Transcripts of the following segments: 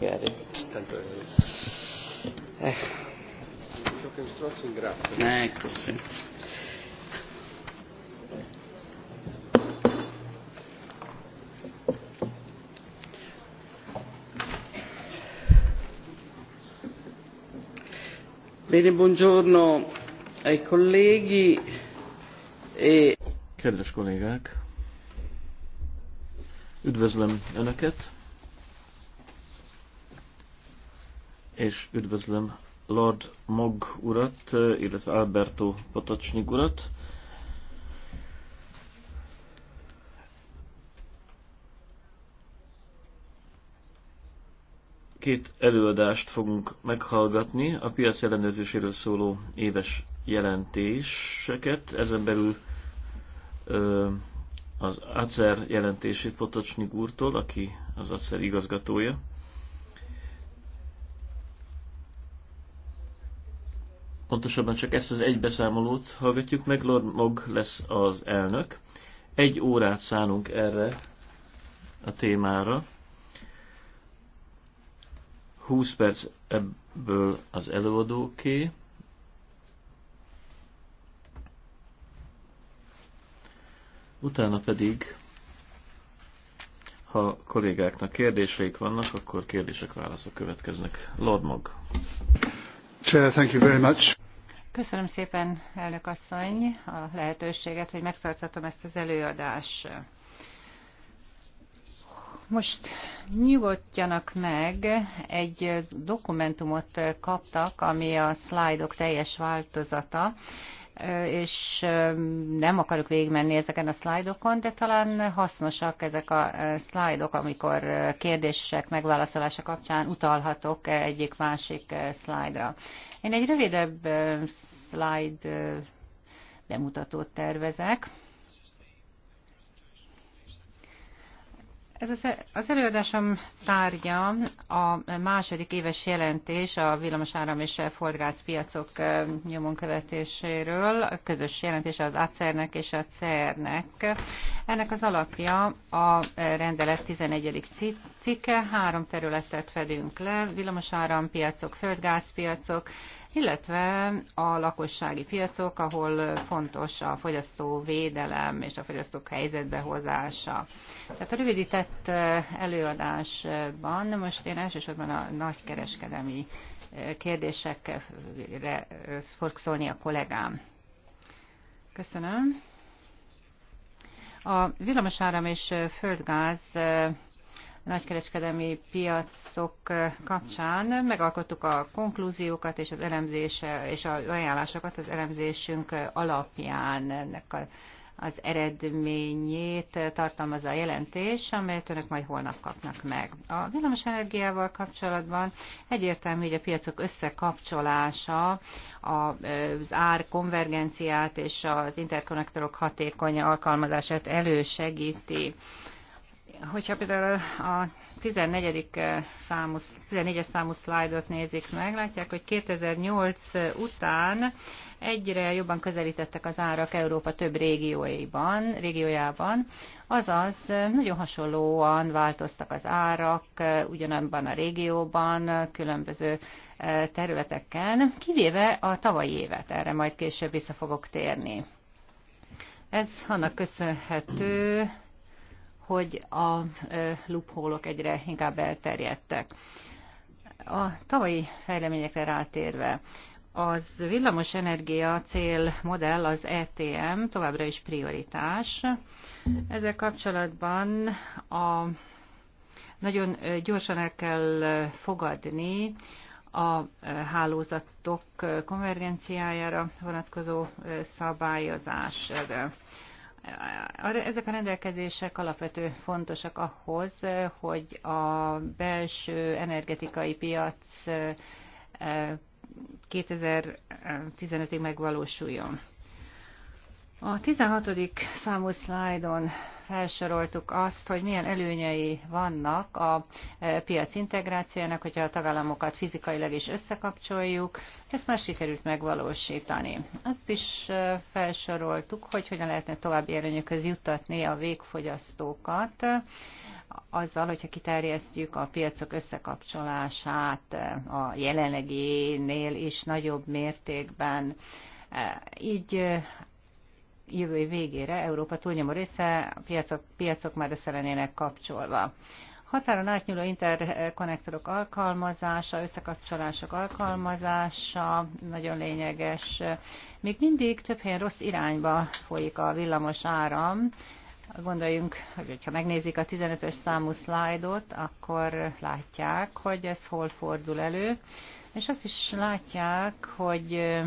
Eh, eh. Ecco, sì. Bene, buongiorno ai colleghi e... Kedves kollégák, üdvözlöm Önöket! és üdvözlöm Lord Mog urat, illetve Alberto Potocsnik urat. Két előadást fogunk meghallgatni, a piac ellenőrzéséről szóló éves jelentéseket, ezen belül ö, az ACER jelentését Potocsnik úrtól, aki az ACER igazgatója. pontosabban csak ezt az egy beszámolót hallgatjuk meg, Lord Mog lesz az elnök. Egy órát szánunk erre a témára. 20 perc ebből az előadóké. Utána pedig, ha kollégáknak kérdéseik vannak, akkor kérdések, válaszok következnek. Lord Mog. Chair, thank you very much. Köszönöm szépen, elnök asszony, a lehetőséget, hogy megtartatom ezt az előadást. Most nyugodjanak meg, egy dokumentumot kaptak, ami a szlájdok teljes változata, és nem akarok végigmenni ezeken a szlájdokon, de talán hasznosak ezek a szlájdok, amikor kérdések megválaszolása kapcsán utalhatok egyik-másik szlájdra. Én egy rövidebb slide bemutatót tervezek. Ez e-, az, előadásom tárgya a második éves jelentés a villamosáram és piacok nyomon követéséről, a közös jelentés az ACER-nek és a CER-nek. Ennek az alapja a rendelet 11. cikke, három területet fedünk le, villamosáram piacok, földgázpiacok, illetve a lakossági piacok, ahol fontos a fogyasztó védelem és a fogyasztók helyzetbe hozása. Tehát a rövidített előadásban most én elsősorban a nagykereskedelmi kérdésekre fog szólni a kollégám. Köszönöm. A villamosáram és földgáz nagykereskedelmi piacok kapcsán megalkottuk a konklúziókat és az elemzés és a ajánlásokat az elemzésünk alapján ennek a, az eredményét tartalmazza a jelentés, amelyet önök majd holnap kapnak meg. A villamos energiával kapcsolatban egyértelmű, hogy a piacok összekapcsolása, az ár konvergenciát és az interkonnektorok hatékony alkalmazását elősegíti. Hogyha például a 14. Eh, számú, 14 számú szlájdot nézik meg, látják, hogy 2008 után egyre jobban közelítettek az árak Európa több régióiban, régiójában, azaz nagyon hasonlóan változtak az árak eh, ugyanabban a régióban, különböző eh, területeken, kivéve a tavalyi évet, erre majd később vissza fogok térni. Ez annak köszönhető, hogy a loophole egyre inkább elterjedtek. A tavalyi fejleményekre rátérve, az villamos energia cél modell, az ETM továbbra is prioritás. Ezzel kapcsolatban a, nagyon gyorsan el kell fogadni a hálózatok konvergenciájára vonatkozó szabályozás ezek a rendelkezések alapvető fontosak ahhoz, hogy a belső energetikai piac 2015-ig eh, eh, megvalósuljon. A 16. számú szlájdon felsoroltuk azt, hogy milyen előnyei vannak a e, piac integrációjának, hogyha a tagállamokat fizikailag is összekapcsoljuk. Ezt már sikerült megvalósítani. Azt is e, felsoroltuk, hogy hogyan lehetne további előnyökhöz juttatni a végfogyasztókat, azzal, hogyha kiterjesztjük a piacok összekapcsolását e, a jelenleginél is nagyobb mértékben. Így jövő év végére Európa túlnyomó része, a piacok, piacok már össze lennének kapcsolva. Határon átnyúló interkonnektorok alkalmazása, összekapcsolások alkalmazása nagyon lényeges. Még mindig több helyen rossz irányba folyik a villamos áram, Gondoljunk, hogy ha megnézik a 15-ös számú szlájdot, akkor látják, hogy ez hol fordul elő, és azt is látják, hogy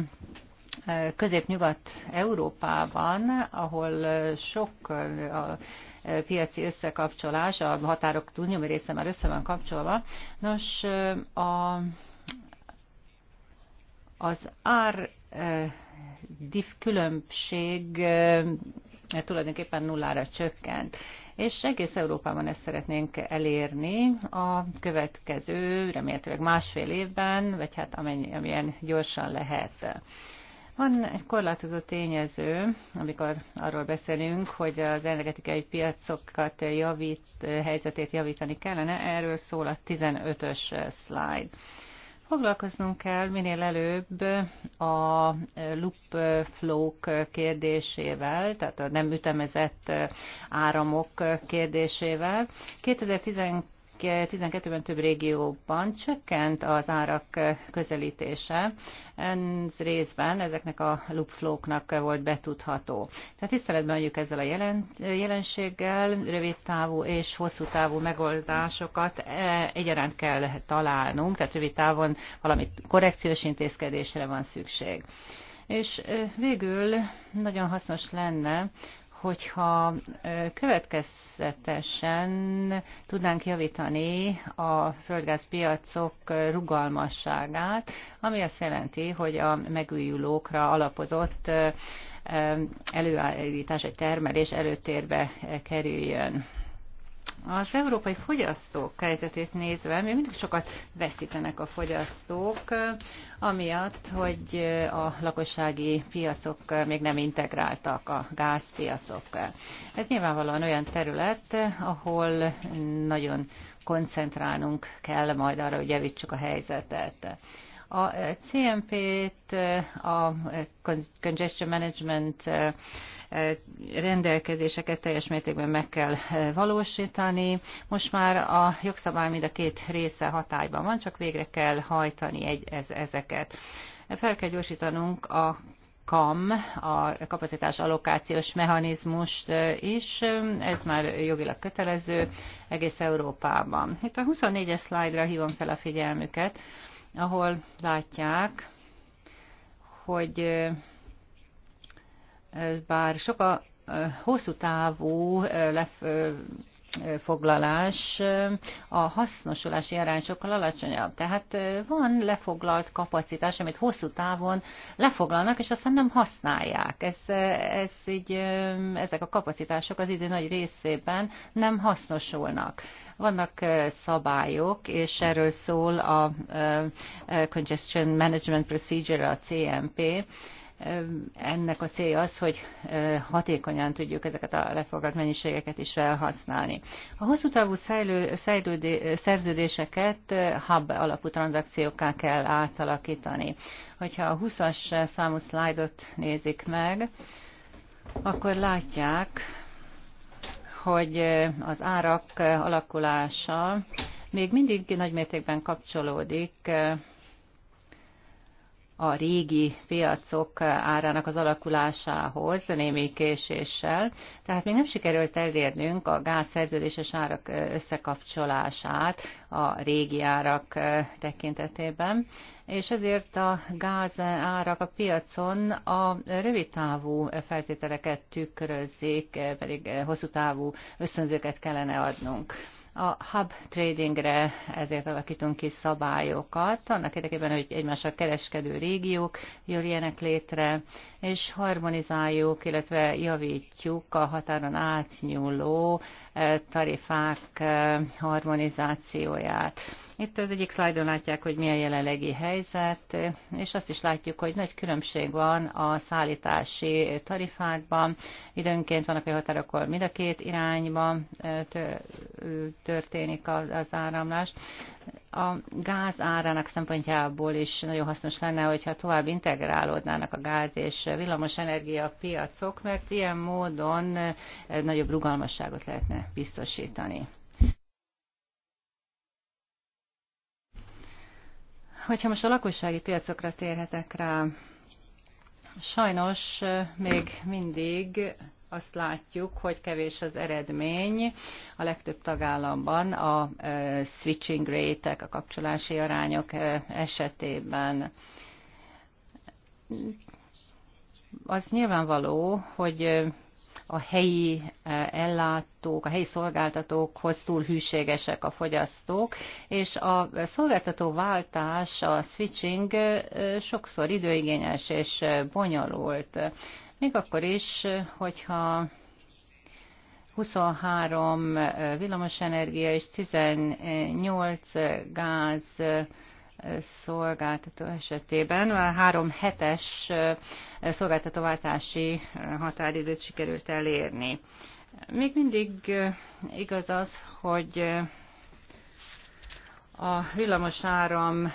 Közép-Nyugat-Európában, ahol sok a piaci összekapcsolás, a határok túlnyomó része már össze van kapcsolva. Nos, a, az ár e, diff különbség e, tulajdonképpen nullára csökkent. És egész Európában ezt szeretnénk elérni a következő, remélhetőleg másfél évben, vagy hát amilyen gyorsan lehet. Van egy korlátozó tényező, amikor arról beszélünk, hogy az energetikai piacokat javít, helyzetét javítani kellene, erről szól a 15-ös slide. Foglalkoznunk kell minél előbb a loop flow kérdésével, tehát a nem ütemezett áramok kérdésével. 2012 2012-ben több régióban csökkent az árak közelítése. Ez részben ezeknek a loopflóknak volt betudható. Tehát tiszteletben vagyunk ezzel a jelen, jelenséggel, rövid távú és hosszú távú megoldásokat e, egyaránt kell találnunk, tehát rövid távon valami korrekciós intézkedésre van szükség. És e, végül nagyon hasznos lenne, hogyha következetesen tudnánk javítani a földgázpiacok rugalmasságát, ami azt jelenti, hogy a megújulókra alapozott előállítás, egy termelés előtérbe kerüljön. Az európai fogyasztók helyzetét nézve, mi mindig sokat veszítenek a fogyasztók, amiatt, hogy a lakossági piacok még nem integráltak a gázpiacok. Ez nyilvánvalóan olyan terület, ahol nagyon koncentrálnunk kell majd arra, hogy javítsuk a helyzetet. A CMP-t, a Congestion Management rendelkezéseket teljes mértékben meg kell eh, valósítani. Most már a jogszabály mind a két része hatályban van, csak végre kell hajtani egy, ez, ezeket. Fel kell gyorsítanunk a KAM, a kapacitás allokációs mechanizmust eh, is, ez már jogilag kötelező egész Európában. Itt a 24-es szlájdra hívom fel a figyelmüket, ahol látják, hogy eh, bár sok a hosszú távú lefoglalás, a hasznosulási arány sokkal alacsonyabb. Tehát van lefoglalt kapacitás, amit hosszú távon lefoglalnak, és aztán nem használják. Ez, ez így, ezek a kapacitások az idő nagy részében nem hasznosulnak. Vannak szabályok, és erről szól a Congestion Management Procedure, a CMP, ennek a célja az, hogy hatékonyan tudjuk ezeket a lefoglalt mennyiségeket is felhasználni. A hosszú távú szerződéseket hub alapú tranzakciókká kell átalakítani. Hogyha a 20-as számú szlájdot nézik meg, akkor látják, hogy az árak alakulása még mindig nagymértékben kapcsolódik a régi piacok árának az alakulásához némi késéssel, tehát még nem sikerült elérnünk a gázszerződéses árak összekapcsolását a régi árak tekintetében, és ezért a gáz árak a piacon a rövidtávú feltételeket tükrözzék, pedig hosszú távú ösztönzőket kellene adnunk a hub tradingre ezért alakítunk ki szabályokat, annak érdekében, hogy egymással kereskedő régiók jöjjenek létre, és harmonizáljuk, illetve javítjuk a határon átnyúló eh, tarifák eh, harmonizációját. Itt az egyik szlájdon látják, hogy mi a jelenlegi helyzet, és azt is látjuk, hogy nagy különbség van a szállítási tarifákban. Időnként vannak olyan határok, ahol mind a két irányba történik az áramlás. A gáz árának szempontjából is nagyon hasznos lenne, hogyha tovább integrálódnának a gáz és villamos energia piacok, mert ilyen módon nagyobb rugalmasságot lehetne biztosítani. Hogyha most a lakossági piacokra térhetek rá, sajnos még mindig azt látjuk, hogy kevés az eredmény a legtöbb tagállamban a switching rate a kapcsolási arányok esetében. Az nyilvánvaló, hogy a helyi eh, ellátók, a helyi szolgáltatókhoz túl hűségesek a fogyasztók, és a szolgáltató váltás, a switching eh, sokszor időigényes és eh, bonyolult. Még akkor is, hogyha 23 villamosenergia és 18 gáz szolgáltató esetében a három hetes szolgáltatóváltási határidőt sikerült elérni. Még mindig igaz az, hogy a villamosáram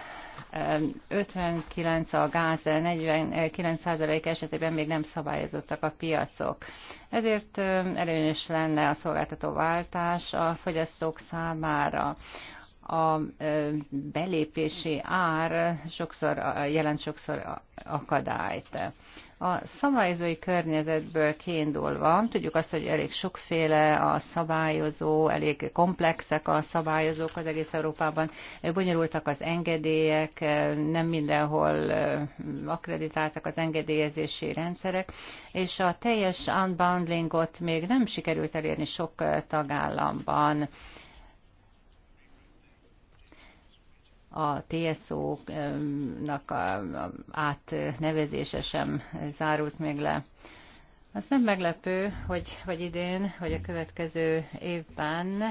59, a gáz 49% esetében még nem szabályozottak a piacok. Ezért előnyös lenne a szolgáltatóváltás a fogyasztók számára a belépési ár sokszor, jelent sokszor akadályt. A szabályozói környezetből kiindulva, tudjuk azt, hogy elég sokféle a szabályozó, elég komplexek a szabályozók az egész Európában, bonyolultak az engedélyek, nem mindenhol akreditáltak az engedélyezési rendszerek, és a teljes unbundlingot még nem sikerült elérni sok tagállamban a TSO-nak a átnevezése sem zárult még le. Az nem meglepő, hogy vagy idén, vagy a következő évben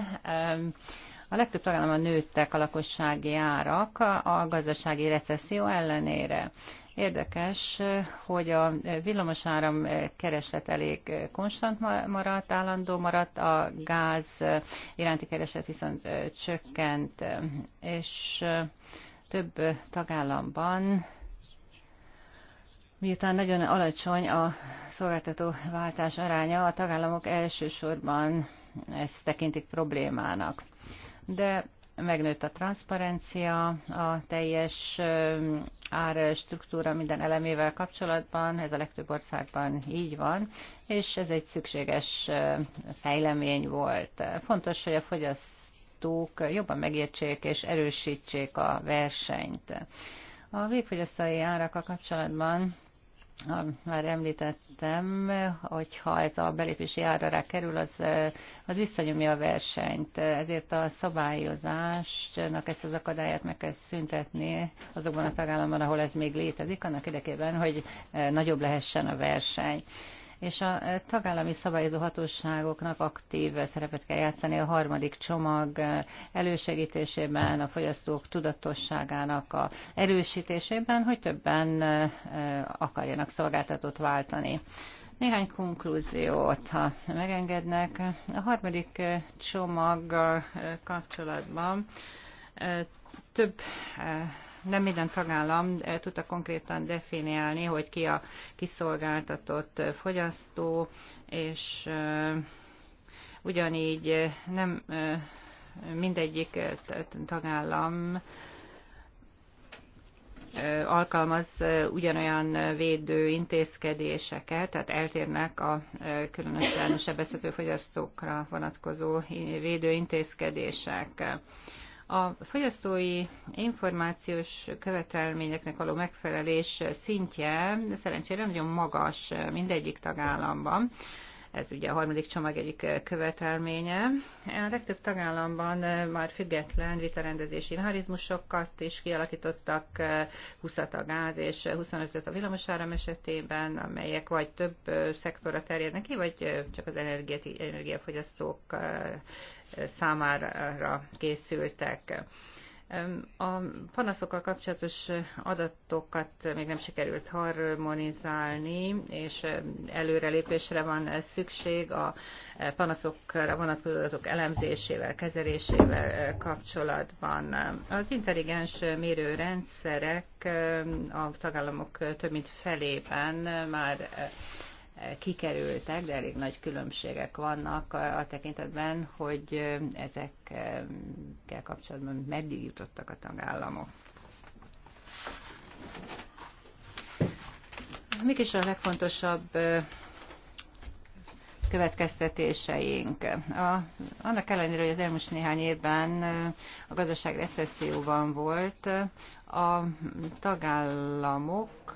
a legtöbb tagállamban nőttek a lakossági árak a gazdasági recesszió ellenére. Érdekes, hogy a villamosáram kereslet elég konstant maradt, állandó maradt, a gáz iránti kereslet viszont csökkent, és több tagállamban Miután nagyon alacsony a szolgáltató váltás aránya, a tagállamok elsősorban ezt tekintik problémának. De megnőtt a transzparencia, a teljes árstruktúra minden elemével kapcsolatban, ez a legtöbb országban így van, és ez egy szükséges fejlemény volt. Fontos, hogy a fogyasztók jobban megértsék és erősítsék a versenyt. A végfogyasztói árakkal kapcsolatban már említettem, hogy ha ez a belépési ára rá kerül, az, az visszanyomja a versenyt. Ezért a szabályozásnak ezt az akadályát meg kell szüntetni azokban a tagállamban, ahol ez még létezik, annak érdekében, hogy nagyobb lehessen a verseny és a eh, tagállami szabályozó hatóságoknak aktív szerepet kell játszani a harmadik csomag eh, elősegítésében, a fogyasztók tudatosságának a erősítésében, hogy többen eh, akarjanak szolgáltatót váltani. Néhány konklúziót, ha megengednek. A harmadik csomag kapcsolatban több nem minden tagállam eh, tudta konkrétan definiálni, hogy ki a kiszolgáltatott eh, fogyasztó, és eh, ugyanígy nem mindegyik tagállam alkalmaz ugyanolyan védő intézkedéseket, tehát eltérnek a különösen sebezhető fogyasztókra vonatkozó védő intézkedések. A fogyasztói információs követelményeknek való megfelelés szintje szerencsére nagyon magas mindegyik tagállamban ez ugye a harmadik csomag egyik követelménye. A legtöbb tagállamban már független vitarendezési mechanizmusokat is kialakítottak, 20 a gáz és 25 a villamosáram esetében, amelyek vagy több szektorra terjednek ki, vagy csak az energiafogyasztók számára készültek. A panaszokkal kapcsolatos adatokat még nem sikerült harmonizálni, és előrelépésre van szükség a panaszokra vonatkozó adatok elemzésével, kezelésével kapcsolatban. Az intelligens mérőrendszerek a tagállamok több mint felében már kikerültek, de elég nagy különbségek vannak a tekintetben, hogy ezekkel kapcsolatban meddig jutottak a tagállamok. Mik is a legfontosabb következtetéseink. A, annak ellenére, hogy az elmúlt néhány évben a gazdaság recesszióban volt, a tagállamok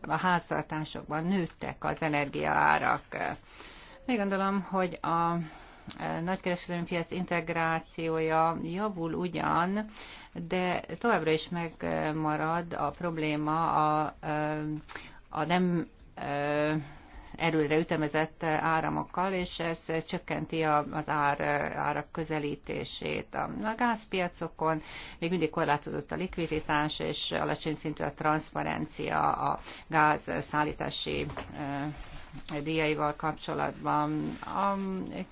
a háztartásokban nőttek az energiaárak. Még gondolom, hogy a nagykereskedelmi piac integrációja javul ugyan, de továbbra is megmarad a probléma a, a nem előre ütemezett áramokkal, és ez csökkenti az ár, árak közelítését. A gázpiacokon még mindig korlátozott a likviditás, és alacsony szintű a transzparencia a gáz szállítási e, díjaival kapcsolatban. A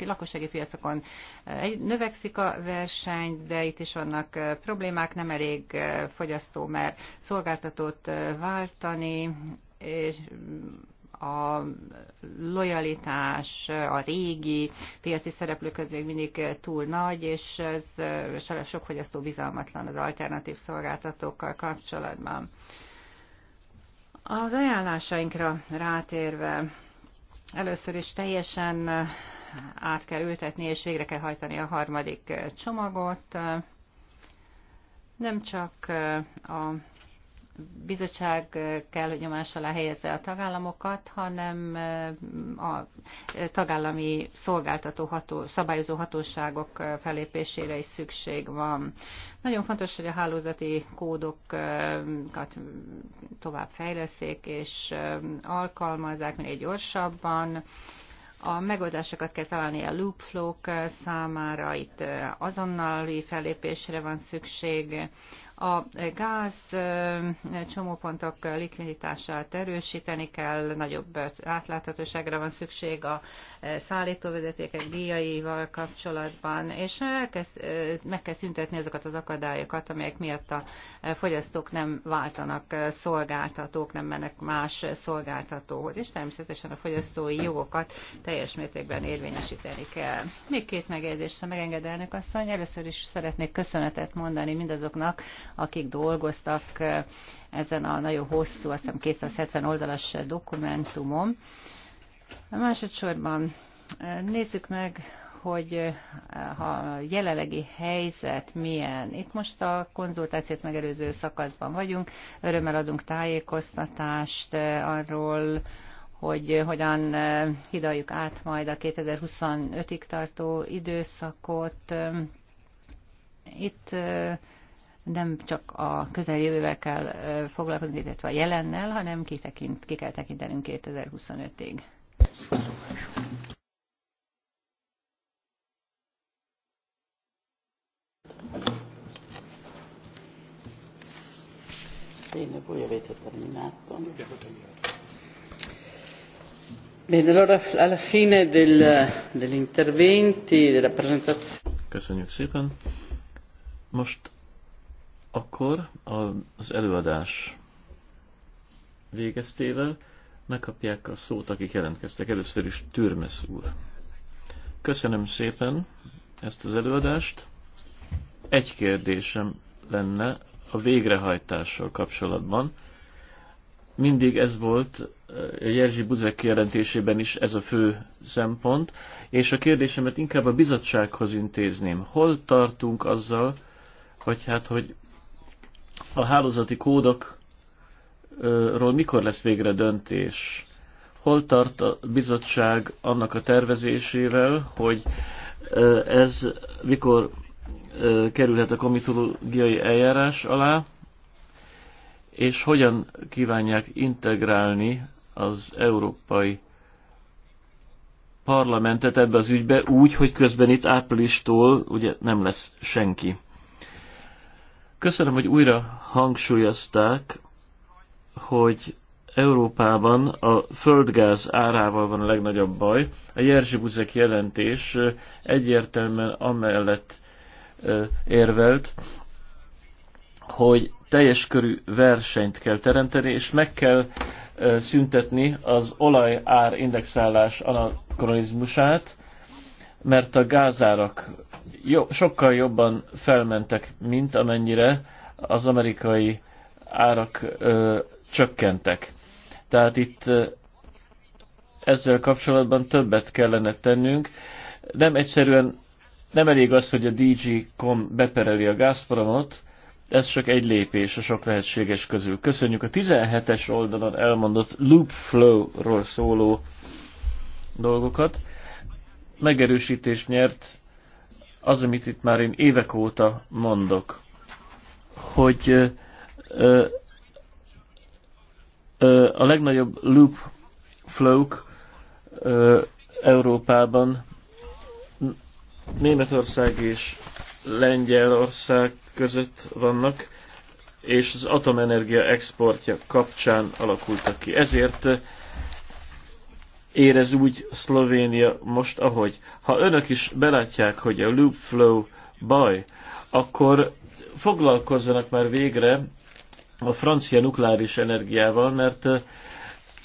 lakossági piacokon e, növekszik a verseny, de itt is vannak e, problémák, nem elég fogyasztó, mert szolgáltatót váltani, és a lojalitás a régi piaci szereplők közül még mindig túl nagy, és ez sok fogyasztó bizalmatlan az alternatív szolgáltatókkal kapcsolatban. Az ajánlásainkra rátérve először is teljesen át kell ültetni, és végre kell hajtani a harmadik csomagot. Nem csak a bizottság kell, hogy nyomás alá helyezze a tagállamokat, hanem eh, a tagállami szolgáltató ható, szabályozó hatóságok eh, felépésére is szükség van. Nagyon fontos, hogy a hálózati kódokat eh, tovább fejleszék és alkalmazzák minél gyorsabban. A megoldásokat kell találni a loopflow számára, itt azonnali fellépésre van szükség. A gáz csomópontok likviditását erősíteni kell, nagyobb átláthatóságra van szükség a szállítóvezetékek díjaival kapcsolatban, és elkezd, meg kell szüntetni azokat az akadályokat, amelyek miatt a fogyasztók nem váltanak szolgáltatók, nem mennek más szolgáltatóhoz, és természetesen a fogyasztói jogokat teljes mértékben érvényesíteni kell. Még két megjegyzésre megenged elnök asszony. Először is szeretnék köszönetet mondani mindazoknak, akik dolgoztak ezen a nagyon hosszú, azt hiszem 270 oldalas dokumentumon. Másodszorban nézzük meg, hogy ha a jelenlegi helyzet milyen. Itt most a konzultációt megelőző szakaszban vagyunk, örömmel adunk tájékoztatást arról, hogy hogyan hidaljuk át majd a 2025-ig tartó időszakot. Itt nem csak a közeljövővel kell foglalkozni, illetve a jelennel, hanem kitekint, ki kell tekintenünk 2025-ig. Bene, Bene, allora alla fine del, degli interventi, della presentazione. Köszönjük szépen. Most akkor az előadás végeztével megkapják a szót, akik jelentkeztek. Először is Türmes úr. Köszönöm szépen ezt az előadást. Egy kérdésem lenne a végrehajtással kapcsolatban. Mindig ez volt eh, Jerzsi Buzek jelentésében is ez a fő szempont, és a kérdésemet inkább a bizottsághoz intézném. Hol tartunk azzal, hogy hát, hogy a hálózati kódok ról mikor lesz végre döntés? Hol tart a bizottság annak a tervezésével, hogy ez mikor kerülhet a komitológiai eljárás alá, és hogyan kívánják integrálni az európai parlamentet ebbe az ügybe úgy, hogy közben itt áprilistól ugye nem lesz senki. Köszönöm, hogy újra hangsúlyozták hogy Európában a földgáz árával van a legnagyobb baj. A Jerzy Buzek jelentés egyértelműen amellett érvelt, hogy teljes körű versenyt kell teremteni, és meg kell szüntetni az olajár indexálás anakronizmusát, mert a gázárak jo sokkal jobban felmentek, mint amennyire az amerikai árak csökkentek. Tehát itt ezzel kapcsolatban többet kellene tennünk. Nem egyszerűen nem elég az, hogy a DG.com bepereli a Gazpromot, ez csak egy lépés a sok lehetséges közül. Köszönjük a 17-es oldalon elmondott loop flow-ról szóló dolgokat. Megerősítést nyert az, amit itt már én évek óta mondok, hogy a legnagyobb loop flow Európában Németország és Lengyelország között vannak, és az atomenergia exportja kapcsán alakultak ki. Ezért érez úgy Szlovénia most, ahogy. Ha önök is belátják, hogy a loop flow baj, akkor foglalkozzanak már végre a francia nukleáris energiával, mert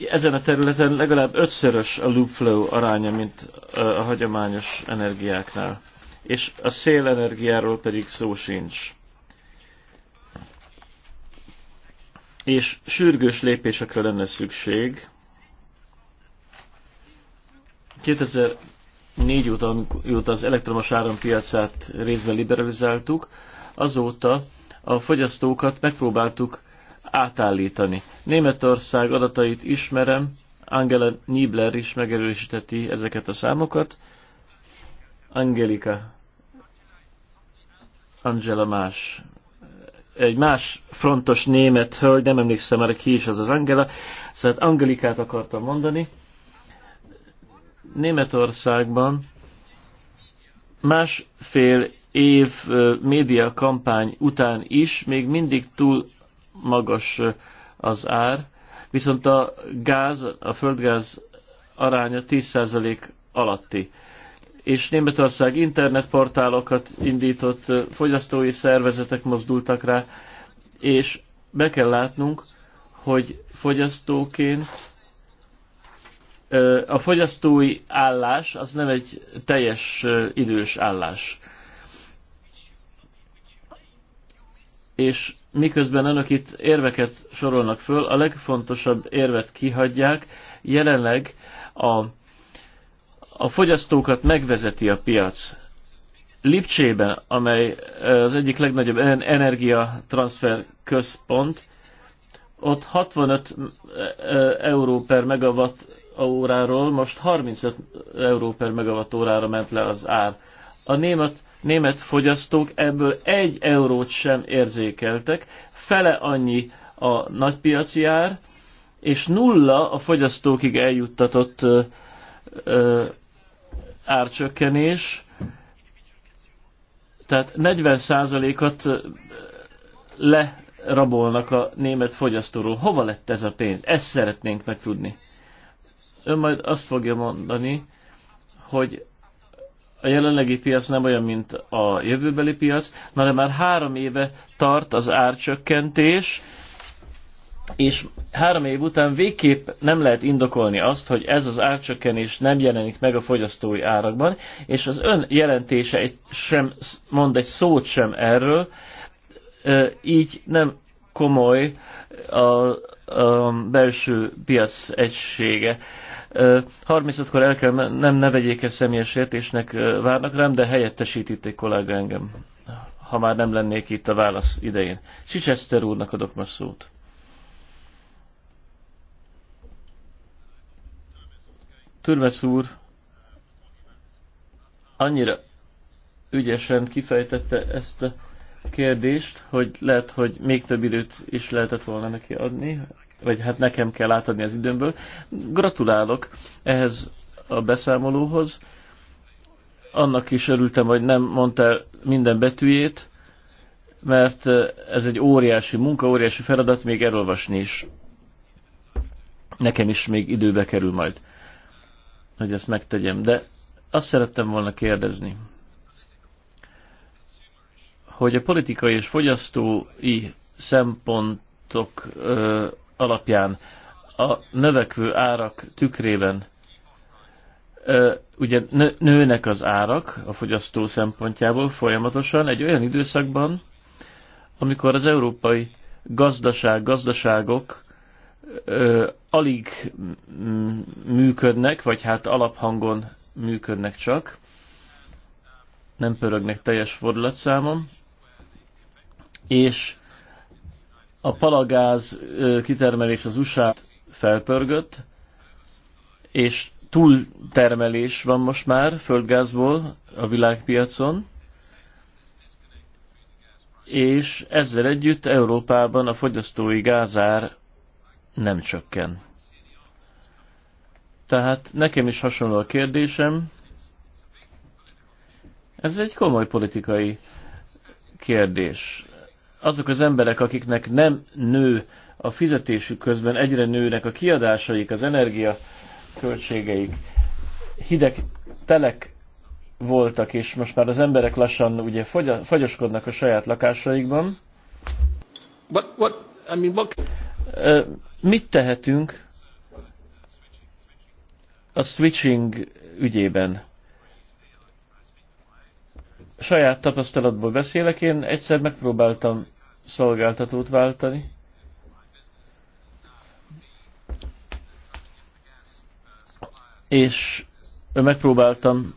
ezen a területen legalább ötszörös a loop flow aránya, mint a hagyományos energiáknál. És a szélenergiáról pedig szó sincs. És sürgős lépésekre lenne szükség. 2004 óta, mióta az elektromos árampiacát részben liberalizáltuk, azóta a fogyasztókat megpróbáltuk átállítani. Németország adatait ismerem, Angela Niebler is megerősíteti ezeket a számokat. Angelika, Angela más, egy más frontos német hölgy, nem emlékszem már ki is az az Angela, szóval Angelikát akartam mondani. Németországban másfél év média kampány után is még mindig túl magas az ár, viszont a gáz, a földgáz aránya 10% alatti. És Németország internetportálokat indított, fogyasztói szervezetek mozdultak rá, és be kell látnunk, hogy fogyasztóként a fogyasztói állás az nem egy teljes idős állás. és miközben önök itt érveket sorolnak föl, a legfontosabb érvet kihagyják, jelenleg a, a fogyasztókat megvezeti a piac. Lipcsében, amely az egyik legnagyobb energiatranszfer központ, ott 65 euró per megawatt óráról most 35 euró per megawatt órára ment le az ár a német, német fogyasztók ebből egy eurót sem érzékeltek, fele annyi a nagypiaci ár, és nulla a fogyasztókig eljuttatott ö, ö, árcsökkenés, tehát 40%-at lerabolnak a német fogyasztóról. Hova lett ez a pénz? Ezt szeretnénk megtudni. Ön majd azt fogja mondani, hogy a jelenlegi piac nem olyan, mint a jövőbeli piac, hanem de már három éve tart az árcsökkentés, és három év után végképp nem lehet indokolni azt, hogy ez az árcsökkenés nem jelenik meg a fogyasztói árakban, és az ön jelentése egy, sem mond egy szót sem erről, így nem komoly a, a belső piac egysége. 35-kor el kell, nem ne vegyék ezt személyes értésnek, várnak rám, de helyettesít egy kollega engem, ha már nem lennék itt a válasz idején. Csicseszter úrnak adok most szót. Türmesz úr annyira ügyesen kifejtette ezt a kérdést, hogy lehet, hogy még több időt is lehetett volna neki adni, vagy hát nekem kell átadni az időmből. Gratulálok ehhez a beszámolóhoz. Annak is örültem, hogy nem mondta minden betűjét, mert ez egy óriási munka, óriási feladat, még elolvasni is. Nekem is még időbe kerül majd, hogy ezt megtegyem. De azt szerettem volna kérdezni, hogy a politikai és fogyasztói szempontok alapján a növekvő árak tükrében ugye nőnek az árak a fogyasztó szempontjából folyamatosan egy olyan időszakban, amikor az európai gazdaság, gazdaságok alig működnek, vagy hát alaphangon működnek csak, nem pörögnek teljes fordulatszámon, és a palagáz kitermelés az usa felpörgött, és túltermelés van most már földgázból a világpiacon, és ezzel együtt Európában a fogyasztói gázár nem csökken. Tehát nekem is hasonló a kérdésem. Ez egy komoly politikai kérdés azok az emberek, akiknek nem nő a fizetésük közben egyre nőnek a kiadásaik, az energia költségeik, hideg telek voltak, és most már az emberek lassan ugye fagyoskodnak a saját lakásaikban. But what, I mean, what... Mit tehetünk a switching ügyében? saját tapasztalatból beszélek, én egyszer megpróbáltam szolgáltatót váltani. És megpróbáltam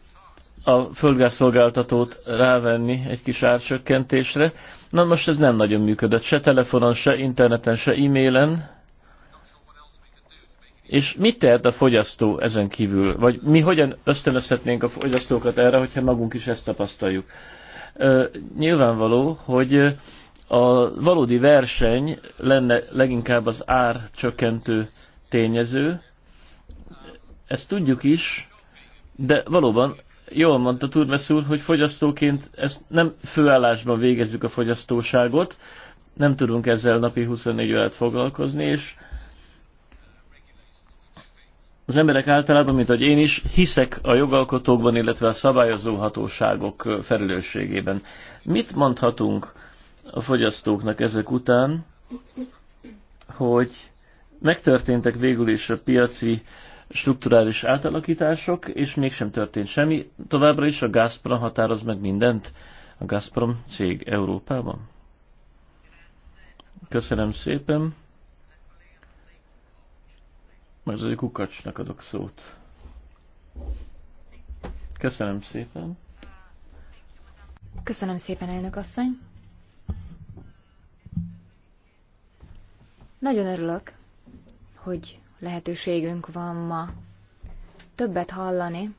a földgázszolgáltatót rávenni egy kis árcsökkentésre. Na most ez nem nagyon működött, se telefonon, se interneten, se e-mailen. És mit tehet a fogyasztó ezen kívül? Vagy mi hogyan ösztönözhetnénk a fogyasztókat erre, hogyha magunk is ezt tapasztaljuk? Ö, nyilvánvaló, hogy a valódi verseny lenne leginkább az ár csökkentő tényező. Ezt tudjuk is, de valóban jól mondta Turmes úr, hogy fogyasztóként ezt nem főállásban végezzük a fogyasztóságot, nem tudunk ezzel napi 24 órát foglalkozni, és az emberek általában, mint ahogy én is, hiszek a jogalkotókban, illetve a szabályozó hatóságok felelősségében. Mit mondhatunk a fogyasztóknak ezek után, hogy megtörténtek végül is a piaci strukturális átalakítások, és mégsem történt semmi. Továbbra is a Gazprom határoz meg mindent, a Gazprom cég Európában. Köszönöm szépen. Majd az Kukacsnak adok szót. Köszönöm szépen. Köszönöm szépen, elnök asszony. Nagyon örülök, hogy lehetőségünk van ma többet hallani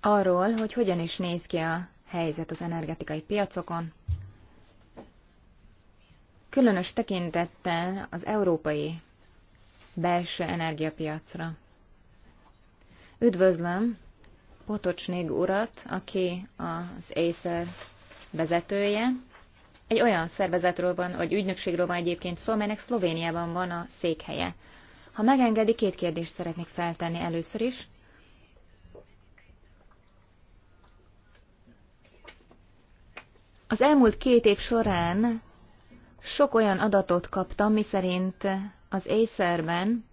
arról, hogy hogyan is néz ki a helyzet az energetikai piacokon, különös tekintettel az európai belső energiapiacra. Üdvözlöm Potocsnég urat, aki az Acer vezetője. Egy olyan szervezetről van, vagy ügynökségről van egyébként szó, melynek Szlovéniában van a székhelye. Ha megengedi, két kérdést szeretnék feltenni először is. Az elmúlt két év során sok olyan adatot kaptam, miszerint az észerben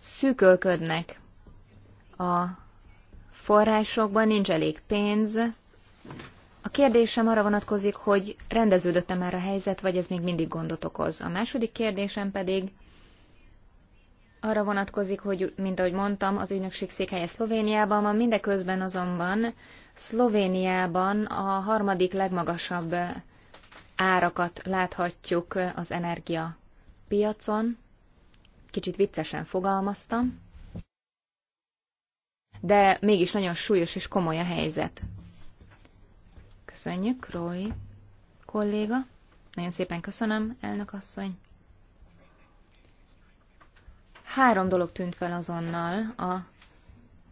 szűkölködnek a forrásokban, nincs elég pénz. A kérdésem arra vonatkozik, hogy rendeződött-e már a helyzet, vagy ez még mindig gondot okoz. A második kérdésem pedig, arra vonatkozik, hogy, mint ahogy mondtam, az ügynökség székhelye Szlovéniában van, mindeközben azonban Szlovéniában a harmadik legmagasabb árakat láthatjuk az energia piacon. Kicsit viccesen fogalmaztam, de mégis nagyon súlyos és komoly a helyzet. Köszönjük, Roy kolléga. Nagyon szépen köszönöm, elnök asszony. Három dolog tűnt fel azonnal a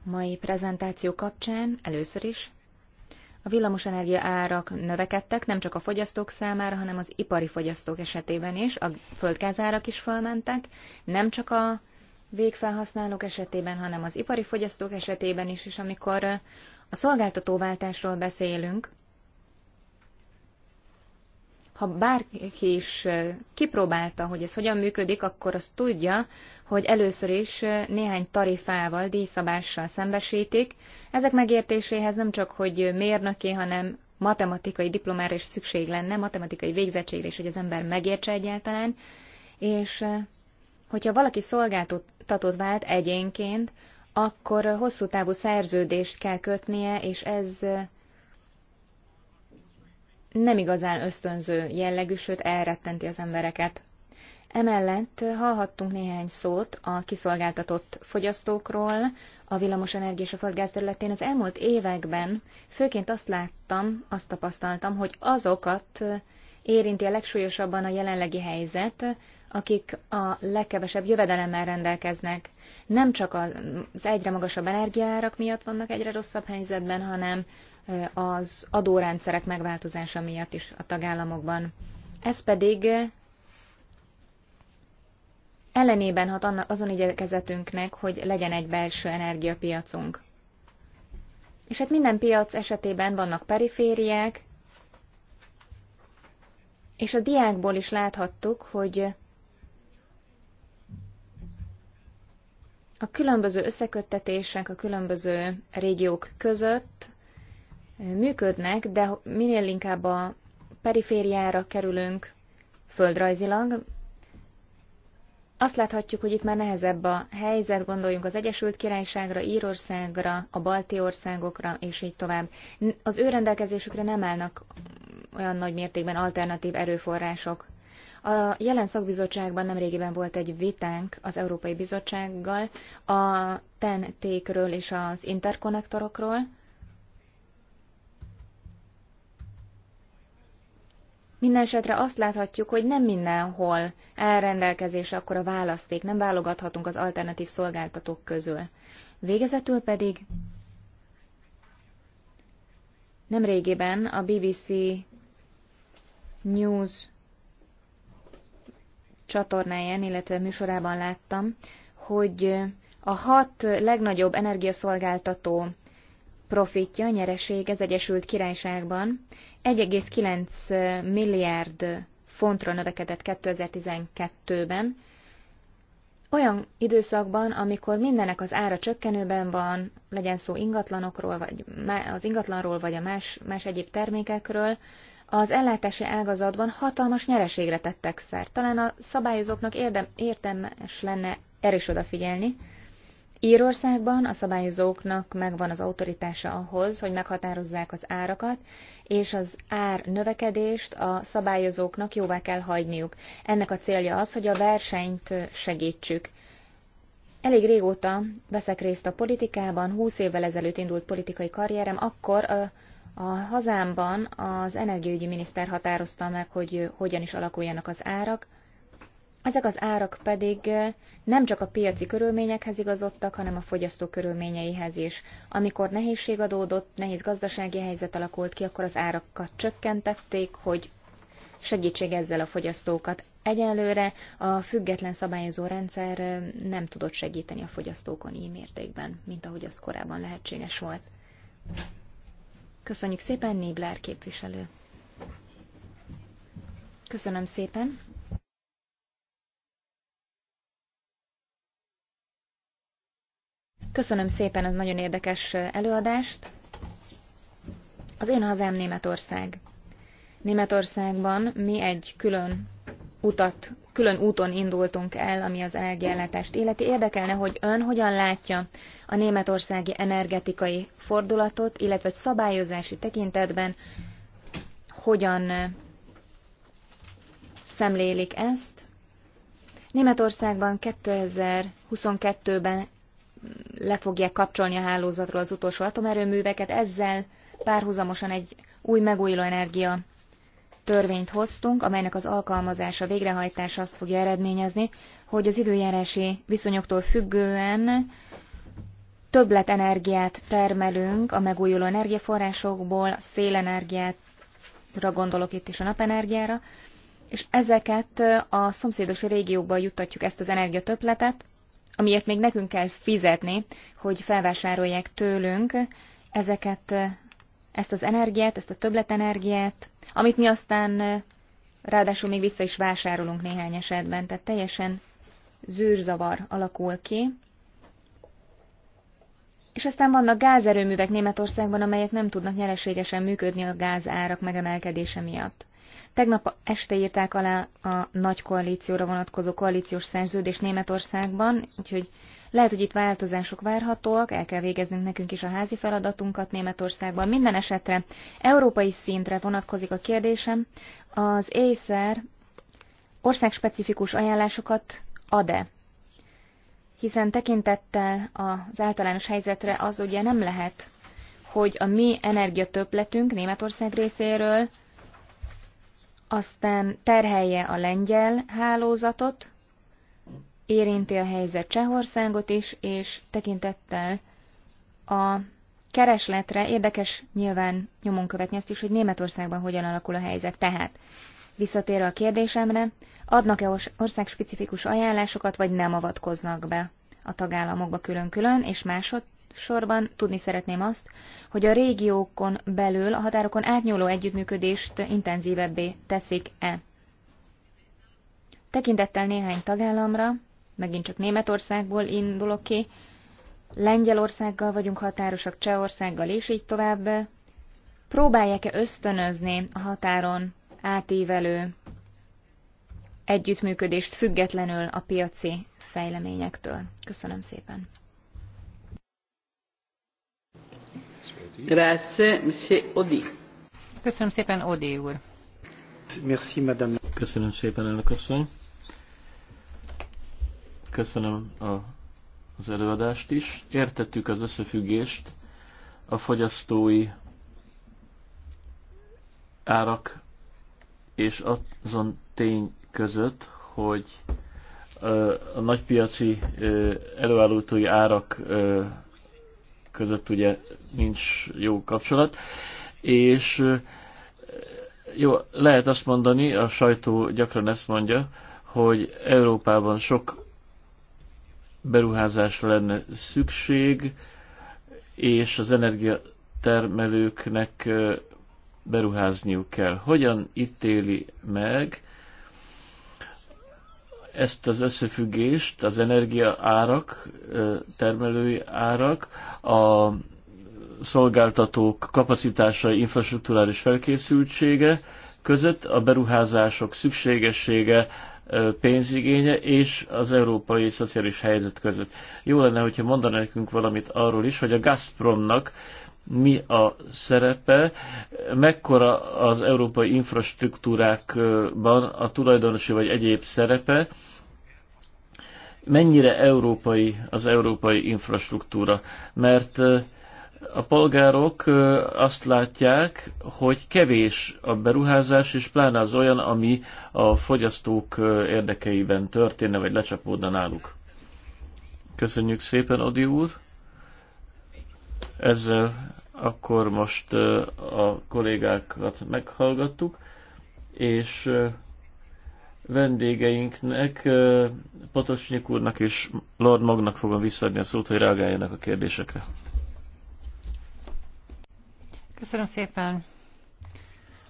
mai prezentáció kapcsán. Először is a villamosenergia árak növekedtek nem csak a fogyasztók számára, hanem az ipari fogyasztók esetében is. A földgázárak is fölmentek, nem csak a végfelhasználók esetében, hanem az ipari fogyasztók esetében is, és amikor a szolgáltatóváltásról beszélünk, ha bárki is kipróbálta, hogy ez hogyan működik, akkor azt tudja, hogy először is néhány tarifával, díjszabással szembesítik. Ezek megértéséhez nem csak, hogy mérnöké, hanem matematikai diplomára is szükség lenne, matematikai végzettségre is, hogy az ember megértse egyáltalán, és hogyha valaki szolgáltatót vált egyénként, akkor hosszú távú szerződést kell kötnie, és ez nem igazán ösztönző jellegű, sőt elrettenti az embereket. Emellett hallhattunk néhány szót a kiszolgáltatott fogyasztókról a villamosenergia és a földgáz területén. Az elmúlt években főként azt láttam, azt tapasztaltam, hogy azokat érinti a legsúlyosabban a jelenlegi helyzet, akik a legkevesebb jövedelemmel rendelkeznek. Nem csak az egyre magasabb energiaárak miatt vannak egyre rosszabb helyzetben, hanem az adórendszerek megváltozása miatt is a tagállamokban. Ez pedig ellenében hat azon igyekezetünknek, hogy legyen egy belső energiapiacunk. És hát minden piac esetében vannak perifériák, és a diákból is láthattuk, hogy a különböző összeköttetések a különböző régiók között működnek, de minél inkább a perifériára kerülünk földrajzilag, azt láthatjuk, hogy itt már nehezebb a helyzet, gondoljunk az Egyesült Királyságra, Írországra, a balti országokra, és így tovább. Az ő rendelkezésükre nem állnak olyan nagy mértékben alternatív erőforrások. A jelen szakbizottságban nemrégiben volt egy vitánk az Európai Bizottsággal a TEN-tékről és az interkonnektorokról, Mindenesetre azt láthatjuk, hogy nem mindenhol elrendelkezés akkor a választék, nem válogathatunk az alternatív szolgáltatók közül. Végezetül pedig nemrégiben a BBC News csatornáján, illetve műsorában láttam, hogy a hat legnagyobb energiaszolgáltató profitja, nyereség az Egyesült Királyságban 1,9 milliárd fontra növekedett 2012-ben, olyan időszakban, amikor mindennek az ára csökkenőben van, legyen szó ingatlanokról, vagy az ingatlanról, vagy a más, más egyéb termékekről, az ellátási ágazatban hatalmas nyereségre tettek szert. Talán a szabályozóknak érdem, érdemes lenne erős odafigyelni Írországban a szabályozóknak megvan az autoritása ahhoz, hogy meghatározzák az árakat, és az ár növekedést a szabályozóknak jóvá kell hagyniuk. Ennek a célja az, hogy a versenyt segítsük. Elég régóta veszek részt a politikában, 20 évvel ezelőtt indult politikai karrierem, akkor a, a hazámban az energiaügyi miniszter határozta meg, hogy hogyan is alakuljanak az árak, ezek az árak pedig nem csak a piaci körülményekhez igazodtak, hanem a fogyasztó körülményeihez is. Amikor nehézség adódott, nehéz gazdasági helyzet alakult ki, akkor az árakat csökkentették, hogy segítség ezzel a fogyasztókat. Egyelőre a független szabályozó rendszer nem tudott segíteni a fogyasztókon így mértékben, mint ahogy az korábban lehetséges volt. Köszönjük szépen, Nébler képviselő. Köszönöm szépen. Köszönöm szépen az nagyon érdekes előadást. Az én hazám Németország. Németországban mi egy külön utat, külön úton indultunk el, ami az energiállátást illeti. Érdekelne, hogy ön hogyan látja a németországi energetikai fordulatot, illetve egy szabályozási tekintetben hogyan szemlélik ezt. Németországban 2022-ben le fogják kapcsolni a hálózatról az utolsó atomerőműveket, ezzel párhuzamosan egy új megújuló energia törvényt hoztunk, amelynek az alkalmazása, végrehajtása azt fogja eredményezni, hogy az időjárási viszonyoktól függően többlet energiát termelünk a megújuló energiaforrásokból, szélenergiát, gondolok itt is a napenergiára, és ezeket a szomszédos régiókba juttatjuk ezt az energiatöbletet, amiért még nekünk kell fizetni, hogy felvásárolják tőlünk ezeket, eh, ezt az energiát, ezt a többletenergiát, amit mi aztán eh, ráadásul még vissza is vásárolunk néhány esetben, tehát teljesen zűrzavar alakul ki. És aztán vannak gázerőművek Németországban, amelyek nem tudnak nyereségesen működni a gázárak megemelkedése miatt. Tegnap este írták alá a nagy koalícióra vonatkozó koalíciós szerződés Németországban, úgyhogy lehet, hogy itt változások várhatóak, el kell végeznünk nekünk is a házi feladatunkat Németországban. Minden esetre európai szintre vonatkozik a kérdésem. Az ÉSZER országspecifikus ajánlásokat ad-e? Hiszen tekintettel az általános helyzetre az ugye nem lehet, hogy a mi energiatöpletünk Németország részéről aztán terhelje a lengyel hálózatot, érinti a helyzet Csehországot is, és tekintettel a keresletre érdekes nyilván nyomon követni azt is, hogy Németországban hogyan alakul a helyzet. Tehát, visszatérve a kérdésemre, adnak-e országspecifikus ajánlásokat, vagy nem avatkoznak be a tagállamokba külön-külön, és másod Sorban tudni szeretném azt, hogy a régiókon belül a határokon átnyúló együttműködést intenzívebbé teszik-e. Tekintettel néhány tagállamra, megint csak Németországból indulok ki, Lengyelországgal vagyunk határosak, Csehországgal és így tovább. Próbálják-e ösztönözni a határon átívelő együttműködést függetlenül a piaci fejleményektől? Köszönöm szépen. Köszönöm szépen, Köszönöm elnök asszony. Köszönöm a, az előadást is. Értettük az összefüggést a fogyasztói árak és azon tény között, hogy a nagypiaci előállítói árak között ugye nincs jó kapcsolat, és jó, lehet azt mondani, a sajtó gyakran ezt mondja, hogy Európában sok beruházásra lenne szükség, és az energiatermelőknek beruházniuk kell. Hogyan ítéli meg ezt az összefüggést az energia árak, termelői árak, a szolgáltatók kapacitásai, infrastruktúrális felkészültsége között, a beruházások szükségessége, pénzigénye és az európai szociális helyzet között. Jó lenne, hogyha mondaná nekünk valamit arról is, hogy a Gazpromnak mi a szerepe, mekkora az európai infrastruktúrákban a tulajdonosi vagy egyéb szerepe, mennyire európai az európai infrastruktúra. Mert a polgárok azt látják, hogy kevés a beruházás, és pláne az olyan, ami a fogyasztók érdekeiben történne, vagy lecsapódna náluk. Köszönjük szépen, Odi úr! Ezzel akkor most a kollégákat meghallgattuk, és vendégeinknek, Patosnyik úrnak és Lord Magnak fogom visszaadni a szót, hogy reagáljanak a kérdésekre. Köszönöm szépen.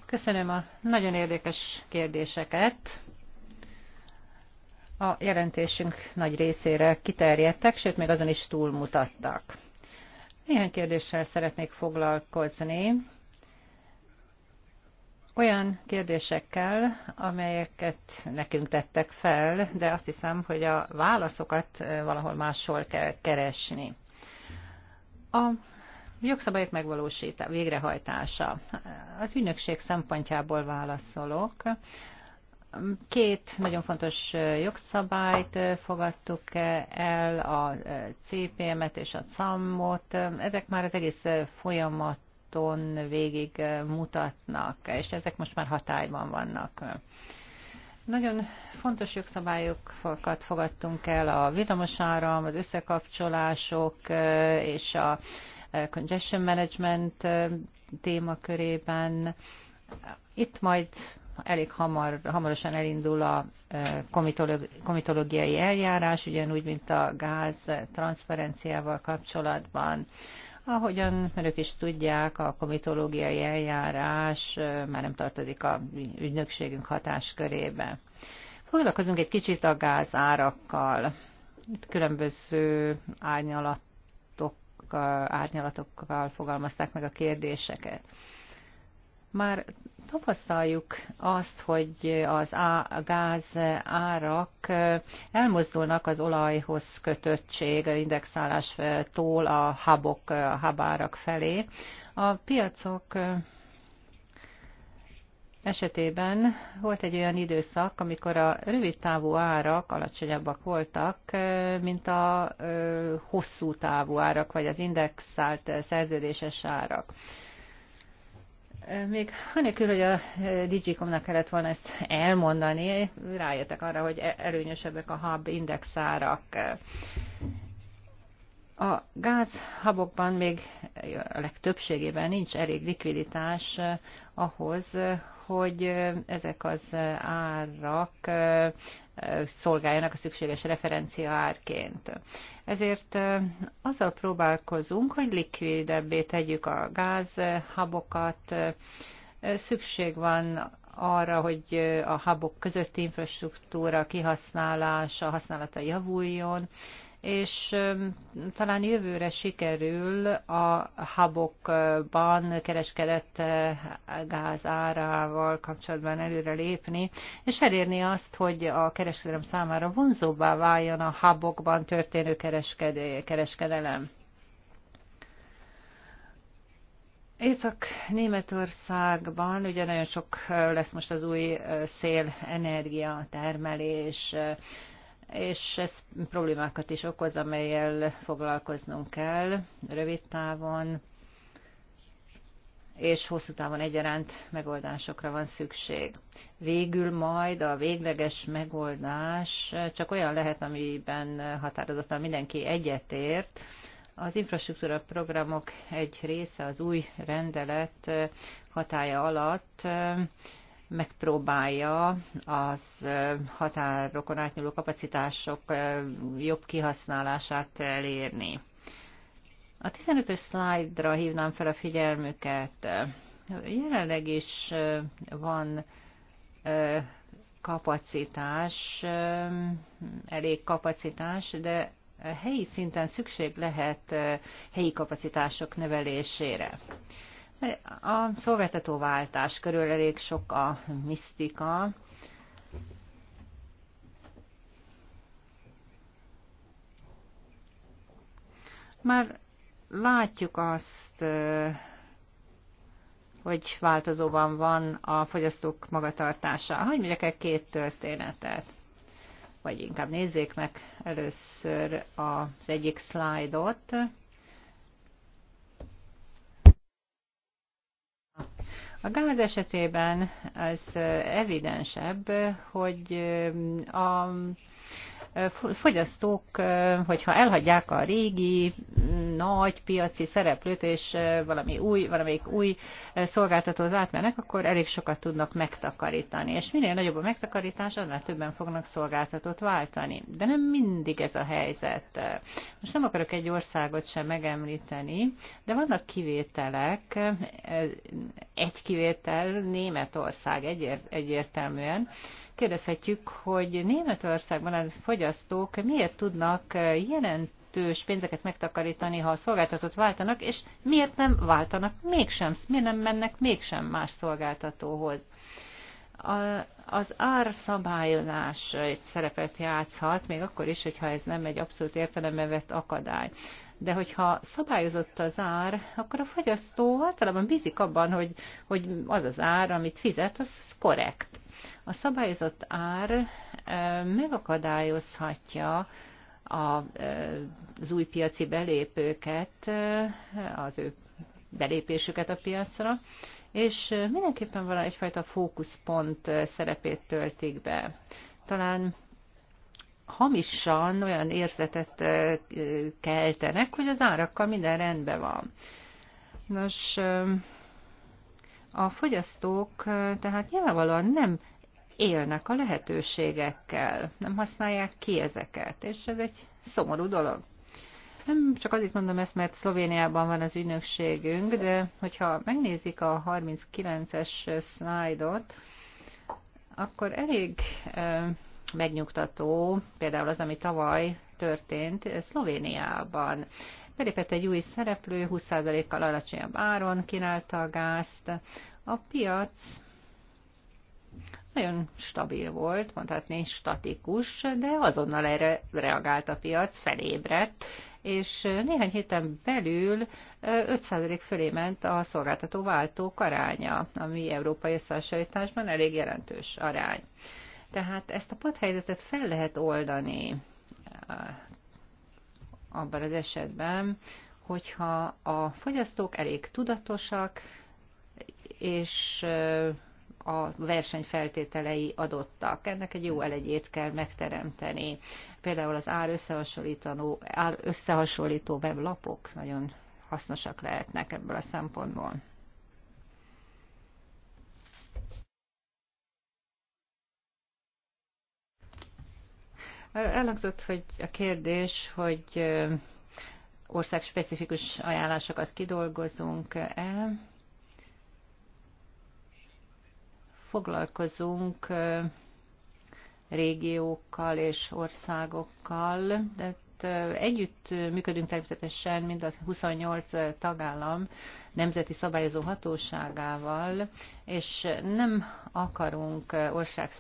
Köszönöm a nagyon érdekes kérdéseket. A jelentésünk nagy részére kiterjedtek, sőt még azon is túlmutattak. Néhány kérdéssel szeretnék foglalkozni. Olyan kérdésekkel, amelyeket nekünk tettek fel, de azt hiszem, hogy a válaszokat valahol máshol kell keresni. A jogszabályok megvalósítása, végrehajtása. Az ügynökség szempontjából válaszolok. Két nagyon fontos jogszabályt fogadtuk el, a CPM-et és a CAM-ot. Ezek már az egész folyamaton végig mutatnak, és ezek most már hatályban vannak. Nagyon fontos jogszabályokat fogadtunk el, a villamosáram, az összekapcsolások és a congestion management témakörében. Itt majd elég hamar, hamarosan elindul a e, komitológiai eljárás, ugyanúgy, mint a gáz transzferenciával kapcsolatban. Ahogyan önök is tudják, a komitológiai eljárás e, már nem tartozik a ügynökségünk hatáskörébe. Foglalkozunk egy kicsit a árakkal. Itt különböző árnyalatok, árnyalatokkal fogalmazták meg a kérdéseket. Már tapasztaljuk azt, hogy az á, a gáz árak elmozdulnak az olajhoz kötöttség indexálástól a habok, a habárak felé. A piacok esetében volt egy olyan időszak, amikor a rövid távú árak alacsonyabbak voltak, mint a hosszú távú árak, vagy az indexált szerződéses árak. Még anélkül, hogy a eh, Digicomnak kellett volna ezt elmondani, rájöttek arra, hogy e- előnyösebbek a hub indexárak. A gázhabokban még a legtöbbségében nincs elég likviditás eh, ahhoz, hogy eh, ezek az árak eh, szolgáljanak a szükséges referencia árként. Ezért azzal próbálkozunk, hogy likvidebbé tegyük a gázhabokat, szükség van arra, hogy a habok közötti infrastruktúra kihasználása, használata javuljon, és talán jövőre sikerül a habokban kereskedett gáz árával kapcsolatban előre lépni, és elérni azt, hogy a kereskedelem számára vonzóbbá váljon a habokban történő kereskedelem. Észak-Németországban ugye nagyon sok lesz most az új szélenergia termelés, és ez problémákat is okoz, amelyel foglalkoznunk kell rövid távon, és hosszú távon egyaránt megoldásokra van szükség. Végül majd a végleges megoldás csak olyan lehet, amiben határozottan mindenki egyetért. Az infrastruktúra programok egy része az új rendelet hatája alatt megpróbálja az határokon átnyúló kapacitások jobb kihasználását elérni. A 15-ös szlájdra hívnám fel a figyelmüket. Jelenleg is van kapacitás, elég kapacitás, de helyi szinten szükség lehet helyi kapacitások növelésére. A szolgáltatóváltás körül elég sok a misztika. Már látjuk azt, hogy változóban van a fogyasztók magatartása. Hogy mondjak el két történetet? Vagy inkább nézzék meg először az egyik szlájdot. A gáz esetében ez evidensebb, hogy a fogyasztók, hogyha elhagyják a régi mm, nagy piaci szereplőt, és valami új, valamelyik új szolgáltatóhoz átmennek, akkor elég sokat tudnak megtakarítani. És minél nagyobb a megtakarítás, annál többen fognak szolgáltatót váltani. De nem mindig ez a helyzet. Most nem akarok egy országot sem megemlíteni, de vannak kivételek. Egy kivétel Németország egyértelműen, kérdezhetjük, hogy Németországban a fogyasztók miért tudnak eh, jelentős pénzeket megtakarítani, ha a szolgáltatót váltanak, és miért nem váltanak mégsem, miért nem mennek mégsem más szolgáltatóhoz. A, az ár szabályozás egy szerepet játszhat, még akkor is, hogyha ez nem egy abszolút értelemben vett akadály de hogyha szabályozott az ár, akkor a fogyasztó általában bízik abban, hogy, hogy az az ár, amit fizet, az korrekt. A szabályozott ár megakadályozhatja a, az új piaci belépőket, az ő belépésüket a piacra, és mindenképpen valami egyfajta fókuszpont szerepét töltik be. Talán hamisan olyan érzetet keltenek, hogy az árakkal minden rendben van. Nos, a fogyasztók tehát nyilvánvalóan nem élnek a lehetőségekkel, nem használják ki ezeket, és ez egy szomorú dolog. Nem csak azért mondom ezt, mert Szlovéniában van az ügynökségünk, de hogyha megnézik a 39-es szlájdot, akkor elég megnyugtató, például az, ami tavaly történt Szlovéniában. Belépett egy új szereplő, 20%-kal alacsonyabb áron kínálta a gázt. A piac nagyon stabil volt, mondhatni statikus, de azonnal erre reagált a piac, felébredt, és néhány héten belül 5% fölé ment a szolgáltató váltók aránya, ami európai összehasonlításban elég jelentős arány. Tehát ezt a padhelyzetet fel lehet oldani abban az esetben, hogyha a fogyasztók elég tudatosak, és a versenyfeltételei adottak. Ennek egy jó elegyét kell megteremteni. Például az ár összehasonlító, ár összehasonlító weblapok nagyon hasznosak lehetnek ebből a szempontból. Elhangzott, hogy a kérdés, hogy országspecifikus ajánlásokat kidolgozunk-e. foglalkozunk régiókkal és országokkal, de együtt működünk természetesen mind a 28 tagállam nemzeti szabályozó hatóságával, és nem akarunk ország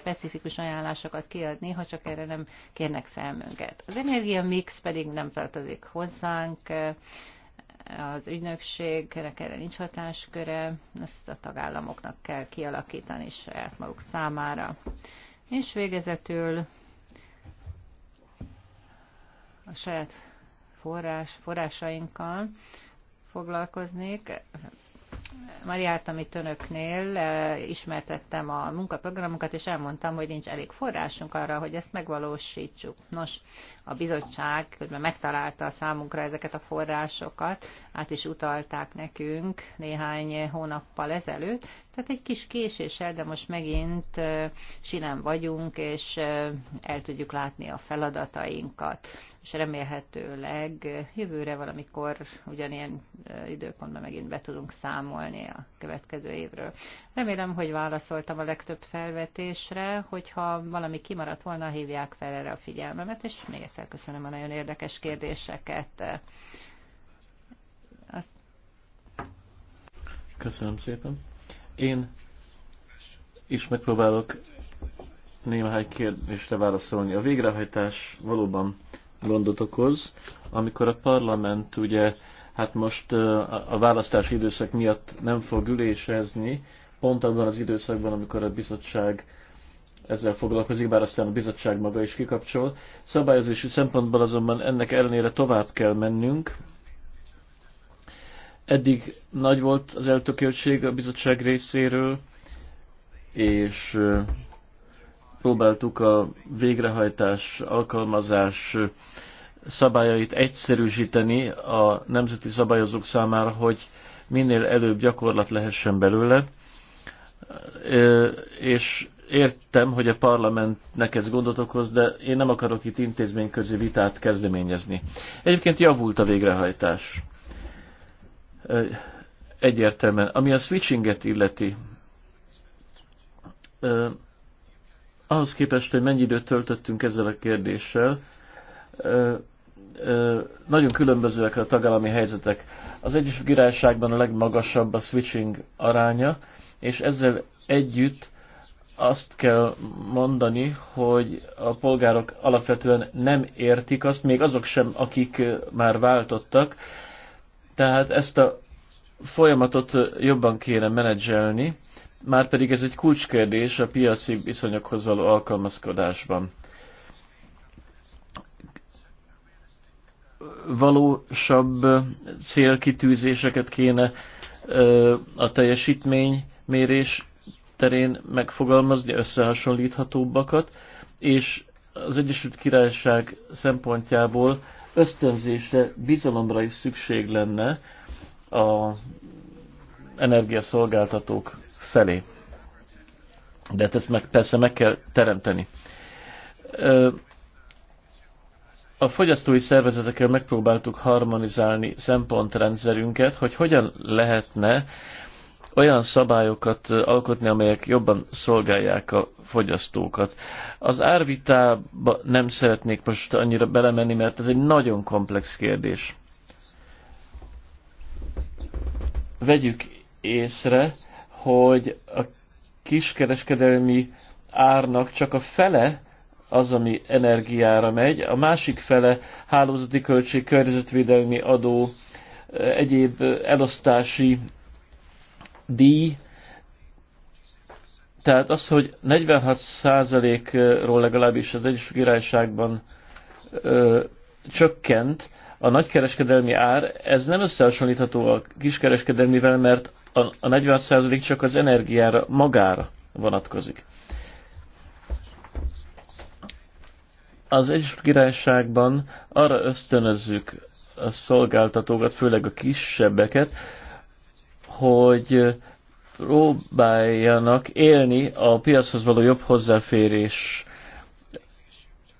specifikus ajánlásokat kiadni, ha csak erre nem kérnek fel minket. Az energia mix pedig nem tartozik hozzánk, az ügynökségre erre nincs hatásköre, ezt a tagállamoknak kell kialakítani saját maguk számára. És végezetül a saját forrás, forrásainkkal foglalkoznék, már jártam itt önöknél, eh, ismertettem a munkaprogramunkat, és elmondtam, hogy nincs elég forrásunk arra, hogy ezt megvalósítsuk. Nos, a bizottság közben megtalálta a számunkra ezeket a forrásokat, át is utalták nekünk néhány hónappal ezelőtt, tehát egy kis késéssel, de most megint eh, sinem vagyunk, és eh, el tudjuk látni a feladatainkat és remélhetőleg jövőre valamikor ugyanilyen időpontban megint be tudunk számolni a következő évről. Remélem, hogy válaszoltam a legtöbb felvetésre, hogyha valami kimaradt volna, hívják fel erre a figyelmemet, és még egyszer köszönöm a nagyon érdekes kérdéseket. Azt... Köszönöm szépen. Én is megpróbálok néhány kérdésre válaszolni. A végrehajtás valóban gondot okoz, amikor a parlament ugye, hát most a választási időszak miatt nem fog ülésezni, pont abban az időszakban, amikor a bizottság ezzel foglalkozik, bár aztán a bizottság maga is kikapcsol. Szabályozási szempontból azonban ennek ellenére tovább kell mennünk. Eddig nagy volt az eltökéltség a bizottság részéről, és próbáltuk a végrehajtás, alkalmazás szabályait egyszerűsíteni a nemzeti szabályozók számára, hogy minél előbb gyakorlat lehessen belőle, és értem, hogy a parlamentnek ez gondot okoz, de én nem akarok itt intézményközi vitát kezdeményezni. Egyébként javult a végrehajtás. Egyértelműen. Ami a switchinget illeti, ahhoz képest, hogy mennyi időt töltöttünk ezzel a kérdéssel, nagyon különbözőek a tagállami helyzetek. Az Egyesült Királyságban a legmagasabb a switching aránya, és ezzel együtt azt kell mondani, hogy a polgárok alapvetően nem értik azt, még azok sem, akik már váltottak. Tehát ezt a folyamatot jobban kéne menedzselni, Márpedig ez egy kulcskérdés a piaci viszonyokhoz való alkalmazkodásban. Valósabb célkitűzéseket kéne a teljesítménymérés terén megfogalmazni, összehasonlíthatóbbakat, és az Egyesült Királyság szempontjából ösztönzésre, bizalomra is szükség lenne a energiaszolgáltatók felé. De hát ezt meg, persze meg kell teremteni. A fogyasztói szervezetekkel megpróbáltuk harmonizálni szempontrendszerünket, hogy hogyan lehetne olyan szabályokat alkotni, amelyek jobban szolgálják a fogyasztókat. Az árvitába nem szeretnék most annyira belemenni, mert ez egy nagyon komplex kérdés. Vegyük észre, hogy a kiskereskedelmi árnak csak a fele az, ami energiára megy, a másik fele hálózati költség, környezetvédelmi adó, eh, egyéb eh, elosztási díj. Tehát az, hogy 46%-ról legalábbis az Egyesült Királyságban ö, eh, csökkent a nagykereskedelmi ár, ez nem összehasonlítható a kiskereskedelmivel, mert a 46% csak az energiára magára vonatkozik. Az Egyesült Királyságban arra ösztönözzük a szolgáltatókat, főleg a kisebbeket, hogy próbáljanak élni a piachoz való jobb hozzáférés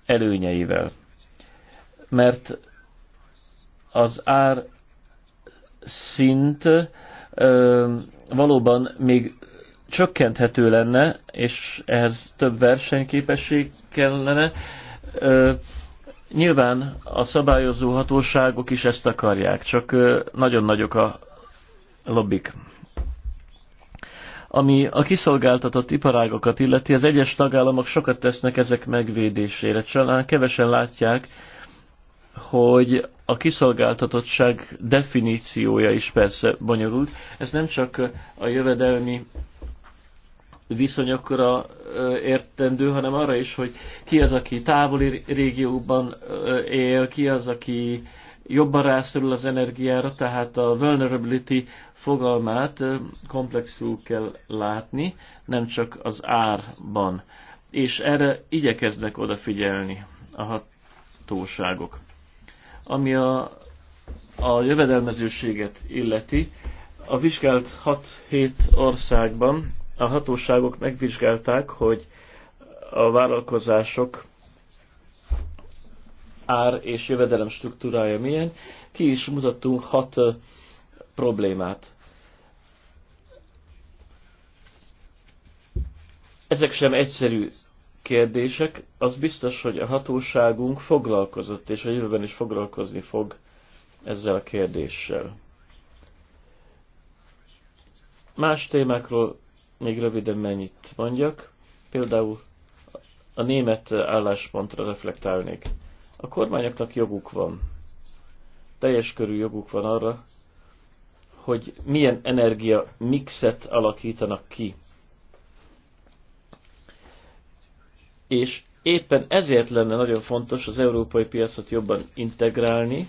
előnyeivel. Mert az ár szint valóban még csökkenthető lenne, és ehhez több versenyképesség kellene. Nyilván a szabályozó hatóságok is ezt akarják, csak nagyon nagyok a lobbik. Ami a kiszolgáltatott iparágokat illeti, az egyes tagállamok sokat tesznek ezek megvédésére, csak kevesen látják, hogy a kiszolgáltatottság definíciója is persze bonyolult. Ez nem csak a jövedelmi viszonyokra értendő, hanem arra is, hogy ki az, aki távoli régióban él, ki az, aki jobban rászorul az energiára, tehát a vulnerability fogalmát komplexul kell látni, nem csak az árban. És erre igyekeznek odafigyelni a hatóságok. Ami a, a jövedelmezőséget illeti, a vizsgált 6-7 országban a hatóságok megvizsgálták, hogy a vállalkozások ár és jövedelem struktúrája milyen. Ki is mutattunk hat problémát. Ezek sem egyszerű kérdések, az biztos, hogy a hatóságunk foglalkozott, és a jövőben is foglalkozni fog ezzel a kérdéssel. Más témákról még röviden mennyit mondjak, például a német álláspontra reflektálnék. A kormányoknak joguk van, teljes körű joguk van arra, hogy milyen energia mixet alakítanak ki és éppen ezért lenne nagyon fontos az európai piacot jobban integrálni,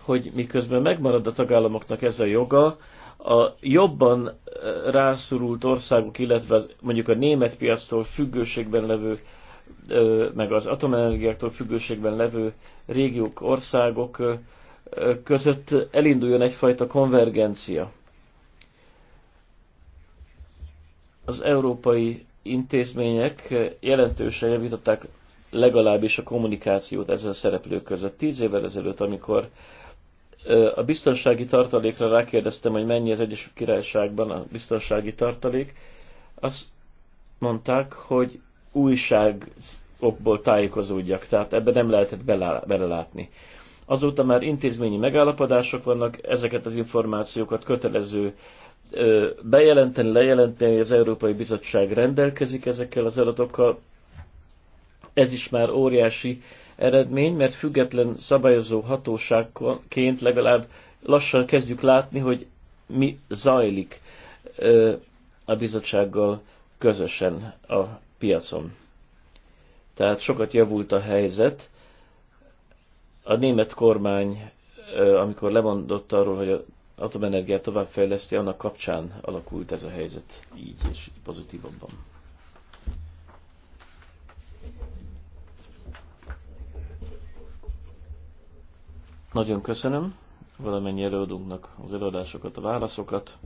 hogy miközben megmarad a tagállamoknak ez a joga, a jobban rászorult országok, illetve az, mondjuk a német piactól függőségben levő, meg az atomenergiáktól függőségben levő régiók, országok között elinduljon egyfajta konvergencia. Az európai intézmények eh, jelentősen javították legalábbis a kommunikációt ezen a szereplők között. Tíz évvel ezelőtt, amikor eh, a biztonsági tartalékra rákérdeztem, hogy mennyi az Egyesült Királyságban a biztonsági tartalék, azt mondták, hogy újságokból tájékozódjak, tehát ebbe nem lehetett belelátni. Azóta már intézményi megállapodások vannak, ezeket az információkat kötelező bejelenteni, lejelenteni, hogy az Európai Bizottság rendelkezik ezekkel az adatokkal. Ez is már óriási eredmény, mert független szabályozó hatóságként legalább lassan kezdjük látni, hogy mi zajlik a bizottsággal közösen a piacon. Tehát sokat javult a helyzet. A német kormány, amikor lemondott arról, hogy a atomenergiát továbbfejleszti, annak kapcsán alakult ez a helyzet így és pozitívabban. Nagyon köszönöm valamennyi előadónknak az előadásokat, a válaszokat.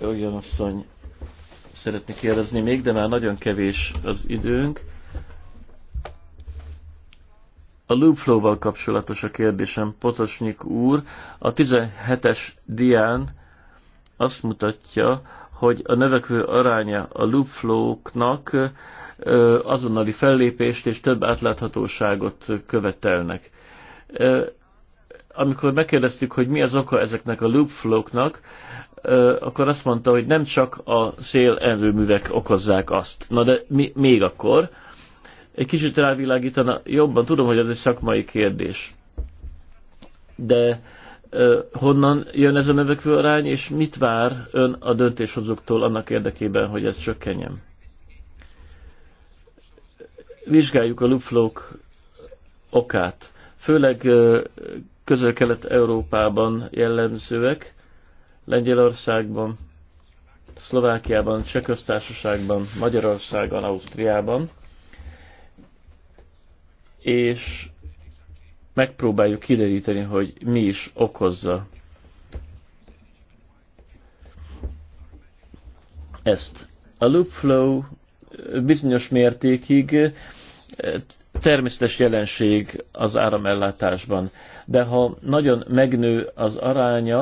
Olyan asszony szeretnék kérdezni még, de már nagyon kevés az időnk. A loopflow-val kapcsolatos a kérdésem, Potosnyik úr. A 17-es dián azt mutatja, hogy a növekvő aránya a loopflow-knak azonnali fellépést és több átláthatóságot követelnek. Amikor megkérdeztük, hogy mi az oka ezeknek a loopflow-knak, akkor azt mondta, hogy nem csak a szélerőművek okozzák azt. Na de mi, még akkor, egy kicsit rávilágítana, jobban tudom, hogy ez egy szakmai kérdés. De honnan jön ez a növekvő arány, és mit vár ön a döntéshozóktól annak érdekében, hogy ez csökkenjen? Vizsgáljuk a luflók okát. Főleg közel-kelet-európában jellemzőek, Lengyelországban, Szlovákiában, Csehköztársaságban, Magyarországon, Ausztriában és megpróbáljuk kideríteni, hogy mi is okozza ezt. A loop flow bizonyos mértékig eh, természetes jelenség az áramellátásban, de ha nagyon megnő az aránya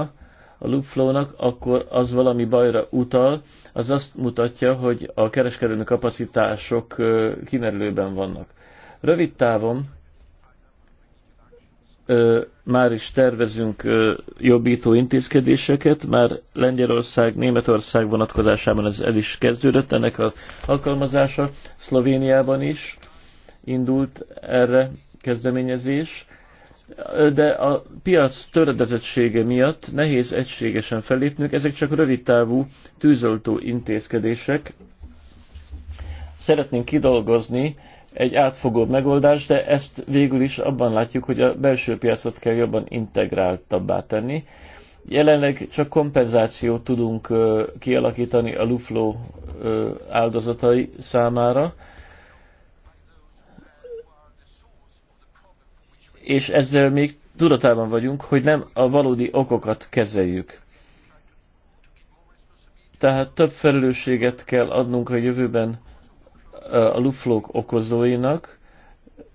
a loop flow-nak, akkor az valami bajra utal, az azt mutatja, hogy a kereskedelmi kapacitások eh, kimerülőben vannak. Rövid távon ö, már is tervezünk ö, jobbító intézkedéseket, már Lengyelország, Németország vonatkozásában ez el is kezdődött, ennek az alkalmazása Szlovéniában is indult erre kezdeményezés, de a piac töredezettsége miatt nehéz egységesen fellépnünk, ezek csak távú tűzoltó intézkedések. Szeretnénk kidolgozni egy átfogó megoldás, de ezt végül is abban látjuk, hogy a belső piacot kell jobban integráltabbá tenni. Jelenleg csak kompenzációt tudunk kialakítani a Luflo áldozatai számára, és ezzel még tudatában vagyunk, hogy nem a valódi okokat kezeljük. Tehát több felelősséget kell adnunk a jövőben a luflók okozóinak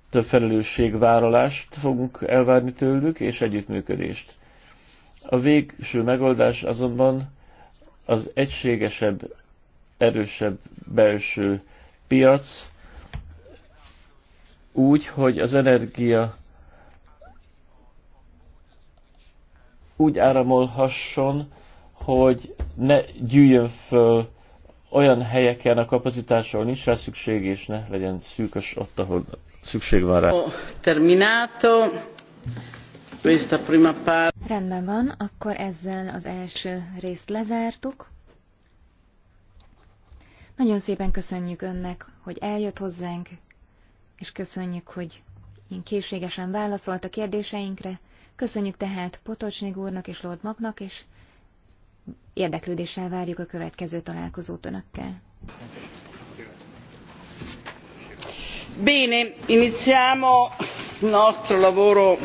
több felelősségvállalást fogunk elvárni tőlük, és együttműködést. A végső megoldás azonban az egységesebb, erősebb belső piac, úgy, hogy az energia úgy áramolhasson, hogy ne gyűjjön föl olyan helyeken a kapacitásról nincs rá szükség, és ne legyen szűkös ott, ahol szükség van rá. Terminato. Questa prima part. Rendben van, akkor ezzel az első részt lezártuk. Nagyon szépen köszönjük önnek, hogy eljött hozzánk, és köszönjük, hogy én készségesen válaszolt a kérdéseinkre. Köszönjük tehát Potocsnyi úrnak és Lord Magnak, és Érdeklődéssel várjuk a következő találkozót önökkel. Bene, iniziamo nostro lavoro.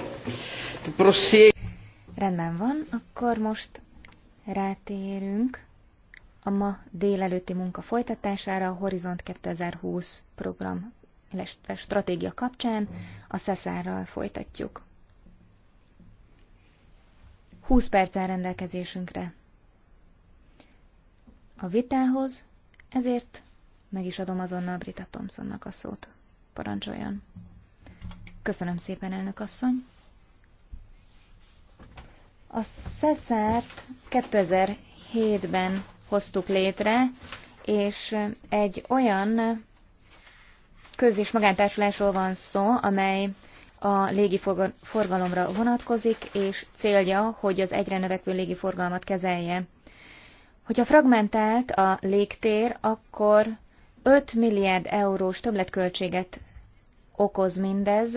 Rendben van, akkor most rátérünk a ma délelőtti munka folytatására a Horizont 2020 program, illetve stratégia kapcsán a szeszárral folytatjuk. 20 perc rendelkezésünkre a vitához, ezért meg is adom azonnal Brita Thompsonnak a szót. Parancsoljon! Köszönöm szépen, elnök asszony! A Szeszárt 2007-ben hoztuk létre, és egy olyan köz- és magántársulásról van szó, amely a légiforgalomra vonatkozik, és célja, hogy az egyre növekvő légiforgalmat kezelje. Hogyha fragmentált a légtér, akkor 5 milliárd eurós többletköltséget okoz mindez.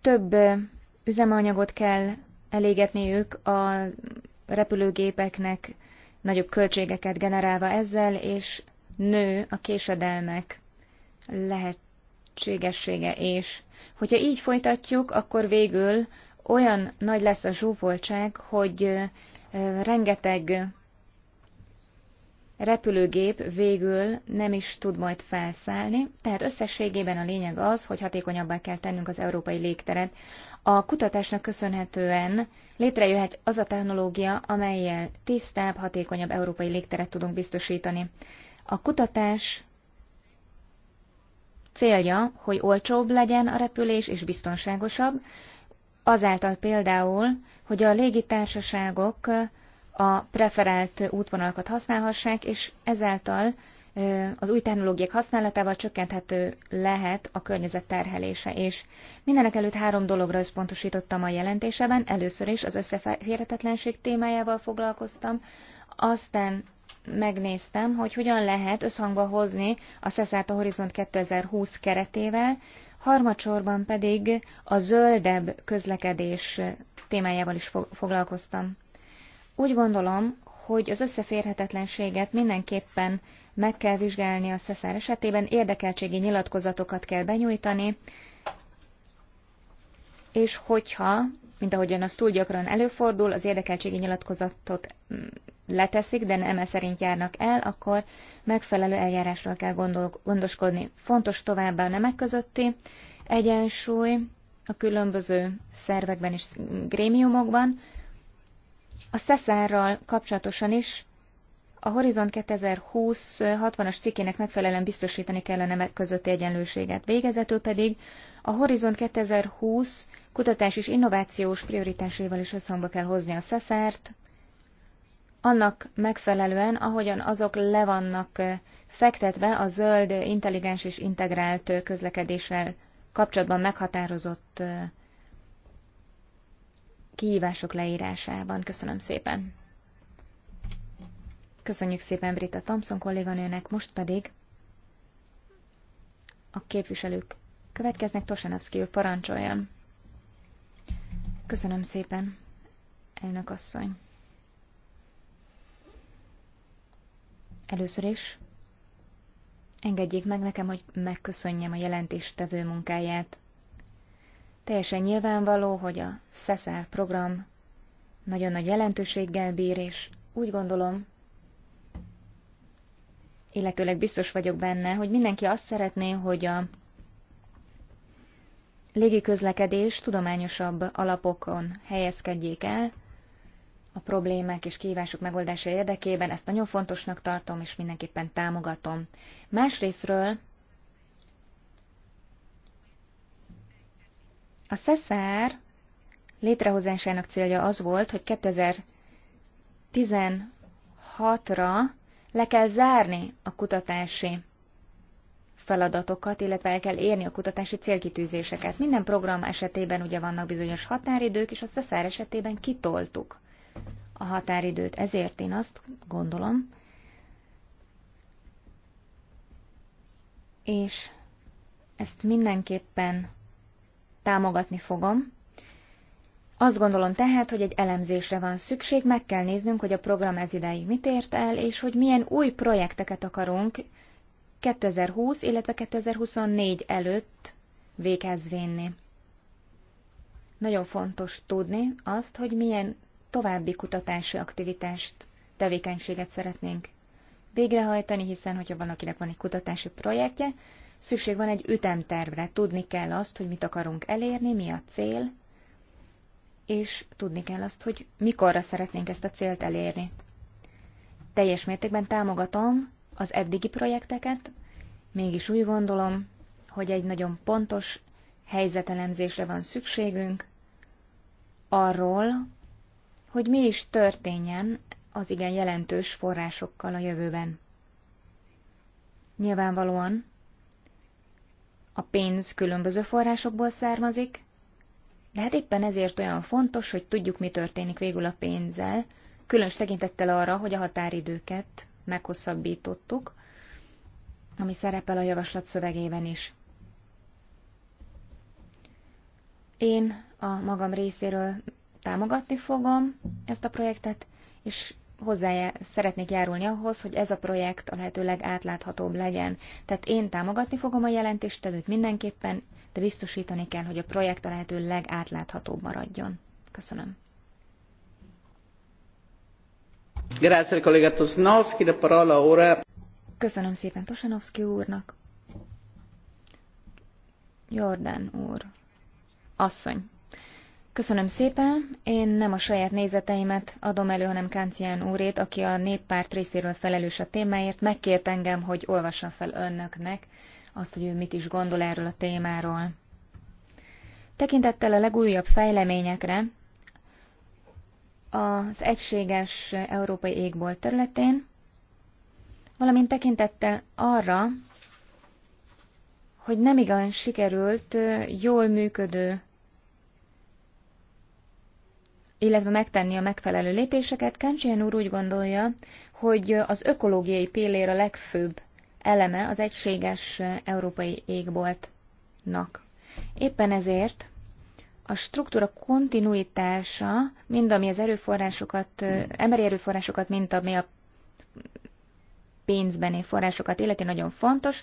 Több üzemanyagot kell elégetniük a repülőgépeknek, nagyobb költségeket generálva ezzel, és nő a késedelmek lehetségessége is. Hogyha így folytatjuk, akkor végül olyan nagy lesz a zsúfoltság, hogy rengeteg repülőgép végül nem is tud majd felszállni, tehát összességében a lényeg az, hogy hatékonyabbá kell tennünk az európai légteret. A kutatásnak köszönhetően létrejöhet az a technológia, amelyel tisztább, hatékonyabb európai légteret tudunk biztosítani. A kutatás célja, hogy olcsóbb legyen a repülés és biztonságosabb, Azáltal például, hogy a légitársaságok a preferált útvonalakat használhassák, és ezáltal az új technológiák használatával csökkenthető lehet a környezet terhelése is. Mindenek előtt három dologra összpontosítottam a jelentéseben. Először is az összeférhetetlenség témájával foglalkoztam, aztán megnéztem, hogy hogyan lehet összhangba hozni a sesz a Horizont 2020 keretével, harmadsorban pedig a zöldebb közlekedés témájával is foglalkoztam. Úgy gondolom, hogy az összeférhetetlenséget mindenképpen meg kell vizsgálni a szeszár esetében, érdekeltségi nyilatkozatokat kell benyújtani, és hogyha mint ahogy ön az túl gyakran előfordul, az érdekeltségi nyilatkozatot mm, leteszik, de nem e szerint járnak el, akkor megfelelő eljárásról kell gondol, gondoskodni. Fontos továbbá a nemek közötti egyensúly a különböző szervekben és grémiumokban. A szeszárral kapcsolatosan is a Horizont 2020 60-as cikkének megfelelően biztosítani kell a nemek közötti egyenlőséget. Végezetül pedig a Horizont 2020 kutatás és innovációs prioritásaival is összhangba kell hozni a szeszárt, annak megfelelően, ahogyan azok le vannak fektetve a zöld, intelligens és integrált közlekedéssel kapcsolatban meghatározott kihívások leírásában. Köszönöm szépen! Köszönjük szépen Brita Thompson kolléganőnek, most pedig a képviselők Következnek Tosanovszki, ő parancsoljon. Köszönöm szépen, elnök asszony. Először is engedjék meg nekem, hogy megköszönjem a jelentéstevő munkáját. Teljesen nyilvánvaló, hogy a SESZÁR program nagyon nagy jelentőséggel bír, és úgy gondolom, illetőleg biztos vagyok benne, hogy mindenki azt szeretné, hogy a Légi közlekedés tudományosabb alapokon helyezkedjék el, a problémák és kihívások megoldása érdekében, ezt nagyon fontosnak tartom, és mindenképpen támogatom. Másrésztről a SESZÁR létrehozásának célja az volt, hogy 2016-ra le kell zárni a kutatási feladatokat, illetve el kell érni a kutatási célkitűzéseket. Minden program esetében ugye vannak bizonyos határidők, és a SZESZÁR esetében kitoltuk a határidőt. Ezért én azt gondolom, és ezt mindenképpen támogatni fogom. Azt gondolom tehát, hogy egy elemzésre van szükség, meg kell néznünk, hogy a program ez idáig mit ért el, és hogy milyen új projekteket akarunk 2020, illetve 2024 előtt véghez vinni. Nagyon fontos tudni azt, hogy milyen további kutatási aktivitást, tevékenységet szeretnénk végrehajtani, hiszen hogyha valakinek van egy kutatási projektje, szükség van egy ütemtervre, tudni kell azt, hogy mit akarunk elérni, mi a cél, és tudni kell azt, hogy mikorra szeretnénk ezt a célt elérni. Teljes mértékben támogatom az eddigi projekteket, mégis úgy gondolom, hogy egy nagyon pontos helyzetelemzésre van szükségünk arról, hogy mi is történjen az igen jelentős forrásokkal a jövőben. Nyilvánvalóan a pénz különböző forrásokból származik, de hát éppen ezért olyan fontos, hogy tudjuk, mi történik végül a pénzzel, különös tekintettel arra, hogy a határidőket meghosszabbítottuk, ami szerepel a javaslat szövegében is. Én a magam részéről támogatni fogom ezt a projektet, és hozzá szeretnék járulni ahhoz, hogy ez a projekt a lehető legátláthatóbb legyen. Tehát én támogatni fogom a jelentéstevőt mindenképpen, de biztosítani kell, hogy a projekt a lehető legátláthatóbb maradjon. Köszönöm. Köszönöm szépen Tosanovszki úrnak. Jordán úr. Asszony. Köszönöm szépen, én nem a saját nézeteimet adom elő, hanem Káncián úrét, aki a néppárt részéről felelős a témáért, megkért engem, hogy olvassam fel önöknek azt, hogy ő mit is gondol erről a témáról. Tekintettel a legújabb fejleményekre, az egységes európai égbolt területén, valamint tekintettel arra, hogy nem igazán sikerült jól működő, illetve megtenni a megfelelő lépéseket, Káncsén úr úgy gondolja, hogy az ökológiai pillér a legfőbb eleme az egységes európai égboltnak. Éppen ezért a struktúra kontinuitása, mind ami az erőforrásokat, emberi erőforrásokat, mint ami a pénzbeni forrásokat illeti, nagyon fontos.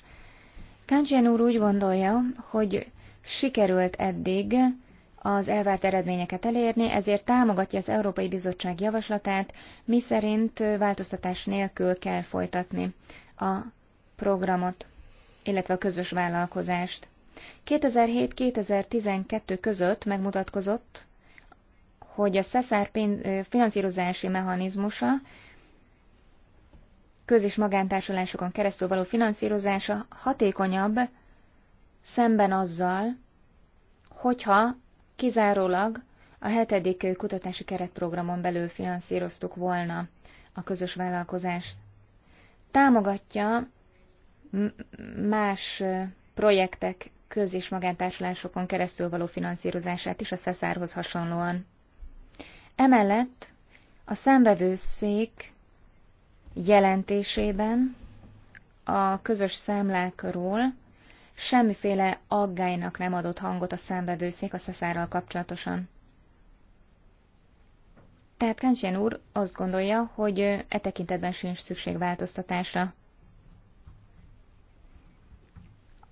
Kancsian úr úgy gondolja, hogy sikerült eddig az elvárt eredményeket elérni, ezért támogatja az Európai Bizottság javaslatát, miszerint változtatás nélkül kell folytatni a programot, illetve a közös vállalkozást. 2007-2012 között megmutatkozott, hogy a SZESZÁR finanszírozási mechanizmusa köz- és magántársulásokon keresztül való finanszírozása hatékonyabb szemben azzal, hogyha kizárólag a hetedik kutatási keretprogramon belül finanszíroztuk volna a közös vállalkozást. Támogatja más projektek köz- és magántársulásokon keresztül való finanszírozását is a szeszárhoz hasonlóan. Emellett a számvevőszék jelentésében a közös számlákról semmiféle aggálynak nem adott hangot a számbevőszék a szeszárral kapcsolatosan. Tehát Kencsén úr azt gondolja, hogy e tekintetben sincs szükség változtatásra.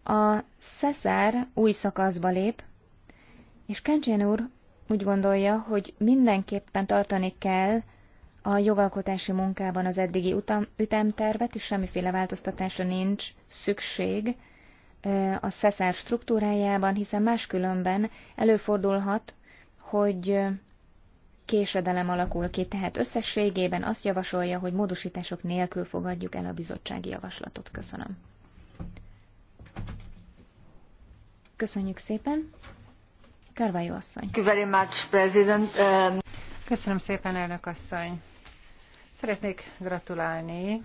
A Szeszár új szakaszba lép, és Kencsén úr úgy gondolja, hogy mindenképpen tartani kell a jogalkotási munkában az eddigi utam, ütemtervet, és semmiféle változtatása nincs szükség a szeszár struktúrájában, hiszen máskülönben előfordulhat, hogy késedelem alakul ki, tehát összességében azt javasolja, hogy módosítások nélkül fogadjuk el a bizottsági javaslatot. Köszönöm. Köszönjük szépen. Carvalho asszony. Um, Köszönöm szépen, elnök asszony. Szeretnék gratulálni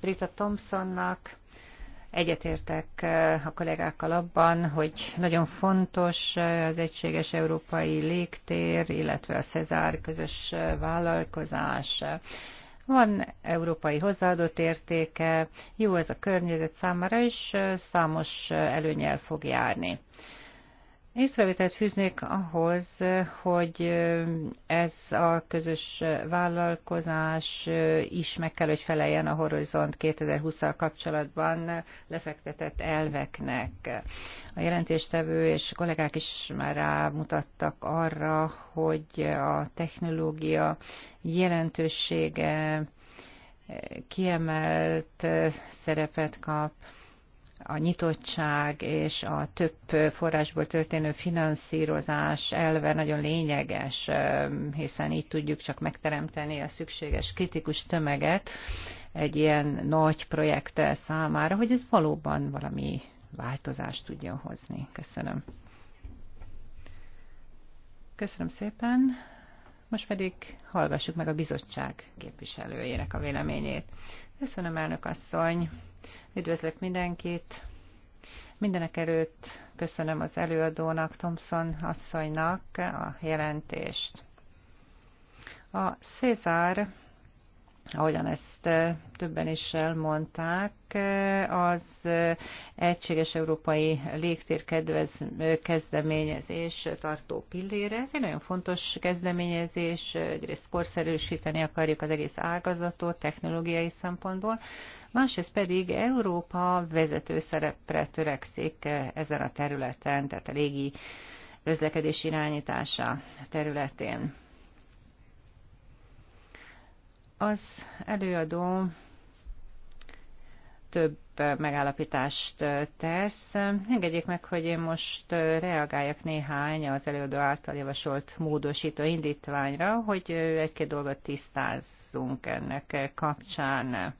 Brita Thompsonnak, egyetértek uh, a kollégákkal abban, hogy nagyon fontos uh, az egységes európai légtér, illetve a Cezár közös uh, vállalkozás. Van európai hozzáadott értéke, jó ez a környezet számára, és számos előnyel fog járni. Észrevételt fűznék ahhoz, hogy ez a közös vállalkozás is meg kell, hogy feleljen a Horizont 2020-al kapcsolatban lefektetett elveknek. A jelentéstevő és kollégák is már rámutattak arra, hogy a technológia jelentősége kiemelt szerepet kap, a nyitottság és a több forrásból történő finanszírozás elve nagyon lényeges, hiszen így tudjuk csak megteremteni a szükséges kritikus tömeget egy ilyen nagy projekttel számára, hogy ez valóban valami változást tudjon hozni. Köszönöm. Köszönöm szépen. Most pedig hallgassuk meg a bizottság képviselőjének a véleményét. Köszönöm, elnök asszony. Üdvözlök mindenkit! Mindenek előtt köszönöm az előadónak, Thompson asszonynak a jelentést. A Cézár ahogyan ezt többen is elmondták, az Egységes Európai Légtér kedvez, kezdeményezés tartó pillére. Ez egy nagyon fontos kezdeményezés, egyrészt korszerűsíteni akarjuk az egész ágazatot technológiai szempontból, másrészt pedig Európa vezető szerepre törekszik ezen a területen, tehát a légi közlekedés irányítása területén. Az előadó több megállapítást tesz. Engedjék meg, hogy én most reagáljak néhány az előadó által javasolt módosító indítványra, hogy egy-két dolgot tisztázzunk ennek kapcsán.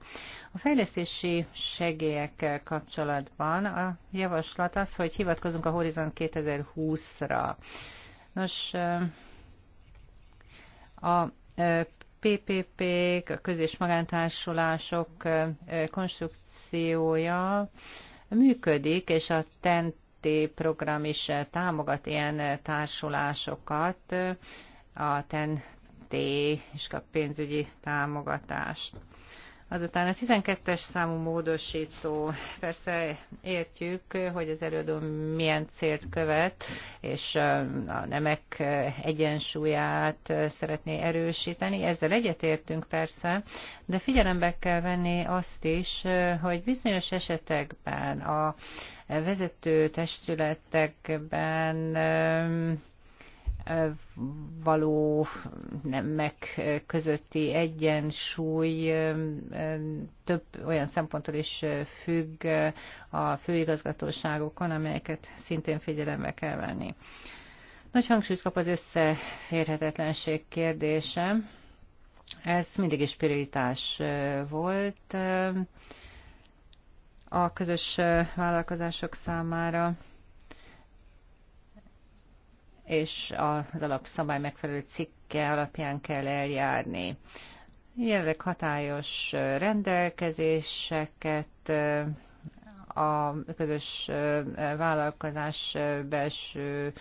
A fejlesztési segélyekkel kapcsolatban a javaslat az, hogy hivatkozunk a Horizon 2020-ra. Nos, a PPP-k, a köz- és magántársulások konstrukciója működik, és a TNT e program is támogat ilyen társulásokat, a TNT és e kap pénzügyi támogatást. Azután a 12-es számú módosító, persze értjük, hogy az előadó milyen célt követ, és a nemek egyensúlyát szeretné erősíteni. Ezzel egyetértünk persze, de figyelembe kell venni azt is, hogy bizonyos esetekben a vezető testületekben való nemek közötti egyensúly több olyan szempontból is függ a főigazgatóságokon, amelyeket szintén figyelembe kell venni. Nagy hangsúlyt kap az összeférhetetlenség kérdése. Ez mindig is prioritás volt a közös vállalkozások számára és az alapszabály megfelelő cikke alapján kell eljárni. Jelenleg hatályos rendelkezéseket a közös vállalkozás belső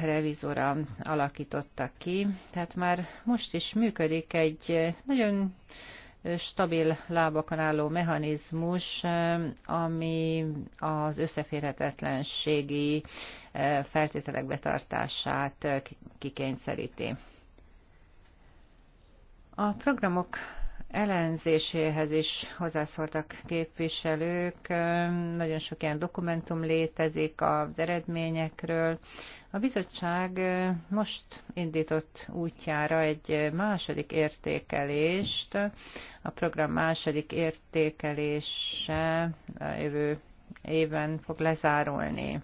revizora alakította ki. Tehát már most is működik egy nagyon stabil lábakon álló mechanizmus, ami az összeférhetetlenségi eh, feltételek betartását eh, kikényszeríti. A programok ellenzéséhez is hozzászóltak képviselők. Nagyon sok ilyen dokumentum létezik az eredményekről. A bizottság most indított útjára egy második értékelést. A program második értékelése a jövő éven fog lezárulni.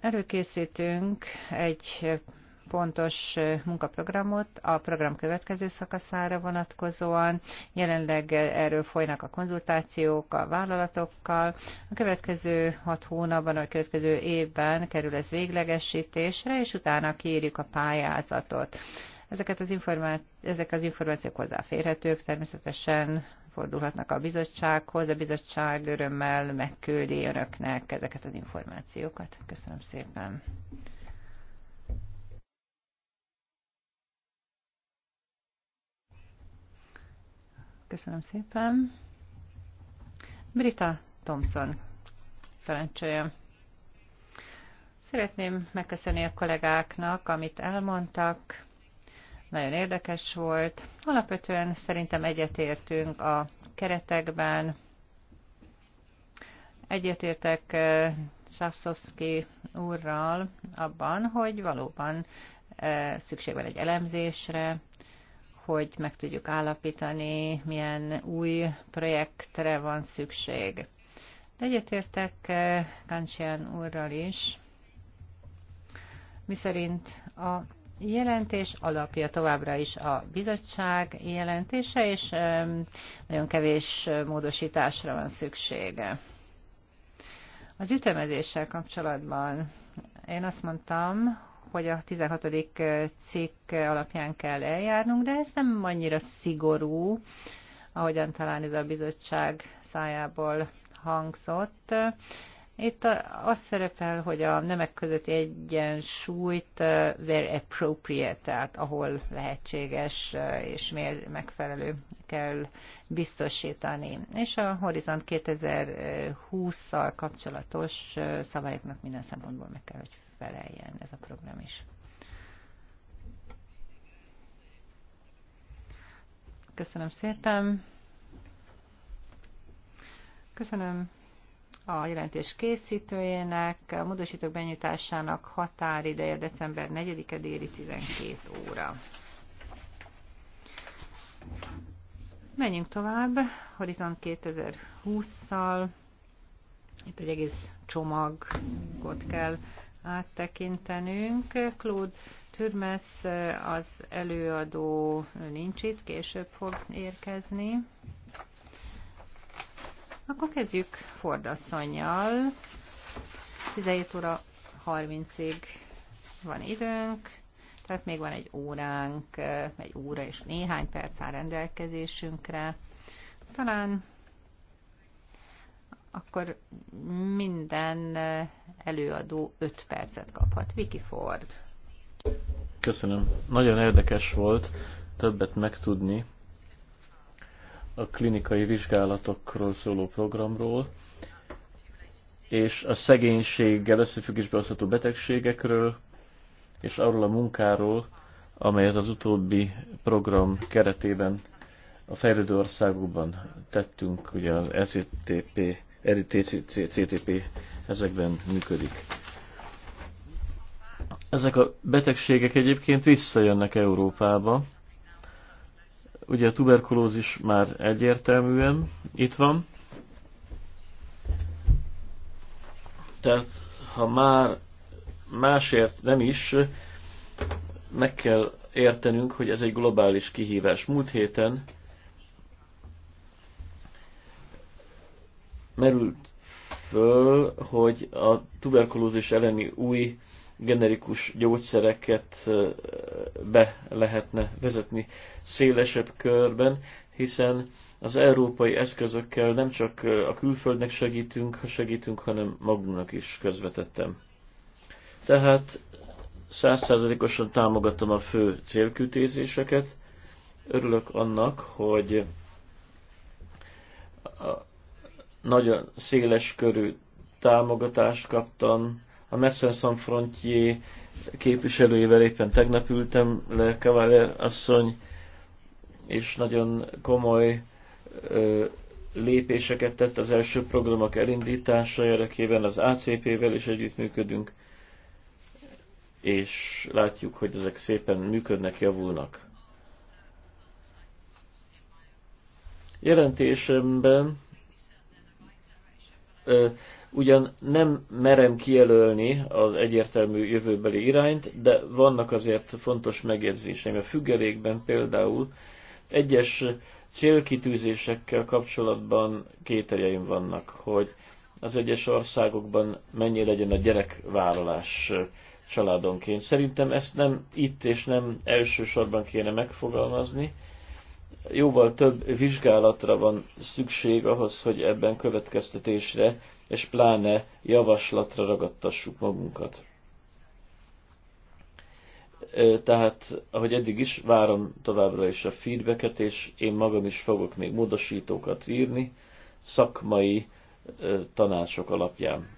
Előkészítünk egy pontos munkaprogramot a program következő szakaszára vonatkozóan. Jelenleg erről folynak a konzultációk a vállalatokkal. A következő hat hónapban, a következő évben kerül ez véglegesítésre, és utána kiírjuk a pályázatot. Ezeket az informá- ezek az információk hozzáférhetők, természetesen fordulhatnak a bizottsághoz, a bizottság örömmel megküldi önöknek ezeket az információkat. Köszönöm szépen. Köszönöm szépen. Brita Thompson, parancsoljon. Szeretném megköszönni a kollégáknak, amit elmondtak. Nagyon érdekes volt. Alapvetően szerintem egyetértünk a keretekben. Egyetértek eh, Sapszowski úrral abban, hogy valóban eh, szükség van egy elemzésre, hogy meg tudjuk állapítani, milyen új projektre van szükség. De egyetértek eh, Kancsian úrral is, miszerint a jelentés alapja továbbra is a bizottság jelentése, és nagyon kevés módosításra van szüksége. Az ütemezéssel kapcsolatban én azt mondtam, hogy a 16. cikk alapján kell eljárnunk, de ez nem annyira szigorú, ahogyan talán ez a bizottság szájából hangzott. Itt az szerepel, hogy a nemek közötti egyensúlyt where appropriate, tehát ahol lehetséges és megfelelő kell biztosítani. És a Horizont 2020-szal kapcsolatos szabályoknak minden szempontból meg kell, hogy megfeleljen ez a program is. Köszönöm szépen. Köszönöm a jelentés készítőjének, a módosítók benyújtásának határideje december 4-e déli 12 óra. Menjünk tovább, Horizont 2020-szal. Itt egy egész csomagot kell áttekintenünk. Claude Türmes eh, az előadó nincs itt, később fog érkezni. Akkor kezdjük Fordasszonyjal. 17 óra 30-ig van időnk, tehát még van egy óránk, eh, egy óra és néhány perc áll rendelkezésünkre. Talán akkor minden előadó 5 percet kaphat. Vicky Ford. Köszönöm. Nagyon érdekes volt többet megtudni a klinikai vizsgálatokról szóló programról, és a szegénységgel összefüggésbe hozható betegségekről, és arról a munkáról, amelyet az utóbbi program keretében a fejlődő országokban tettünk, ugye az SZTP CTP ezekben működik. Ezek a betegségek egyébként visszajönnek Európába. Ugye a tuberkulózis már egyértelműen itt van. Tehát ha már másért nem is, meg kell értenünk, hogy ez egy globális kihívás. Múlt héten merült föl, hogy a tuberkulózis elleni új generikus gyógyszereket be lehetne vezetni szélesebb körben, hiszen az európai eszközökkel nem csak a külföldnek segítünk, ha segítünk, hanem magunknak is közvetettem. Tehát százszázalékosan támogatom a fő célkütézéseket. Örülök annak, hogy nagyon széles körű támogatást kaptam. A Messenson Frontier képviselőjével éppen tegnap ültem le, Kavaler asszony, és nagyon komoly ö, lépéseket tett az első programok elindítása érdekében, az ACP-vel is együttműködünk, és látjuk, hogy ezek szépen működnek, javulnak. Jelentésemben ugyan nem merem kijelölni az egyértelmű jövőbeli irányt, de vannak azért fontos megjegyzéseim. A függelékben például egyes célkitűzésekkel kapcsolatban kételjeim vannak, hogy az egyes országokban mennyi legyen a gyerekvállalás családonként. Szerintem ezt nem itt és nem elsősorban kéne megfogalmazni, jóval több vizsgálatra van szükség ahhoz, hogy ebben következtetésre és pláne javaslatra ragadtassuk magunkat. Tehát, ahogy eddig is, várom továbbra is a feedbacket, és én magam is fogok még módosítókat írni szakmai tanácsok alapján.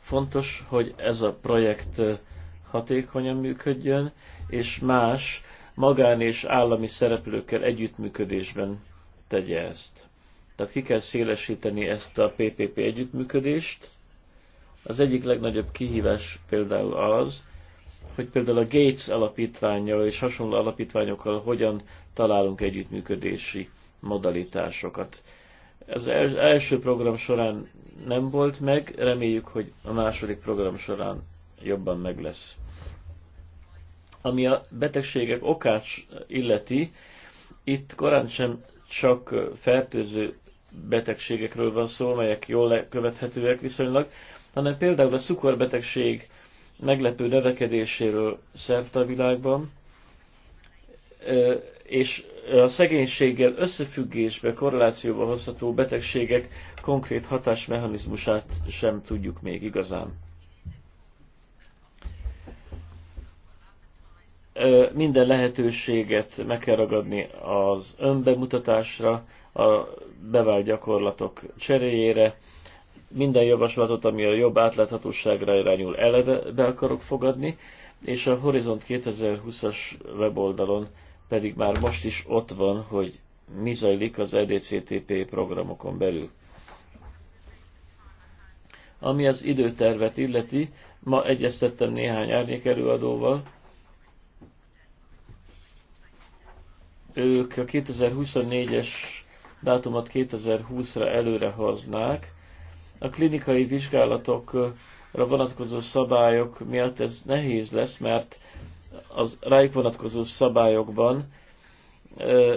Fontos, hogy ez a projekt hatékonyan működjön, és más magán és állami szereplőkkel együttműködésben tegye ezt. Tehát ki kell szélesíteni ezt a PPP együttműködést. Az egyik legnagyobb kihívás például az, hogy például a Gates alapítványjal és hasonló alapítványokkal hogyan találunk együttműködési modalitásokat. Az első program során nem volt meg, reméljük, hogy a második program során jobban meg lesz. Ami a betegségek okát illeti, itt korán sem csak fertőző betegségekről van szó, melyek jól követhetőek viszonylag, hanem például a cukorbetegség meglepő növekedéséről szerte a világban, és a szegénységgel összefüggésbe, korrelációba hozható betegségek konkrét hatásmechanizmusát sem tudjuk még igazán. minden lehetőséget meg kell ragadni az önbemutatásra, a bevált gyakorlatok cseréjére, minden javaslatot, ami a jobb átláthatóságra irányul, eleve be akarok fogadni, és a Horizont 2020-as weboldalon pedig már most is ott van, hogy mi zajlik az EDCTP programokon belül. Ami az időtervet illeti, ma egyeztettem néhány árnyék előadóval, ők a 2024-es dátumot 2020-ra előre hoznák. A klinikai vizsgálatokra vonatkozó szabályok miatt ez nehéz lesz, mert az rájuk vonatkozó szabályokban ö,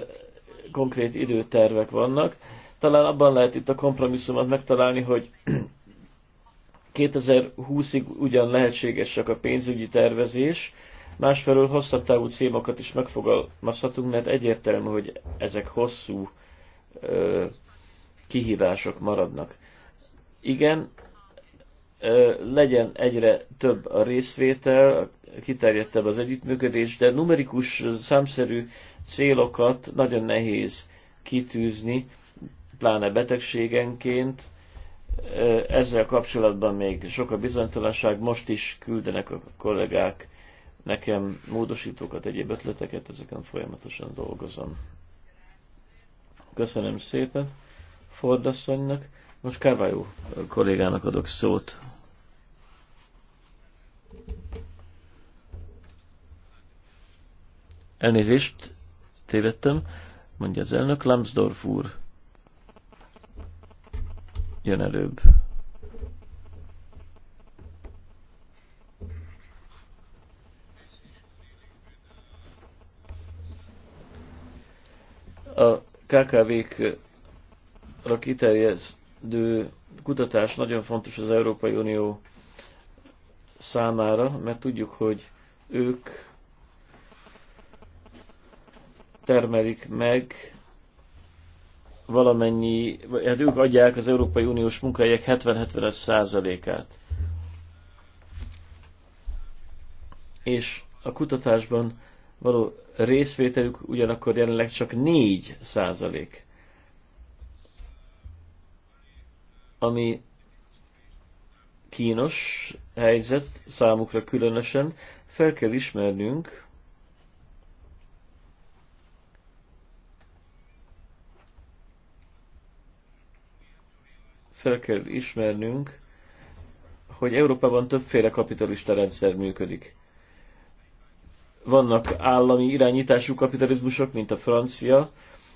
konkrét időtervek vannak. Talán abban lehet itt a kompromisszumot megtalálni, hogy 2020-ig ugyan lehetséges csak a pénzügyi tervezés, Másfelől hosszabb távú célokat is megfogalmazhatunk, mert egyértelmű, hogy ezek hosszú ö, kihívások maradnak. Igen, ö, legyen egyre több a részvétel, kiterjedtebb az együttműködés, de numerikus, számszerű célokat nagyon nehéz kitűzni, pláne betegségenként. Ezzel kapcsolatban még sok a bizonytalanság, most is küldenek a kollégák Nekem módosítókat, egyéb ötleteket, ezeken folyamatosan dolgozom. Köszönöm szépen Fordasszonynak. Most Kárvályó kollégának adok szót. Elnézést, tévedtem, mondja az elnök. Lambsdorff úr jön előbb. A KKV-kra kiterjedő kutatás nagyon fontos az Európai Unió számára, mert tudjuk, hogy ők termelik meg valamennyi, hát ők adják az Európai Uniós munkahelyek 70-75 százalékát. És a kutatásban való részvételük ugyanakkor jelenleg csak 4 százalék. Ami kínos helyzet számukra különösen, fel kell ismernünk, fel kell ismernünk, hogy Európában többféle kapitalista rendszer működik vannak állami irányítású kapitalizmusok, mint a francia,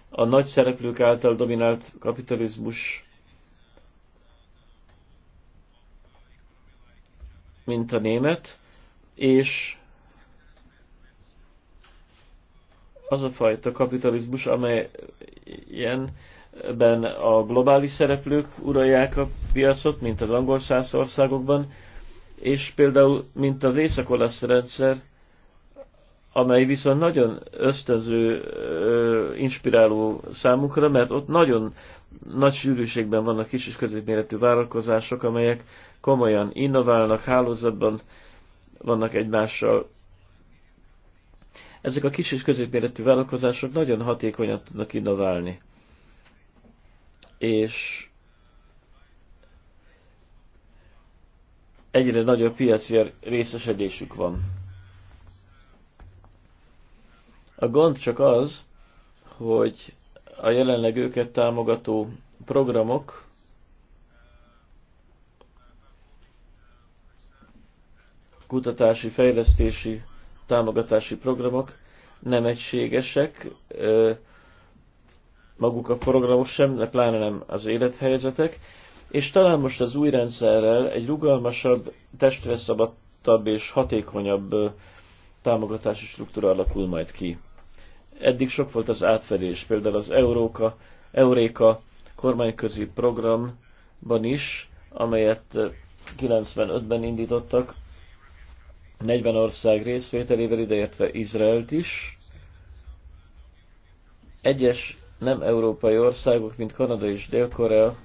a nagy szereplők által dominált kapitalizmus, mint a német, és az a fajta kapitalizmus, amely ilyenben a globális szereplők uralják a piacot, mint az angol száz országokban, és például, mint az észak rendszer, amely viszont nagyon ösztönző, inspiráló számukra, mert ott nagyon nagy sűrűségben vannak kis és középméretű vállalkozások, amelyek komolyan innoválnak, hálózatban vannak egymással. Ezek a kis és középméretű vállalkozások nagyon hatékonyan tudnak innoválni. És egyre nagyobb piaci részesedésük van a gond csak az, hogy a jelenleg őket támogató programok kutatási, fejlesztési, támogatási programok nem egységesek, maguk a programok sem, de pláne nem az élethelyzetek, és talán most az új rendszerrel egy rugalmasabb, testre szabadtabb és hatékonyabb támogatási struktúra alakul majd ki. Eddig sok volt az átfedés, például az Euróka, Euréka kormányközi programban is, amelyet 95-ben indítottak, 40 ország részvételével ideértve Izraelt is. Egyes nem európai országok, mint Kanada és Dél-Korea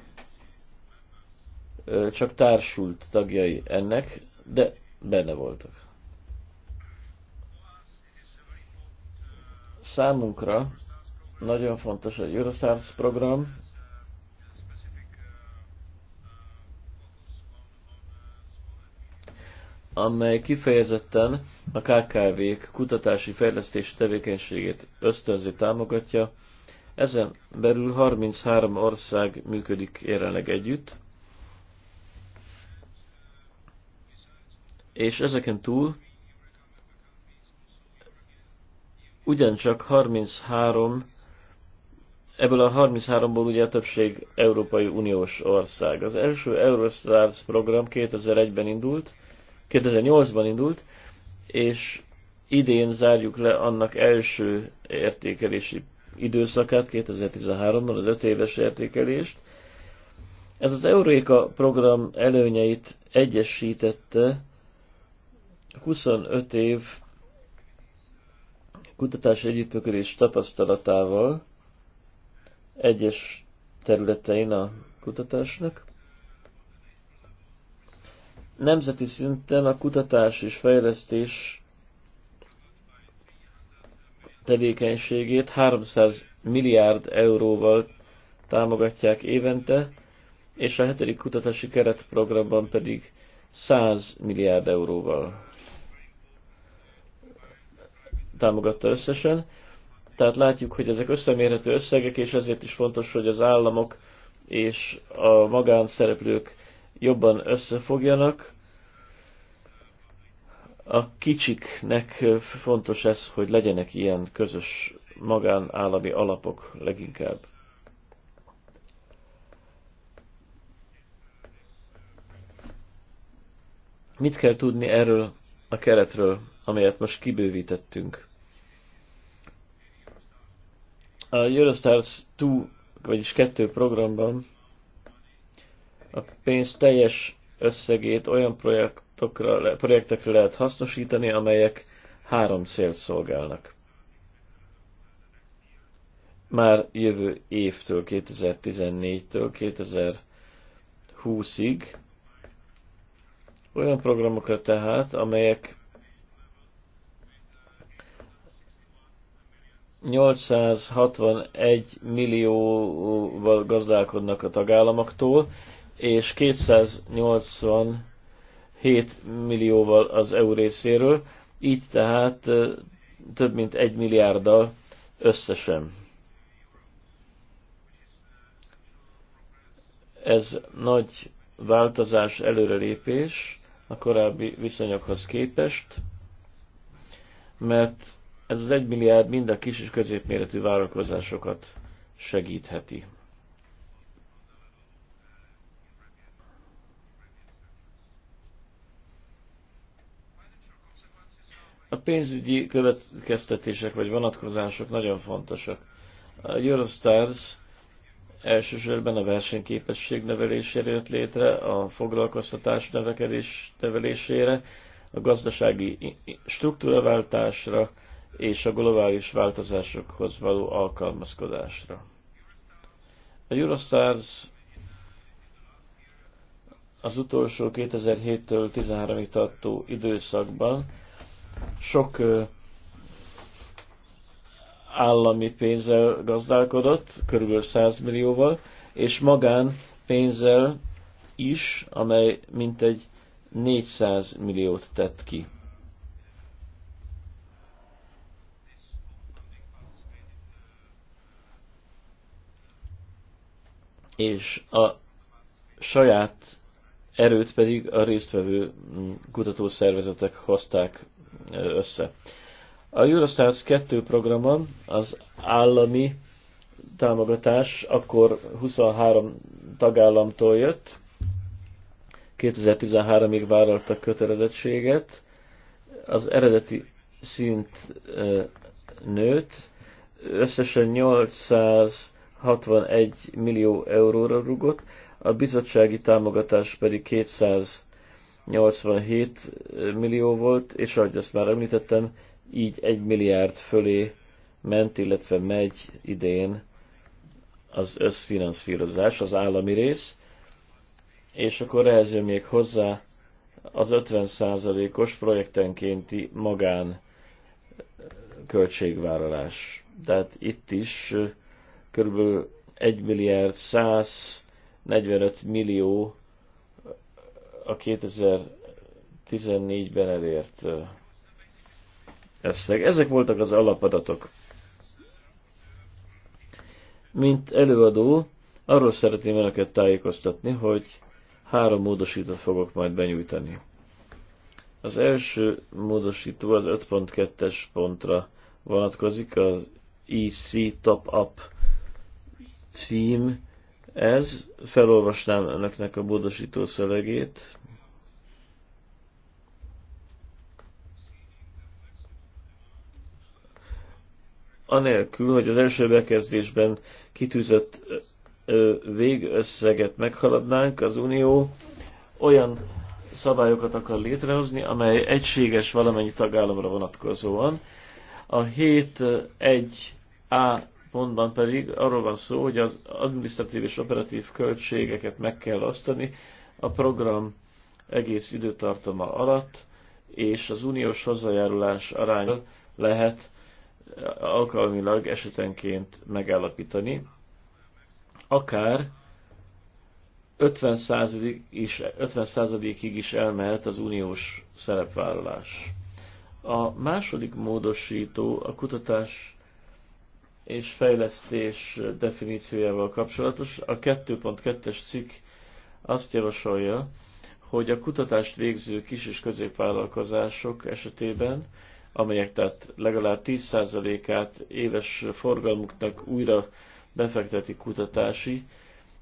csak társult tagjai ennek, de benne voltak. Számunkra nagyon fontos a Eurostars program, amely kifejezetten a KKV-k kutatási fejlesztési tevékenységét ösztönzi, támogatja. Ezen belül 33 ország működik jelenleg együtt, és ezeken túl ugyancsak 33, ebből a 33-ból ugye a többség Európai Uniós ország. Az első Eurostars program 2001-ben indult, 2008-ban indult, és idén zárjuk le annak első értékelési időszakát, 2013-ban az öt éves értékelést. Ez az Euréka program előnyeit egyesítette 25 év kutatás együttműködés tapasztalatával egyes területein a kutatásnak. Nemzeti szinten a kutatás és fejlesztés tevékenységét 300 milliárd euróval támogatják évente, és a hetedik kutatási keretprogramban pedig 100 milliárd euróval támogatta összesen. Tehát látjuk, hogy ezek összemérhető összegek, és ezért is fontos, hogy az államok és a magánszereplők jobban összefogjanak. A kicsiknek fontos ez, hogy legyenek ilyen közös magánállami alapok leginkább. Mit kell tudni erről a keretről? amelyet most kibővítettünk. A Eurostars 2, vagyis 2 programban a pénz teljes összegét olyan projektokra, projektekre lehet hasznosítani, amelyek három célt szolgálnak. Már jövő évtől, 2014-től 2020-ig olyan programokra tehát, amelyek 861 millióval gazdálkodnak a tagállamoktól, és 287 millióval az EU részéről, így tehát több mint egy milliárddal összesen. Ez nagy változás, előrelépés a korábbi viszonyokhoz képest, mert ez az egy milliárd mind a kis és középméretű vállalkozásokat segítheti. A pénzügyi következtetések vagy vonatkozások nagyon fontosak. A Eurostars elsősorban a versenyképesség növelésére jött létre, a foglalkoztatás növekedés növelésére, a gazdasági struktúraváltásra, és a globális változásokhoz való alkalmazkodásra. A Eurostars az utolsó 2007-től 13-ig tartó időszakban sok állami pénzzel gazdálkodott, kb. 100 millióval, és magán pénzzel is, amely mintegy 400 milliót tett ki. és a saját erőt pedig a résztvevő kutatószervezetek hozták össze. A Eurostars 2 programon az állami támogatás akkor 23 tagállamtól jött, 2013-ig vállaltak kötelezettséget, az eredeti szint nőtt, összesen 800 61 millió euróra rugott, a bizottsági támogatás pedig 287 millió volt, és ahogy ezt már említettem, így 1 milliárd fölé ment, illetve megy idén az összfinanszírozás, az állami rész, és akkor ehhez jön még hozzá az 50%-os projektenkénti magán költségvállalás. Tehát itt is kb. 1 milliárd 145 millió a 2014-ben elért összeg. Ezek voltak az alapadatok. Mint előadó, arról szeretném önöket tájékoztatni, hogy három módosítót fogok majd benyújtani. Az első módosító az 5.2-es pontra vonatkozik, az EC Top Up cím ez. Felolvasnám önöknek a bódosító szövegét. Anélkül, hogy az első bekezdésben kitűzött végösszeget meghaladnánk, az Unió olyan szabályokat akar létrehozni, amely egységes valamennyi tagállamra vonatkozóan. A 7.1a pontban pedig arról van szó, hogy az administratív és operatív költségeket meg kell osztani a program egész időtartama alatt, és az uniós hozzájárulás arány lehet alkalmilag esetenként megállapítani, akár 50%-ig is, 50 is elmehet az uniós szerepvállalás. A második módosító a kutatás és fejlesztés definíciójával kapcsolatos. A 2.2-es cikk azt javasolja, hogy a kutatást végző kis- és középvállalkozások esetében, amelyek tehát legalább 10%-át éves forgalmuknak újra befekteti kutatási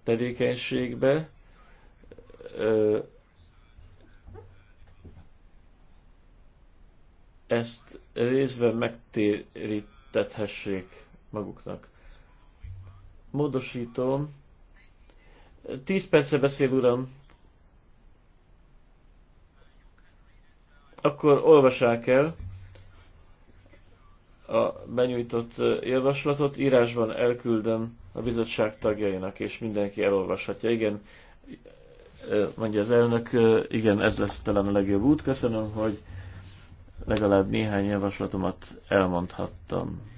tevékenységbe, ezt részben megtérítethessék maguknak. Módosítom. Tíz perce beszél, uram. Akkor olvassák el a benyújtott javaslatot. Írásban elküldöm a bizottság tagjainak, és mindenki elolvashatja. Igen, mondja az elnök, igen, ez lesz talán a legjobb út. Köszönöm, hogy legalább néhány javaslatomat elmondhattam.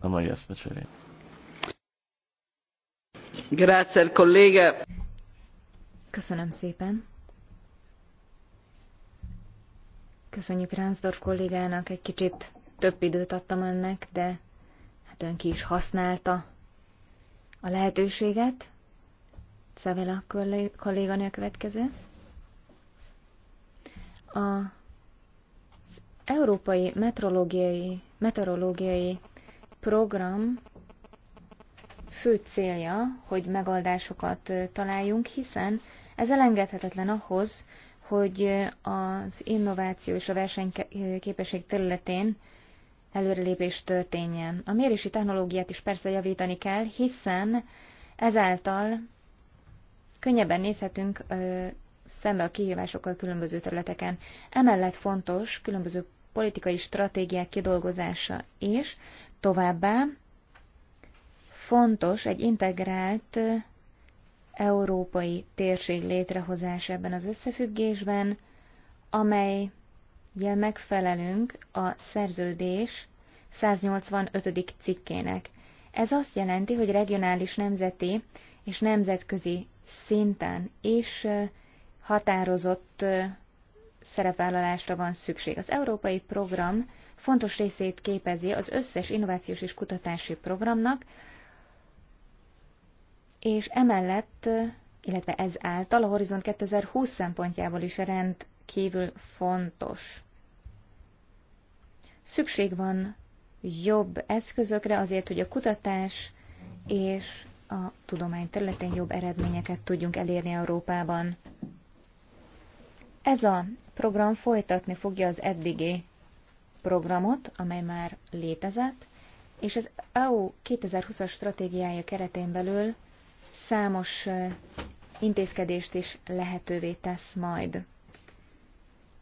a mai eszmecserén. Grazie, kolléga! Köszönöm szépen! Köszönjük Ránzdorf kollégának, egy kicsit több időt adtam önnek, de hát ön ki is használta a lehetőséget. Szevela kolléganő a következő. A az Európai Meteorológiai program fő célja, hogy megoldásokat találjunk, hiszen ez elengedhetetlen ahhoz, hogy az innováció és a versenyképesség területén előrelépés történjen. A mérési technológiát is persze javítani kell, hiszen ezáltal könnyebben nézhetünk szembe a kihívásokkal különböző területeken. Emellett fontos különböző politikai stratégiák kidolgozása is, Továbbá fontos egy integrált európai térség létrehozása ebben az összefüggésben, amely jel megfelelünk a szerződés 185. cikkének. Ez azt jelenti, hogy regionális, nemzeti és nemzetközi szinten is határozott szerepvállalásra van szükség. Az európai program fontos részét képezi az összes innovációs és kutatási programnak, és emellett, illetve ez által a Horizont 2020 szempontjából is rendkívül fontos. Szükség van jobb eszközökre azért, hogy a kutatás és a tudomány területén jobb eredményeket tudjunk elérni Európában. Ez a program folytatni fogja az eddigi programot, amely már létezett, és az EU 2020-as stratégiája keretén belül számos intézkedést is lehetővé tesz majd.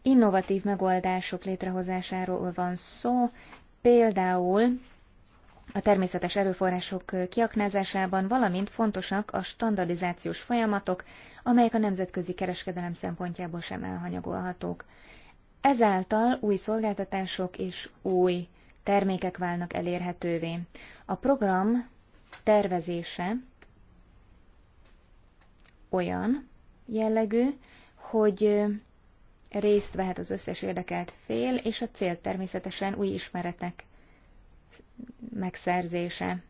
Innovatív megoldások létrehozásáról van szó, például a természetes erőforrások kiaknázásában, valamint fontosak a standardizációs folyamatok, amelyek a nemzetközi kereskedelem szempontjából sem elhanyagolhatók. Ezáltal új szolgáltatások és új termékek válnak elérhetővé. A program tervezése olyan jellegű, hogy részt vehet az összes érdekelt fél, és a cél természetesen új ismeretek megszerzése.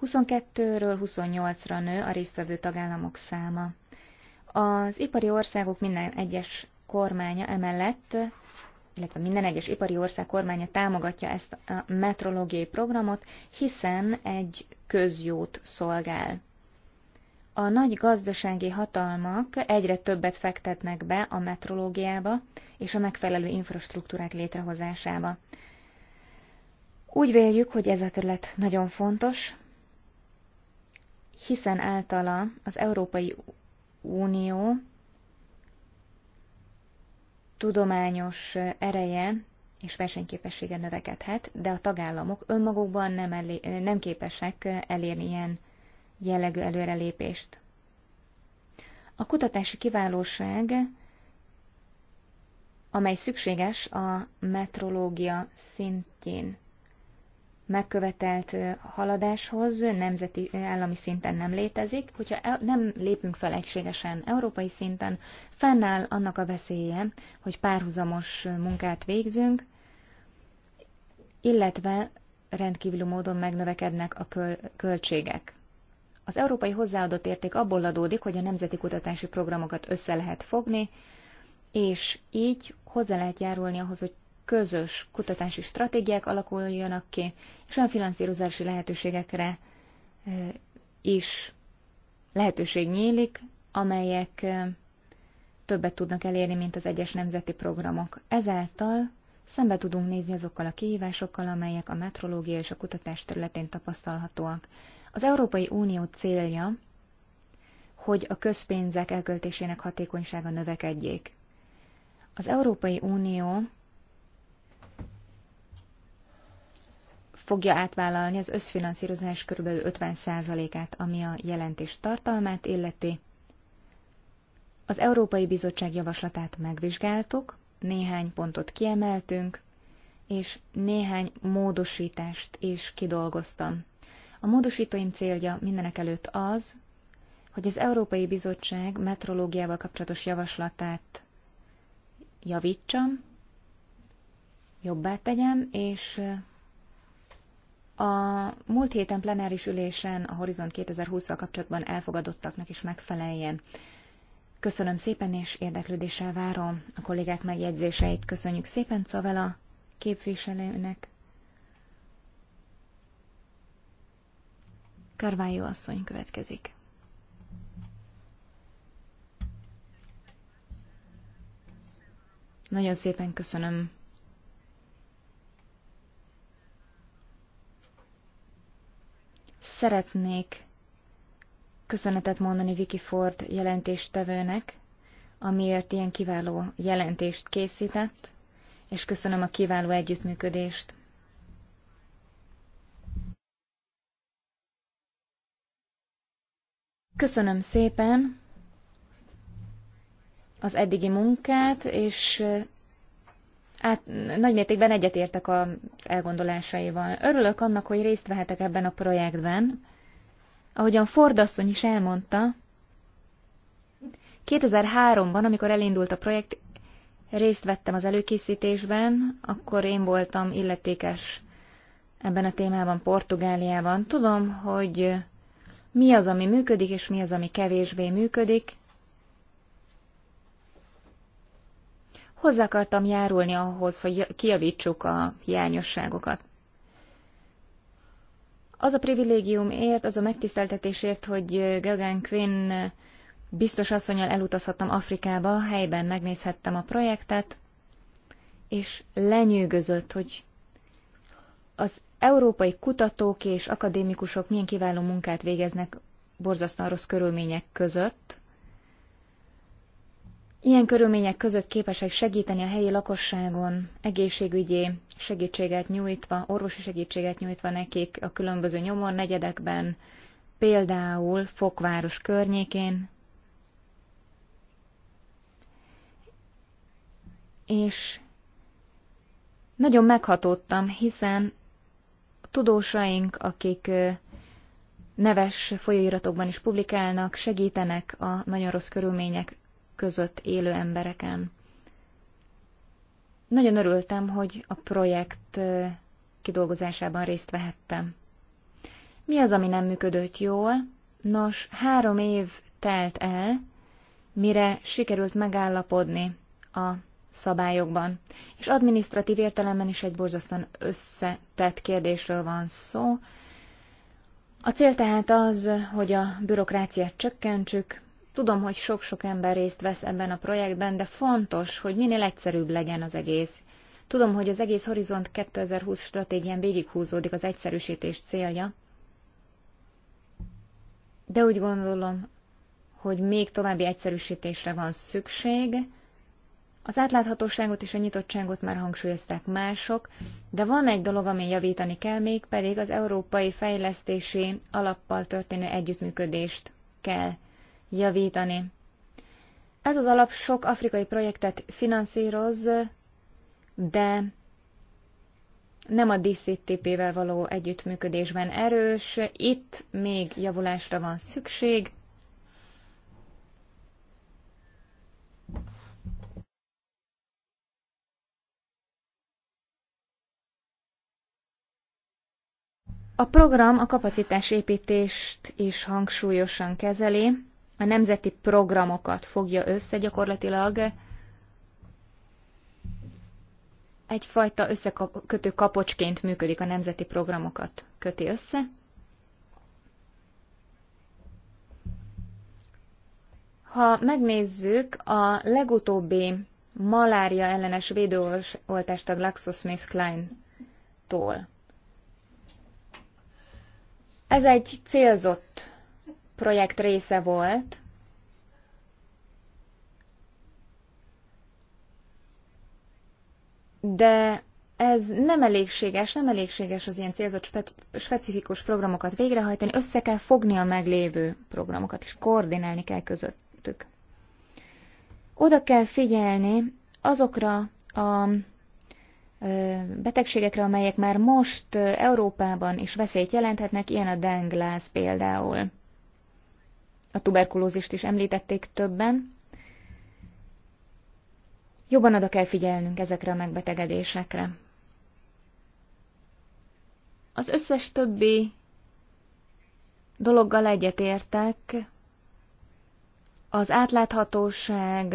22-ről 28-ra nő a résztvevő tagállamok száma. Az ipari országok minden egyes kormánya emellett, illetve minden egyes ipari ország kormánya támogatja ezt a metrológiai programot, hiszen egy közjót szolgál. A nagy gazdasági hatalmak egyre többet fektetnek be a metrológiába és a megfelelő infrastruktúrák létrehozásába. Úgy véljük, hogy ez a terület nagyon fontos, hiszen általa az Európai Unió tudományos ereje és versenyképessége növekedhet, de a tagállamok önmagukban nem, elé, nem képesek elérni ilyen jellegű előrelépést. A kutatási kiválóság, amely szükséges a metrológia szintjén megkövetelt haladáshoz nemzeti állami szinten nem létezik. Hogyha e, nem lépünk fel egységesen európai szinten, fennáll annak a veszélye, hogy párhuzamos munkát végzünk, illetve rendkívül módon megnövekednek a köl- költségek. Az európai hozzáadott érték abból adódik, hogy a nemzeti kutatási programokat össze lehet fogni, és így hozzá lehet járulni ahhoz, hogy közös kutatási stratégiák alakuljanak ki, és olyan finanszírozási lehetőségekre is lehetőség nyílik, amelyek többet tudnak elérni, mint az egyes nemzeti programok. Ezáltal szembe tudunk nézni azokkal a kihívásokkal, amelyek a metrológia és a kutatás területén tapasztalhatóak. Az Európai Unió célja, hogy a közpénzek elköltésének hatékonysága növekedjék. Az Európai Unió fogja átvállalni az összfinanszírozás kb. 50%-át, ami a jelentés tartalmát illeti. Az Európai Bizottság javaslatát megvizsgáltuk, néhány pontot kiemeltünk, és néhány módosítást is kidolgoztam. A módosítóim célja mindenek előtt az, hogy az Európai Bizottság metrológiával kapcsolatos javaslatát javítsam, jobbá tegyem, és a múlt héten plenáris ülésen a Horizont 2020-szal kapcsolatban elfogadottaknak is megfeleljen. Köszönöm szépen, és érdeklődéssel várom a kollégák megjegyzéseit. Köszönjük szépen Cavela képviselőnek. Karvályó asszony következik. Nagyon szépen köszönöm Szeretnék köszönetet mondani Vicky Ford jelentéstevőnek, amiért ilyen kiváló jelentést készített, és köszönöm a kiváló együttműködést. Köszönöm szépen az eddigi munkát, és Hát nagymértékben egyetértek az elgondolásaival. Örülök annak, hogy részt vehetek ebben a projektben. Ahogyan Ford asszony is elmondta, 2003-ban, amikor elindult a projekt, részt vettem az előkészítésben, akkor én voltam illetékes ebben a témában Portugáliában. Tudom, hogy mi az, ami működik, és mi az, ami kevésbé működik, hozzá akartam járulni ahhoz, hogy kiavítsuk a hiányosságokat. Az a privilégiumért, az a megtiszteltetésért, hogy Gagan Quinn biztos asszonyal elutazhattam Afrikába, helyben megnézhettem a projektet, és lenyűgözött, hogy az európai kutatók és akadémikusok milyen kiváló munkát végeznek borzasztóan rossz körülmények között, Ilyen körülmények között képesek segíteni a helyi lakosságon, egészségügyi segítséget nyújtva, orvosi segítséget nyújtva nekik a különböző nyomor negyedekben, például Fokváros környékén, és nagyon meghatódtam, hiszen tudósaink, akik neves folyóiratokban is publikálnak, segítenek a nagyon rossz körülmények között élő embereken. Nagyon örültem, hogy a projekt kidolgozásában részt vehettem. Mi az, ami nem működött jól? Nos, három év telt el, mire sikerült megállapodni a szabályokban. És adminisztratív értelemben is egy borzasztóan összetett kérdésről van szó. A cél tehát az, hogy a bürokráciát csökkentsük, Tudom, hogy sok-sok ember részt vesz ebben a projektben, de fontos, hogy minél egyszerűbb legyen az egész. Tudom, hogy az egész Horizont 2020 stratégián végighúzódik az egyszerűsítés célja, de úgy gondolom, hogy még további egyszerűsítésre van szükség. Az átláthatóságot és a nyitottságot már hangsúlyozták mások, de van egy dolog, ami javítani kell még, pedig az európai fejlesztési alappal történő együttműködést kell javítani. Ez az alap sok afrikai projektet finanszíroz, de nem a DCTP-vel való együttműködésben erős, itt még javulásra van szükség. A program a kapacitásépítést is hangsúlyosan kezeli, a nemzeti programokat fogja össze gyakorlatilag egyfajta összekötő kapocsként működik a nemzeti programokat köti össze. Ha megnézzük a legutóbbi malária ellenes védőoltást a GlaxoSmithKline-tól. Ez egy célzott projekt része volt, de ez nem elégséges, nem elégséges az ilyen célzott spe- specifikus programokat végrehajtani, össze kell fogni a meglévő programokat, és koordinálni kell közöttük. Oda kell figyelni azokra a betegségekre, amelyek már most Európában is veszélyt jelenthetnek, ilyen a denglás például a tuberkulózist is említették többen. Jobban oda kell figyelnünk ezekre a megbetegedésekre. Az összes többi dologgal egyetértek. Az átláthatóság,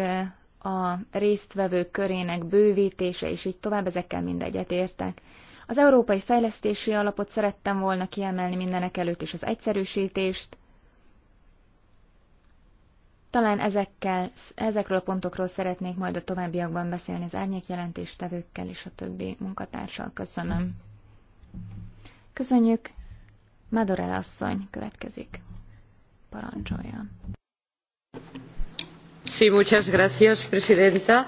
a résztvevők körének bővítése, és így tovább, ezekkel mind egyetértek. Az Európai Fejlesztési Alapot szerettem volna kiemelni mindenek előtt, és az egyszerűsítést, talán ezekkel, ezekről a pontokról szeretnék majd a továbbiakban beszélni az árnyékjelentéstevőkkel és a többi munkatársal. Köszönöm. Köszönjük. Madorel asszony következik. Parancsolja. Sí, muchas gracias, presidenta.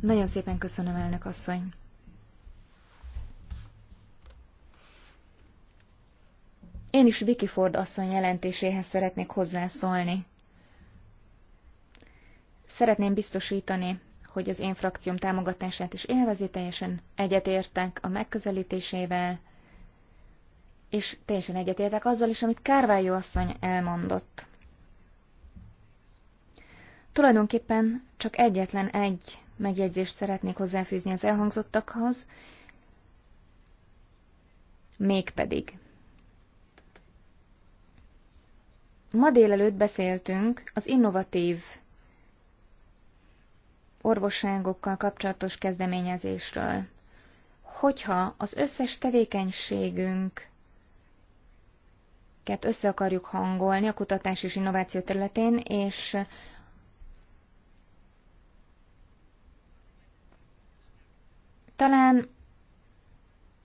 Nagyon szépen köszönöm, elnök asszony. Én is Vicky Ford asszony jelentéséhez szeretnék hozzászólni. Szeretném biztosítani, hogy az én frakcióm támogatását is élvezi, teljesen egyetértek a megközelítésével, és teljesen egyetértek azzal is, amit Kárvályó asszony elmondott. Tulajdonképpen csak egyetlen egy megjegyzést szeretnék hozzáfűzni az elhangzottakhoz, mégpedig. Ma délelőtt beszéltünk az innovatív orvosságokkal kapcsolatos kezdeményezésről. Hogyha az összes tevékenységünk össze akarjuk hangolni a kutatás és innováció területén, és talán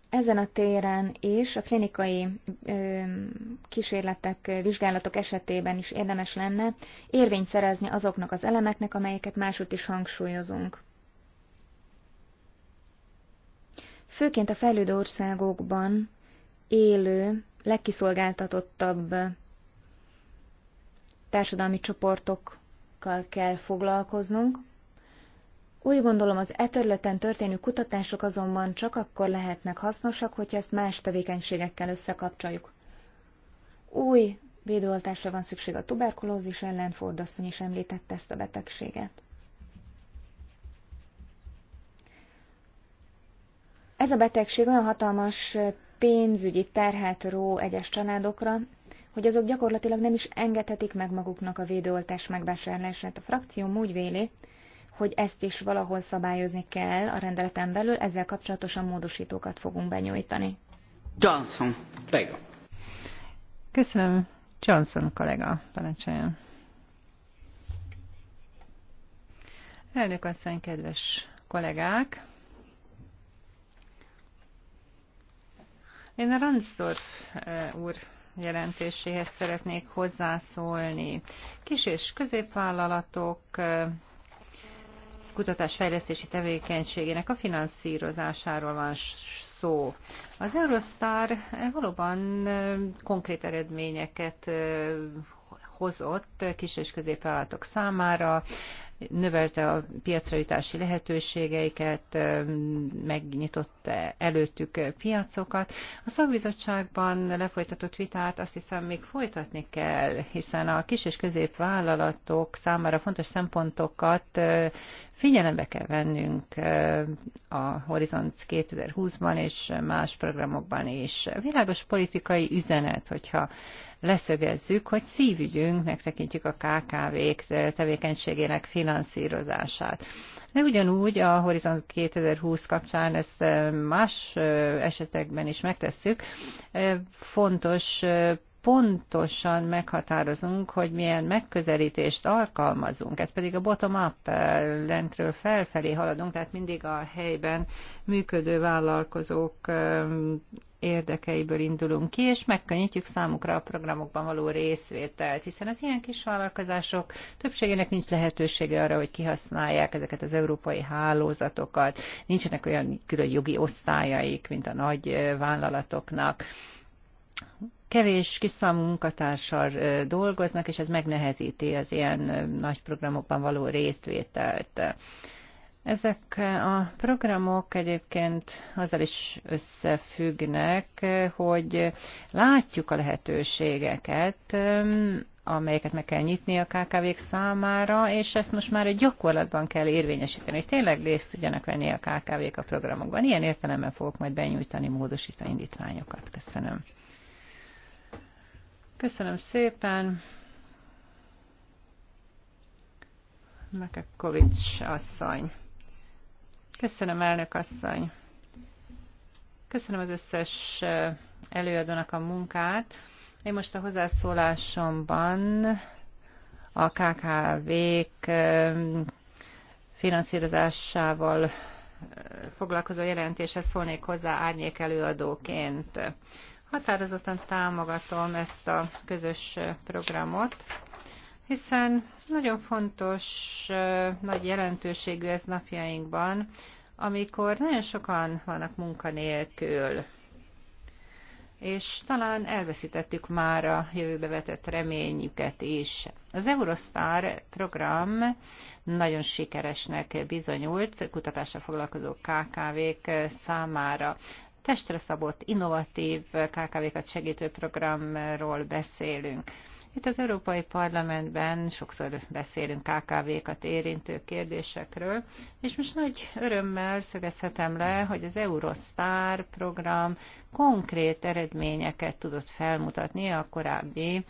ezen a téren és a klinikai ö, kísérletek, vizsgálatok esetében is érdemes lenne érvényt szerezni azoknak az elemeknek, amelyeket máshogy is hangsúlyozunk. Főként a fejlődő országokban élő, legkiszolgáltatottabb társadalmi csoportokkal kell foglalkoznunk, úgy gondolom, az e területen történő kutatások azonban csak akkor lehetnek hasznosak, hogyha ezt más tevékenységekkel összekapcsoljuk. Új védőoltásra van szükség a tuberkulózis ellen, Ford asszony is említette ezt a betegséget. Ez a betegség olyan hatalmas pénzügyi terhet ró egyes családokra, hogy azok gyakorlatilag nem is engedhetik meg maguknak a védőoltás megvásárlását. A frakció úgy véli, hogy ezt is valahol szabályozni kell a rendeleten belül, ezzel kapcsolatosan módosítókat fogunk benyújtani. Johnson, kollega. Köszönöm, Johnson kollega, parancsoljon. Elnök asszony, kedves kollégák! Én a Ransdorf úr jelentéséhez szeretnék hozzászólni. Kis és középvállalatok kutatásfejlesztési tevékenységének a finanszírozásáról van szó. Az Eurostar eh, valóban eh, konkrét eredményeket eh, hozott kis és középvállalatok számára, növelte a piacra jutási lehetőségeiket, megnyitott előttük piacokat. A szakbizottságban lefolytatott vitát azt hiszem még folytatni kell, hiszen a kis és középvállalatok számára fontos szempontokat figyelembe kell vennünk a Horizont 2020-ban és más programokban is. Világos politikai üzenet, hogyha leszögezzük, hogy szívügyünknek tekintjük a kkv tevékenységének finanszírozását. De ugyanúgy a Horizon 2020 kapcsán ezt más esetekben is megtesszük. Fontos pontosan meghatározunk, hogy milyen megközelítést alkalmazunk. Ez pedig a bottom-up eh, lentről felfelé haladunk, tehát mindig a helyben működő vállalkozók eh, érdekeiből indulunk ki, és megkönnyítjük számukra a programokban való részvételt, hiszen az ilyen kis vállalkozások többségének nincs lehetősége arra, hogy kihasználják ezeket az európai hálózatokat, nincsenek olyan külön jogi osztályaik, mint a nagy eh, vállalatoknak kevés kiszámú munkatársal dolgoznak, és ez megnehezíti az ilyen nagy programokban való résztvételt. Ezek a programok egyébként azzal is összefüggnek, hogy látjuk a lehetőségeket, amelyeket meg kell nyitni a KKV-k számára, és ezt most már egy gyakorlatban kell érvényesíteni. Tényleg részt tudjanak venni a KKV-k a programokban. Ilyen értelemben fogok majd benyújtani módosító indítványokat. Köszönöm. Köszönöm szépen. Mekekovics asszony. Köszönöm, elnök asszony. Köszönöm az összes előadónak a munkát. Én most a hozzászólásomban a KKV-k finanszírozásával foglalkozó jelentéshez szólnék hozzá árnyék előadóként. Határozottan támogatom ezt a közös programot, hiszen nagyon fontos, nagy jelentőségű ez napjainkban, amikor nagyon sokan vannak munkanélkül, és talán elveszítettük már a jövőbe vetett reményüket is. Az Eurostar program nagyon sikeresnek bizonyult kutatással foglalkozó KKV-k számára testre szabott, innovatív KKV-kat segítő programról beszélünk. Itt az Európai Parlamentben sokszor beszélünk KKV-kat érintő kérdésekről, és most nagy örömmel szögezhetem le, hogy az Eurostar program konkrét eredményeket tudott felmutatni a korábbi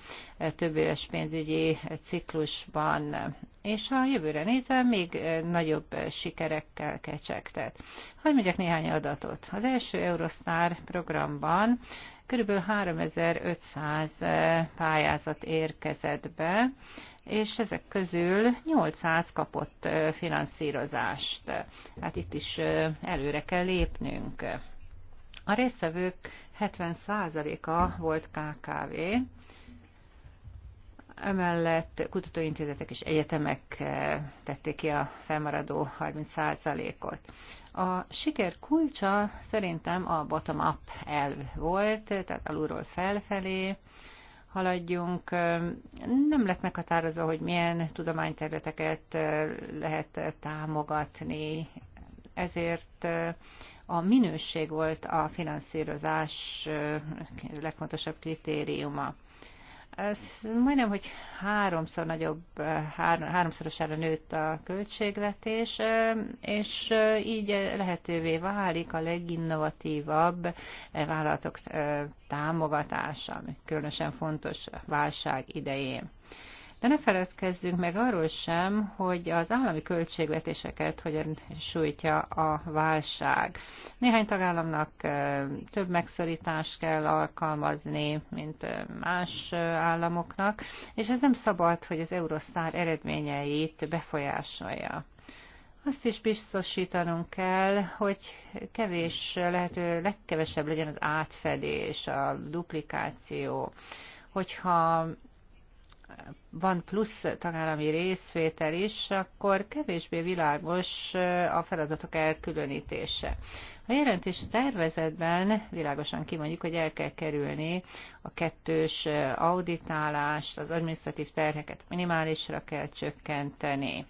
többéves pénzügyi ciklusban és a jövőre nézve még nagyobb sikerekkel kecsegtet. Hogy mondjak néhány adatot. Az első Eurostar programban kb. 3500 pályázat érkezett be, és ezek közül 800 kapott finanszírozást. Hát itt is előre kell lépnünk. A résztvevők 70%-a volt KKV, Emellett kutatóintézetek és egyetemek eh, tették ki a felmaradó 30%-ot. A siker kulcsa szerintem a bottom-up elv volt, tehát alulról felfelé haladjunk. Nem lett meghatározva, hogy milyen tudományterületeket eh, lehet támogatni, ezért eh, a minőség volt a finanszírozás legfontosabb kritériuma. Ez majdnem, hogy háromszor nagyobb, eh, három, háromszorosára nőtt a költségvetés, eh, és eh, így lehetővé válik a leginnovatívabb vállalatok támogatása, különösen fontos válság idején. De ne feledkezzünk meg arról sem, hogy az állami költségvetéseket hogyan sújtja a válság. Néhány tagállamnak több megszorítást kell alkalmazni, mint más államoknak, és ez nem szabad, hogy az Eurostar eredményeit befolyásolja. Azt is biztosítanunk kell, hogy kevés, lehető legkevesebb legyen az átfedés, a duplikáció. Hogyha van plusz tagállami részvétel is, akkor kevésbé világos a feladatok elkülönítése. A jelentés tervezetben világosan kimondjuk, hogy el kell kerülni a kettős auditálást, az administratív terheket minimálisra kell csökkenteni.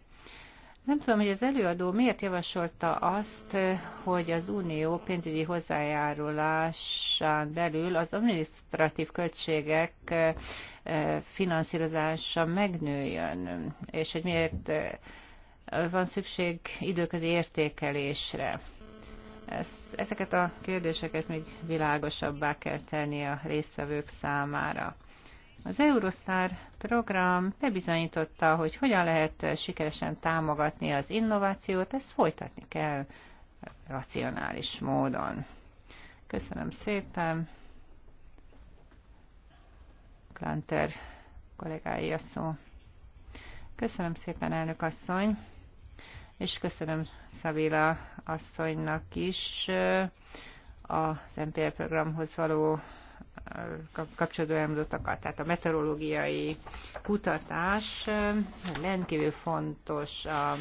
Nem tudom, hogy az előadó miért javasolta azt, hogy az unió pénzügyi hozzájárulásán belül az administratív költségek finanszírozása megnőjön, és hogy miért van szükség időközi értékelésre. Ezeket a kérdéseket még világosabbá kell tenni a résztvevők számára. Az Eurostar program bebizonyította, hogy hogyan lehet sikeresen támogatni az innovációt, ezt folytatni kell racionális módon. Köszönöm szépen. Klanter kollégái a szó. Köszönöm szépen, elnök asszony, és köszönöm Szabila asszonynak is az MPL programhoz való kapcsolódó elmondottakat. Tehát a meteorológiai kutatás rendkívül fontos a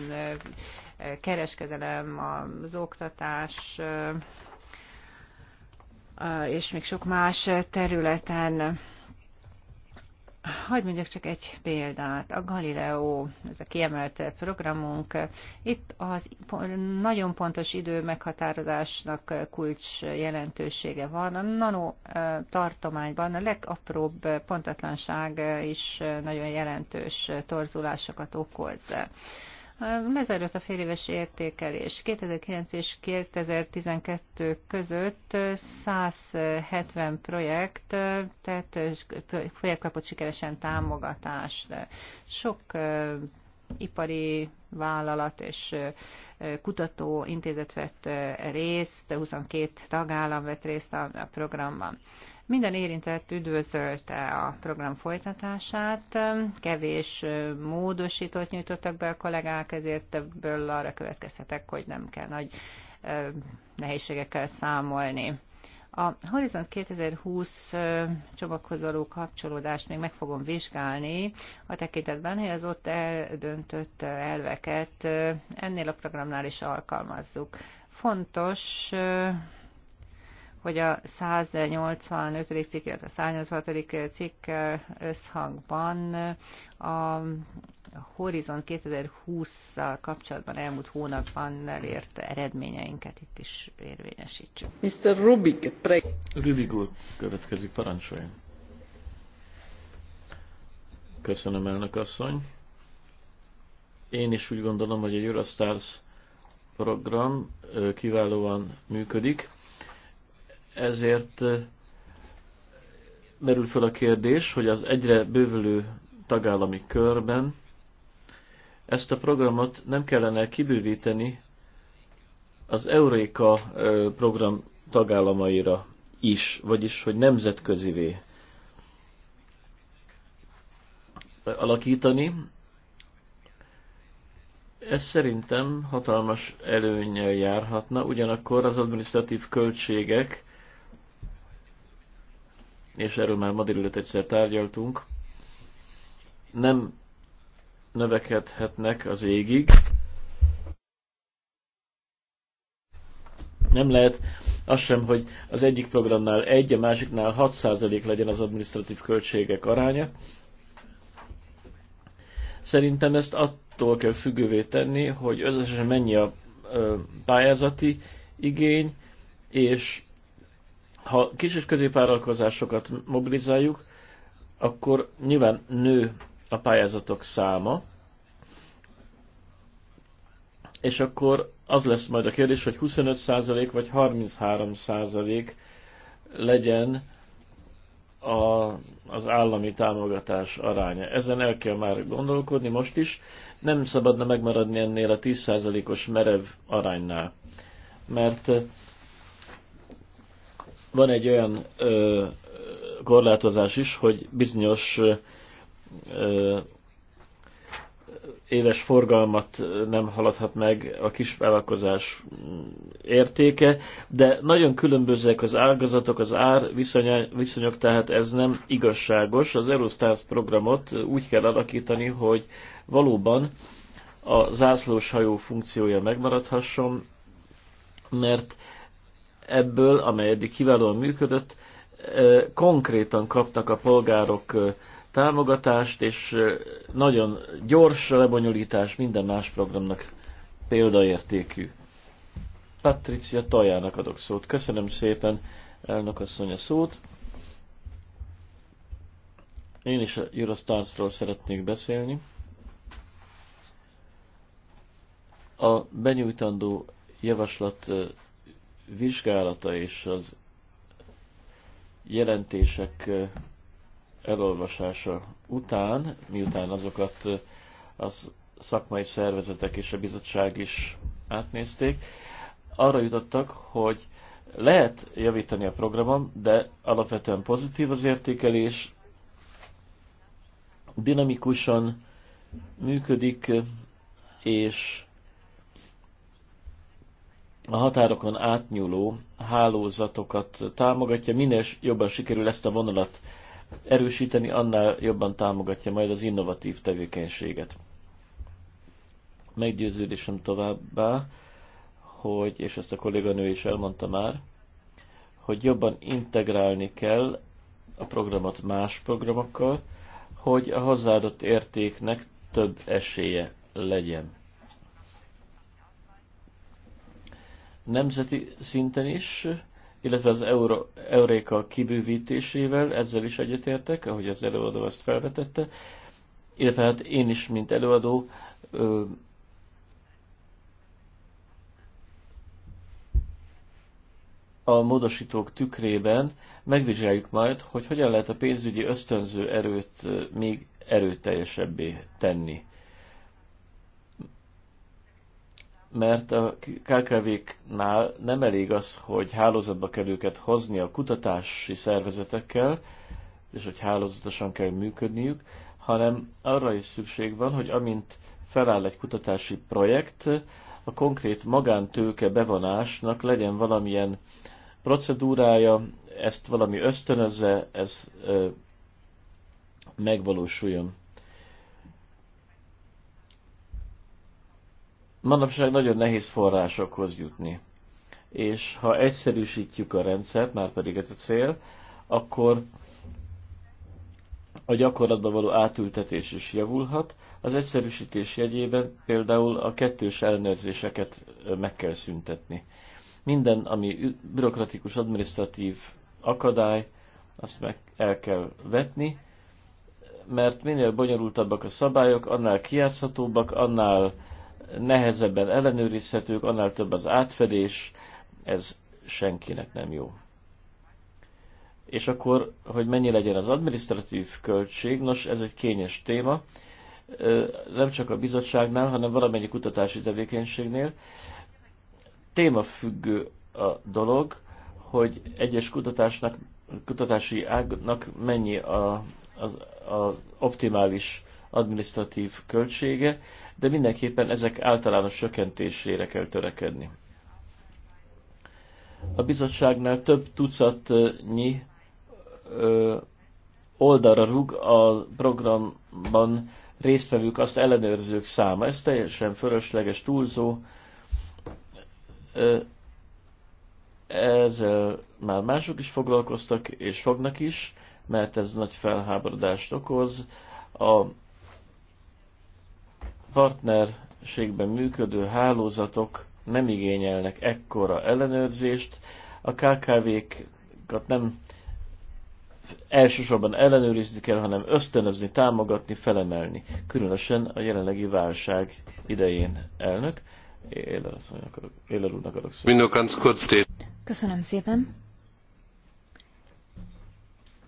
kereskedelem, az oktatás, és még sok más területen Hagy mondjak csak egy példát. A Galileo, ez a kiemelt programunk, itt az nagyon pontos idő meghatározásnak kulcs jelentősége van. A nano tartományban a legapróbb pontatlanság is nagyon jelentős torzulásokat okoz. Lezárult a féléves értékelés. 2009 és 2012 között 170 projekt, tehát projekt kapott sikeresen támogatást. Sok ipari vállalat és kutató intézet vett részt, 22 tagállam vett részt a programban. Minden érintett üdvözölte a program folytatását, kevés módosítót nyújtottak be a kollégák, ezért többől arra következhetek, hogy nem kell nagy nehézségekkel számolni. A Horizont 2020 csomaghoz való kapcsolódást még meg fogom vizsgálni a tekintetben, hogy az ott eldöntött elveket ennél a programnál is alkalmazzuk. Fontos hogy a 185. cikk, illetve a 186. cikk összhangban a Horizon 2020-szal kapcsolatban elmúlt hónapban elért eredményeinket itt is érvényesítsük. Mr. Rubik, pre... Rubik úr, következik parancsoljon. Köszönöm, elnök asszony. Én is úgy gondolom, hogy a Eurostars program kiválóan működik ezért merül föl a kérdés, hogy az egyre bővülő tagállami körben ezt a programot nem kellene kibővíteni az Euréka program tagállamaira is, vagyis hogy nemzetközivé alakítani. Ez szerintem hatalmas előnyel járhatna, ugyanakkor az administratív költségek és erről már ma délelőtt egyszer tárgyaltunk, nem növekedhetnek az égig. Nem lehet az sem, hogy az egyik programnál egy, a másiknál 6% legyen az administratív költségek aránya. Szerintem ezt attól kell függővé tenni, hogy összesen mennyi a pályázati igény, és ha kis és középvállalkozásokat mobilizáljuk, akkor nyilván nő a pályázatok száma, és akkor az lesz majd a kérdés, hogy 25% vagy 33% legyen a, az állami támogatás aránya. Ezen el kell már gondolkodni most is. Nem szabadna megmaradni ennél a 10%-os merev aránynál, mert van egy olyan ö, korlátozás is, hogy bizonyos ö, éves forgalmat nem haladhat meg a kisvállalkozás értéke, de nagyon különbözőek az ágazatok, az ár viszonyok, tehát ez nem igazságos. Az Eurostars programot úgy kell alakítani, hogy valóban a zászlós hajó funkciója megmaradhasson, mert ebből, amely eddig kiválóan működött, konkrétan kapnak a polgárok támogatást, és nagyon gyors a lebonyolítás minden más programnak példaértékű. Patricia Tajának adok szót. Köszönöm szépen, elnök asszony a szót. Én is a Eurostars-ról szeretnék beszélni. A benyújtandó javaslat vizsgálata és az jelentések elolvasása után, miután azokat az szakmai szervezetek és a bizottság is átnézték, arra jutottak, hogy lehet javítani a programom, de alapvetően pozitív az értékelés, dinamikusan működik, és a határokon átnyúló hálózatokat támogatja. Minél jobban sikerül ezt a vonalat erősíteni, annál jobban támogatja majd az innovatív tevékenységet. Meggyőződésem továbbá, hogy, és ezt a kolléganő is elmondta már, hogy jobban integrálni kell a programot más programokkal, hogy a hozzáadott értéknek több esélye legyen. nemzeti szinten is, illetve az Euro, Euréka kibővítésével, ezzel is egyetértek, ahogy az előadó azt felvetette, illetve hát én is, mint előadó, ö, a módosítók tükrében megvizsgáljuk majd, hogy hogyan lehet a pénzügyi ösztönző erőt még erőteljesebbé tenni. mert a KKV-knál nem elég az, hogy hálózatba kell őket hozni a kutatási szervezetekkel, és hogy hálózatosan kell működniük, hanem arra is szükség van, hogy amint feláll egy kutatási projekt, a konkrét magántőke bevonásnak legyen valamilyen procedúrája, ezt valami ösztönözze, ez ö, megvalósuljon. manapság nagyon nehéz forrásokhoz jutni. És ha egyszerűsítjük a rendszert, már pedig ez a cél, akkor a gyakorlatban való átültetés is javulhat. Az egyszerűsítés jegyében például a kettős ellenőrzéseket meg kell szüntetni. Minden, ami bürokratikus, administratív akadály, azt meg el kell vetni, mert minél bonyolultabbak a szabályok, annál kiátszhatóbbak, annál nehezebben ellenőrizhetők, annál több az átfedés, ez senkinek nem jó. És akkor, hogy mennyi legyen az administratív költség, nos, ez egy kényes téma, nem csak a bizottságnál, hanem valamennyi kutatási tevékenységnél. Témafüggő a dolog, hogy egyes kutatásnak, kutatási ágnak mennyi a, az, az optimális administratív költsége, de mindenképpen ezek általános csökkentésére kell törekedni. A bizottságnál több tucatnyi ö, oldalra rúg a programban résztvevők, azt ellenőrzők száma. Ez teljesen fölösleges, túlzó. Ezzel már mások is foglalkoztak, és fognak is, mert ez nagy felháborodást okoz. A partnerségben működő hálózatok nem igényelnek ekkora ellenőrzést, a KKV-kat nem elsősorban ellenőrizni kell, hanem ösztönözni, támogatni, felemelni. Különösen a jelenlegi válság idején elnök. Éler, úrnak adok szólni. Köszönöm szépen.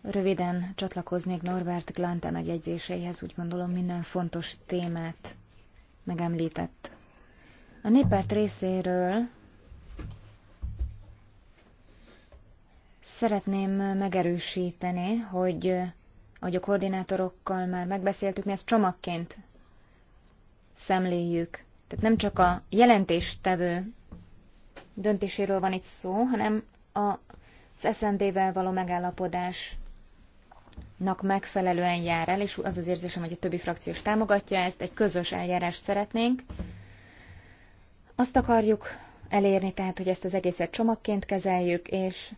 Röviden csatlakoznék Norbert Glante megjegyzéseihez, úgy gondolom minden fontos témát megemlített. A néppárt részéről szeretném megerősíteni, hogy ahogy a koordinátorokkal már megbeszéltük, mi ezt csomagként szemléljük. Tehát nem csak a jelentéstevő döntéséről van itt szó, hanem az SZND-vel való megállapodás nak megfelelően jár el, és az az érzésem, hogy a többi frakció is támogatja ezt, egy közös eljárást szeretnénk. Azt akarjuk elérni, tehát, hogy ezt az egészet csomagként kezeljük, és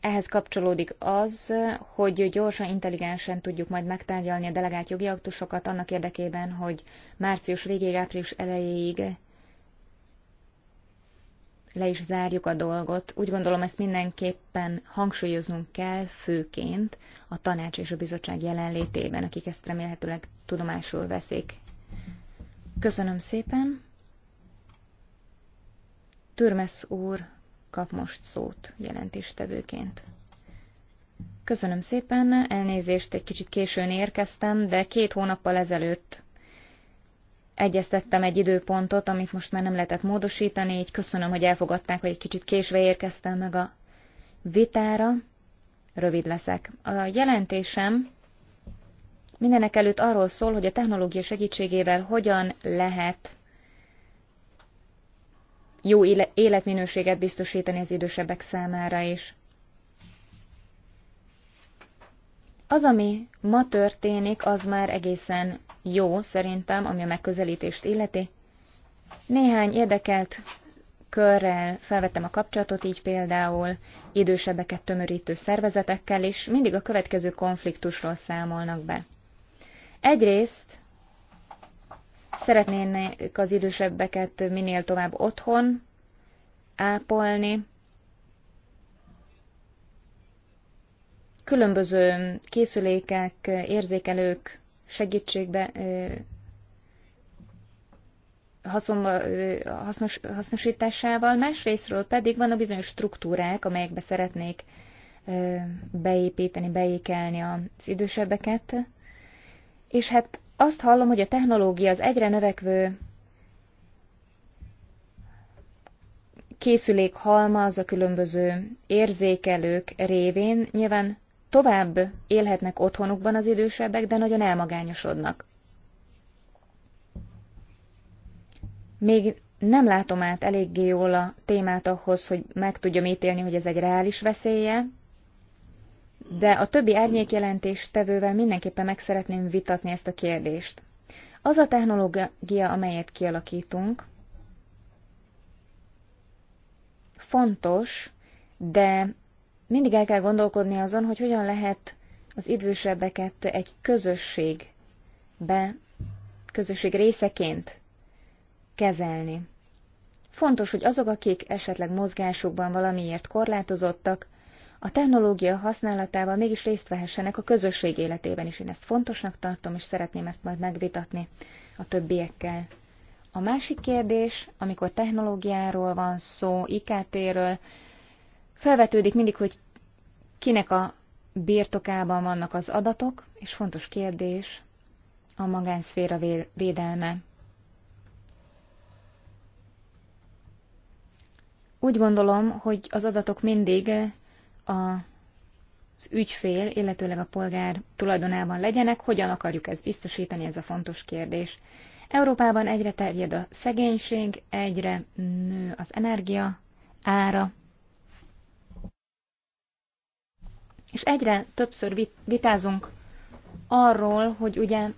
ehhez kapcsolódik az, hogy gyorsan, intelligensen tudjuk majd megtárgyalni a delegált jogi aktusokat annak érdekében, hogy március végéig, április elejéig le is zárjuk a dolgot. Úgy gondolom, ezt mindenképpen hangsúlyoznunk kell, főként a tanács és a bizottság jelenlétében, akik ezt remélhetőleg tudomásul veszik. Köszönöm szépen. Türmesz úr kap most szót jelentéstevőként. Köszönöm szépen, elnézést, egy kicsit későn érkeztem, de két hónappal ezelőtt egyeztettem egy időpontot, amit most már nem lehetett módosítani, így köszönöm, hogy elfogadták, hogy egy kicsit késve érkeztem meg a vitára. Rövid leszek. A jelentésem mindenek előtt arról szól, hogy a technológia segítségével hogyan lehet jó életminőséget biztosítani az idősebbek számára is. Az, ami ma történik, az már egészen jó szerintem, ami a megközelítést illeti. Néhány érdekelt körrel felvettem a kapcsolatot, így például idősebbeket tömörítő szervezetekkel, és mindig a következő konfliktusról számolnak be. Egyrészt szeretnének az idősebbeket minél tovább otthon ápolni, különböző készülékek, érzékelők segítségbe haszonba, hasznos, hasznosításával, másrésztről pedig van a bizonyos struktúrák, amelyekbe szeretnék beépíteni, beékelni az idősebbeket. És hát azt hallom, hogy a technológia az egyre növekvő készülék az a különböző érzékelők révén. Nyilván Tovább élhetnek otthonukban az idősebbek, de nagyon elmagányosodnak. Még nem látom át eléggé jól a témát ahhoz, hogy meg tudjam ítélni, hogy ez egy reális veszélye, de a többi árnyékjelentés tevővel mindenképpen meg szeretném vitatni ezt a kérdést. Az a technológia, amelyet kialakítunk, fontos, de mindig el kell gondolkodni azon, hogy hogyan lehet az idősebbeket egy közösségbe, közösség részeként kezelni. Fontos, hogy azok, akik esetleg mozgásukban valamiért korlátozottak, a technológia használatával mégis részt vehessenek a közösség életében is. Én ezt fontosnak tartom, és szeretném ezt majd megvitatni a többiekkel. A másik kérdés, amikor technológiáról van szó, IKT-ről, Felvetődik mindig, hogy kinek a birtokában vannak az adatok, és fontos kérdés a magánszféra védelme. Úgy gondolom, hogy az adatok mindig a az ügyfél, illetőleg a polgár tulajdonában legyenek, hogyan akarjuk ezt biztosítani, ez a fontos kérdés. Európában egyre terjed a szegénység, egyre nő az energia ára, És egyre többször vitázunk arról, hogy ugye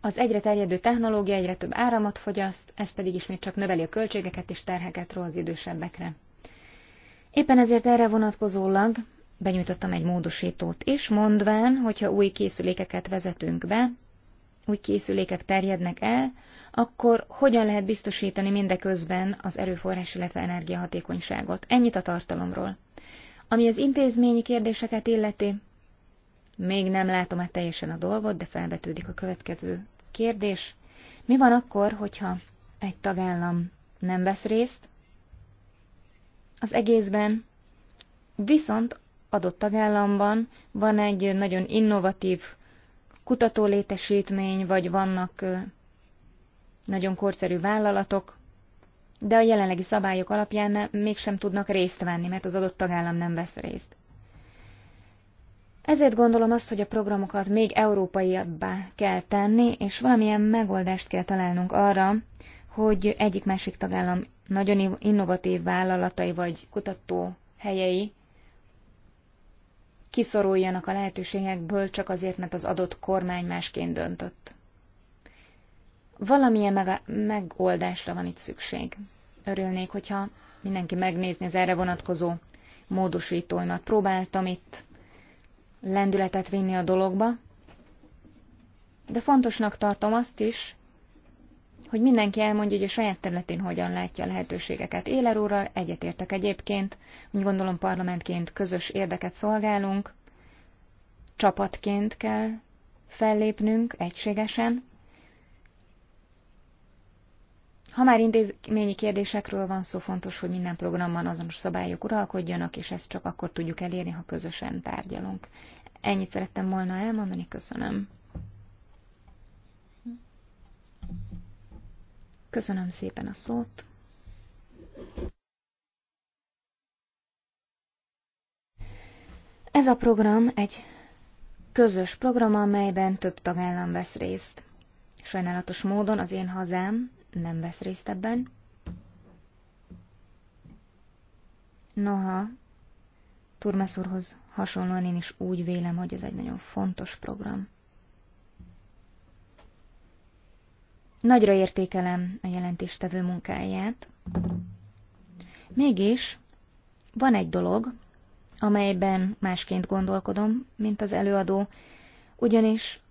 az egyre terjedő technológia egyre több áramot fogyaszt, ez pedig ismét csak növeli a költségeket és terheket ró az idősebbekre. Éppen ezért erre vonatkozólag benyújtottam egy módosítót is, mondván, hogyha új készülékeket vezetünk be, új készülékek terjednek el, akkor hogyan lehet biztosítani mindeközben az erőforrás, illetve energiahatékonyságot? Ennyit a tartalomról. Ami az intézményi kérdéseket illeti, még nem látom át teljesen a dolgot, de felvetődik a következő kérdés. Mi van akkor, hogyha egy tagállam nem vesz részt az egészben, viszont adott tagállamban van egy nagyon innovatív kutatólétesítmény, vagy vannak nagyon korszerű vállalatok, de a jelenlegi szabályok alapján mégsem tudnak részt venni, mert az adott tagállam nem vesz részt. Ezért gondolom azt, hogy a programokat még európaiabbá kell tenni, és valamilyen megoldást kell találnunk arra, hogy egyik másik tagállam nagyon innovatív vállalatai vagy kutató helyei kiszoruljanak a lehetőségekből csak azért, mert az adott kormány másként döntött. Valamilyen megoldásra van itt szükség. Örülnék, hogyha mindenki megnézni az erre vonatkozó módosítóimat. Próbáltam itt lendületet vinni a dologba, de fontosnak tartom azt is, hogy mindenki elmondja, hogy a saját területén hogyan látja a lehetőségeket. Éler úrral egyetértek egyébként, úgy gondolom parlamentként közös érdeket szolgálunk, csapatként kell fellépnünk egységesen, ha már intézményi kérdésekről van szó, fontos, hogy minden programban azonos szabályok uralkodjanak, és ezt csak akkor tudjuk elérni, ha közösen tárgyalunk. Ennyit szerettem volna elmondani, köszönöm. Köszönöm szépen a szót. Ez a program egy közös program, amelyben több tagállam vesz részt. Sajnálatos módon az én hazám, nem vesz részt ebben. Noha, Turmes úrhoz hasonlóan én is úgy vélem, hogy ez egy nagyon fontos program. Nagyra értékelem a jelentéstevő munkáját. Mégis van egy dolog, amelyben másként gondolkodom, mint az előadó, ugyanis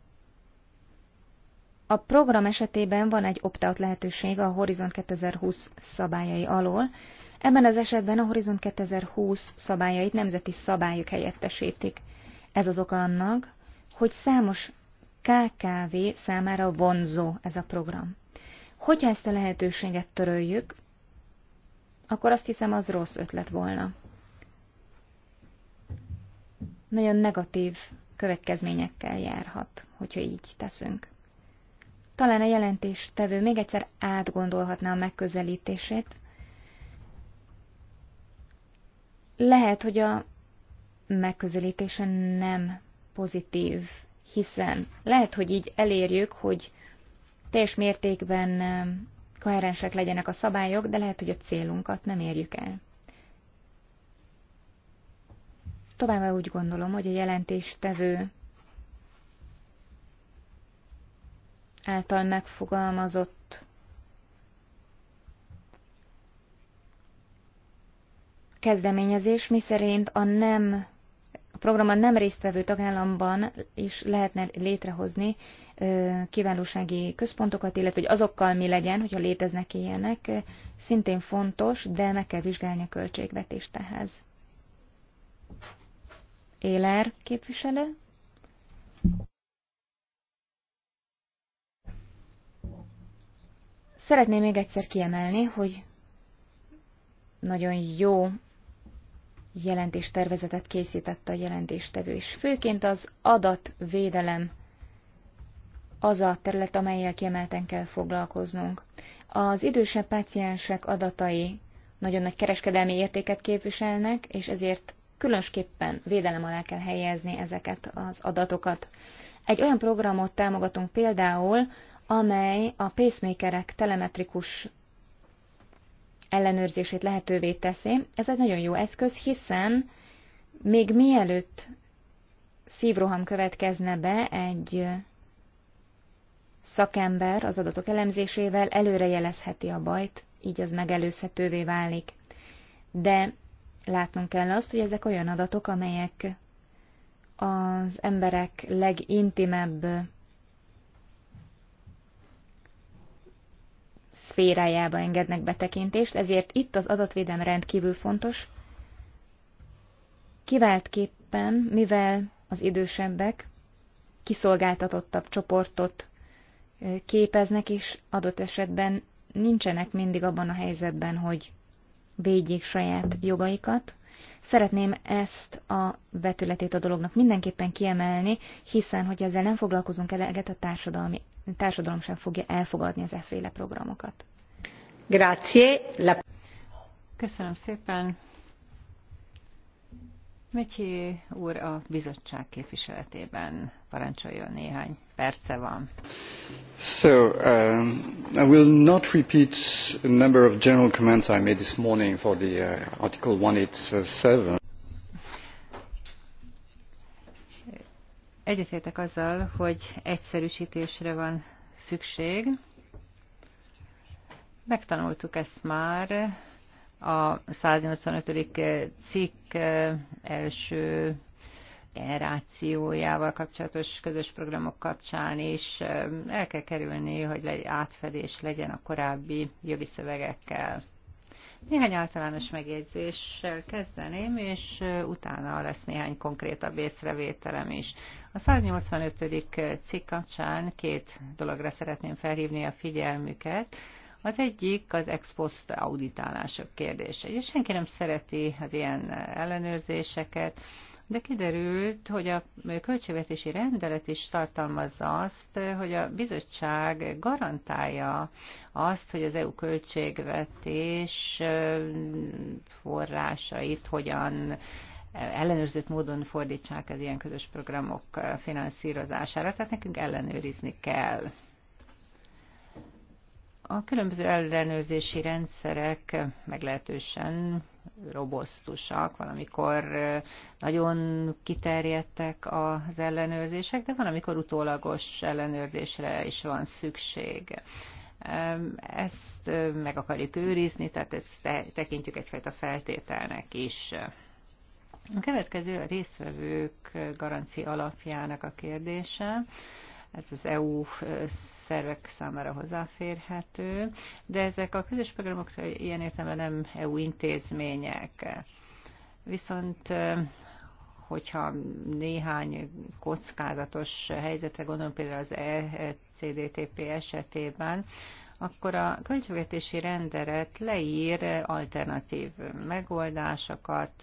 a program esetében van egy opt-out lehetőség a Horizont 2020 szabályai alól. Ebben az esetben a Horizont 2020 szabályait nemzeti szabályok helyettesítik. Ez az oka annak, hogy számos KKV számára vonzó ez a program. Hogyha ezt a lehetőséget töröljük, akkor azt hiszem az rossz ötlet volna. Nagyon negatív következményekkel járhat, hogyha így teszünk. Talán a jelentéstevő még egyszer átgondolhatná a megközelítését. Lehet, hogy a megközelítése nem pozitív, hiszen lehet, hogy így elérjük, hogy teljes mértékben koherensek legyenek a szabályok, de lehet, hogy a célunkat nem érjük el. Továbbá úgy gondolom, hogy a jelentéstevő által megfogalmazott kezdeményezés, miszerint a nem a programban nem résztvevő tagállamban is lehetne létrehozni kiválósági központokat, illetve hogy azokkal mi legyen, hogyha léteznek ilyenek, szintén fontos, de meg kell vizsgálni a költségvetést ehhez. Éler képviselő? Szeretném még egyszer kiemelni, hogy nagyon jó jelentéstervezetet készített a jelentéstevő, és főként az adatvédelem az a terület, amelyel kiemelten kell foglalkoznunk. Az idősebb páciensek adatai nagyon nagy kereskedelmi értéket képviselnek, és ezért különösképpen védelem alá kell helyezni ezeket az adatokat. Egy olyan programot támogatunk például, amely a pacemakerek telemetrikus ellenőrzését lehetővé teszi. Ez egy nagyon jó eszköz, hiszen még mielőtt szívroham következne be, egy szakember az adatok elemzésével előrejelezheti a bajt, így az megelőzhetővé válik. De látnunk kell azt, hogy ezek olyan adatok, amelyek az emberek legintimebb szférájába engednek betekintést, ezért itt az adatvédelem rendkívül fontos. Kiváltképpen, mivel az idősebbek kiszolgáltatottabb csoportot képeznek, és adott esetben nincsenek mindig abban a helyzetben, hogy védjék saját jogaikat. Szeretném ezt a vetületét a dolognak mindenképpen kiemelni, hiszen, hogy ezzel nem foglalkozunk eleget, a társadalmi társadalom sem fogja elfogadni az efféle programokat. Grazie. La... Köszönöm szépen. Mityi úr a bizottság képviseletében parancsoljon néhány perce van. So, um, I will not repeat a number of general comments I made this morning for the uh, Article 187. Egyetértek azzal, hogy egyszerűsítésre van szükség. Megtanultuk ezt már a 185. cikk első generációjával kapcsolatos közös programok kapcsán is el kell kerülni, hogy egy átfedés legyen a korábbi jogi szövegekkel. Néhány általános megjegyzéssel kezdeném, és utána lesz néhány konkrétabb észrevételem is. A 185. cikk kapcsán két dologra szeretném felhívni a figyelmüket. Az egyik az ex post auditálások kérdése. És senki nem szereti az ilyen ellenőrzéseket, de kiderült, hogy a költségvetési rendelet is tartalmazza azt, hogy a bizottság garantálja azt, hogy az EU költségvetés forrásait hogyan ellenőrzött módon fordítsák az ilyen közös programok finanszírozására, tehát nekünk ellenőrizni kell. A különböző ellenőrzési rendszerek meglehetősen robosztusak, valamikor nagyon kiterjedtek az ellenőrzések, de van, amikor utólagos ellenőrzésre is van szükség. Ezt meg akarjuk őrizni, tehát ezt tekintjük egyfajta feltételnek is. A következő a résztvevők garancia alapjának a kérdése ez az EU szervek számára hozzáférhető, de ezek a közös programok ilyen értelemben nem EU intézmények. Viszont hogyha néhány kockázatos helyzetre gondolom, például az ECDTP esetében, akkor a költségvetési rendelet leír alternatív megoldásokat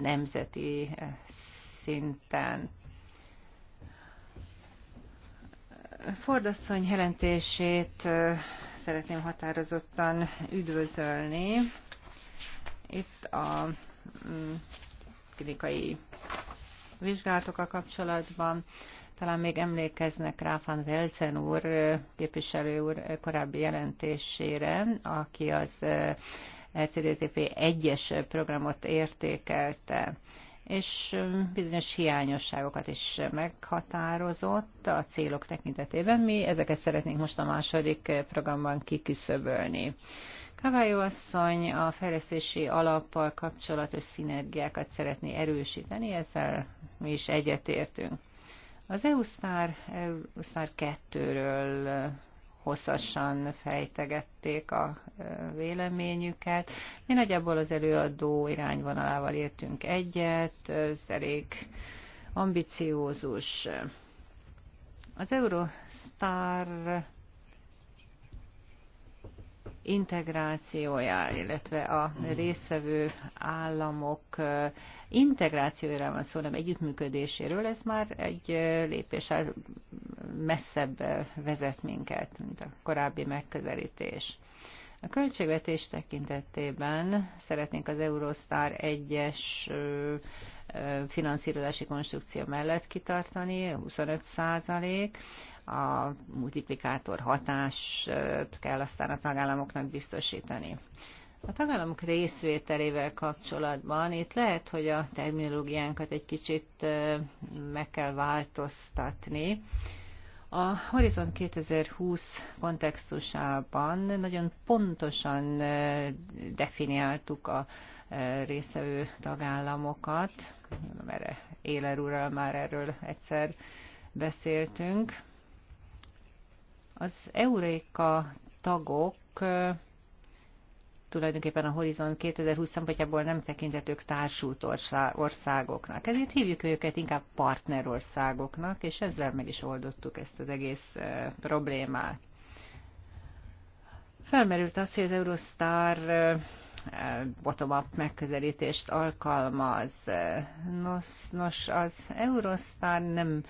nemzeti szinten. Ford asszony jelentését szeretném határozottan üdvözölni. Itt a mm, klinikai vizsgálatokkal kapcsolatban. Talán még emlékeznek rá Van Velzen úr, képviselő úr korábbi jelentésére, aki az CDTP 1-es programot értékelte és bizonyos hiányosságokat is meghatározott a célok tekintetében. Mi ezeket szeretnénk most a második programban kiküszöbölni. Kavályó asszony a fejlesztési alappal kapcsolatos szinergiákat szeretné erősíteni, ezzel mi is egyetértünk. Az EU-Star, eu 2-ről hosszasan fejtegették a véleményüket. Mi nagyjából az előadó irányvonalával értünk egyet, ez elég ambiciózus. Az Eurostar integrációja, illetve a résztvevő államok integrációjára van szó, nem együttműködéséről, ez már egy lépés messzebb vezet minket, mint a korábbi megközelítés. A költségvetés tekintetében szeretnénk az Eurostar egyes finanszírozási konstrukció mellett kitartani, 25 százalék a multiplikátor hatást kell aztán a tagállamoknak biztosítani. A tagállamok részvételével kapcsolatban itt lehet, hogy a terminológiánkat egy kicsit meg kell változtatni. A Horizon 2020 kontextusában nagyon pontosan definiáltuk a részevő tagállamokat, mert Éler úrral már erről egyszer beszéltünk. Az Euréka tagok tulajdonképpen a Horizon 2020 szempontjából nem tekintetők társult országoknak. Ezért hívjuk őket inkább partnerországoknak, és ezzel meg is oldottuk ezt az egész problémát. Felmerült az, hogy az Eurostar bottom-up megközelítést alkalmaz. Nos, nos, az Eurostar nem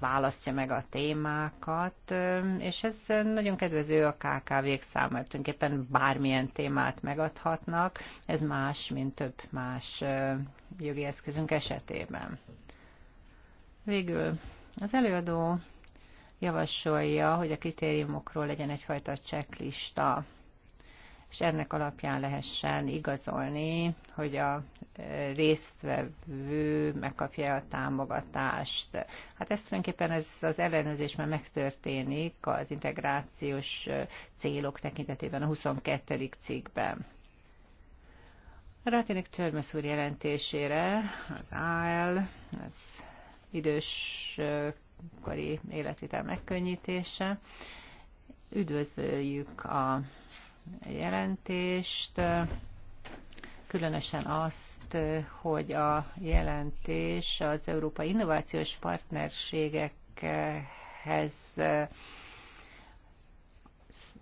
választja meg a témákat, és ez nagyon kedvező a KKV-k számára. Tulajdonképpen bármilyen témát megadhatnak, ez más, mint több más jogi eszközünk esetében. Végül az előadó javasolja, hogy a kritériumokról legyen egyfajta checklista és ennek alapján lehessen igazolni, hogy a e, résztvevő megkapja a támogatást. Hát ez tulajdonképpen ez az ellenőrzés már megtörténik az integrációs e, célok tekintetében a 22. cikkben. Rátének Törmesz úr jelentésére, az AL, az időskori e, életvitel megkönnyítése. Üdvözöljük a jelentést, különösen azt, hogy a jelentés az Európai Innovációs Partnerségekhez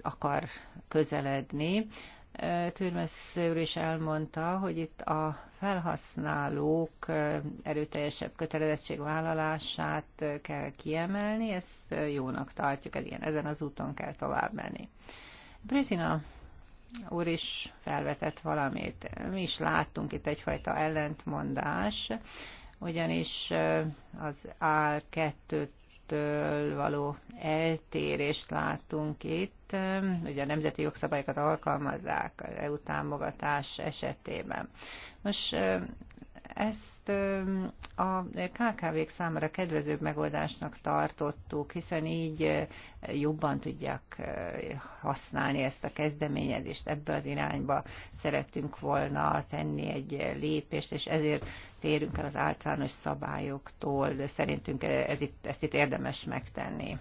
akar közeledni. Türmes úr is elmondta, hogy itt a felhasználók erőteljesebb kötelezettségvállalását kell kiemelni, ezt jónak tartjuk, ez ilyen, ezen az úton kell tovább menni. Brizina úr is felvetett valamit. Mi is láttunk itt egyfajta ellentmondás, ugyanis az áll 2 től való eltérést láttunk itt. Ugye a nemzeti jogszabályokat alkalmazzák az EU támogatás esetében. Most ez ezt a KKV-k számára kedvezőbb megoldásnak tartottuk, hiszen így jobban tudják használni ezt a kezdeményezést, ebbe az irányba szerettünk volna tenni egy lépést, és ezért térünk el az általános szabályoktól, de szerintünk e, ez itt, ezt itt érdemes megtenni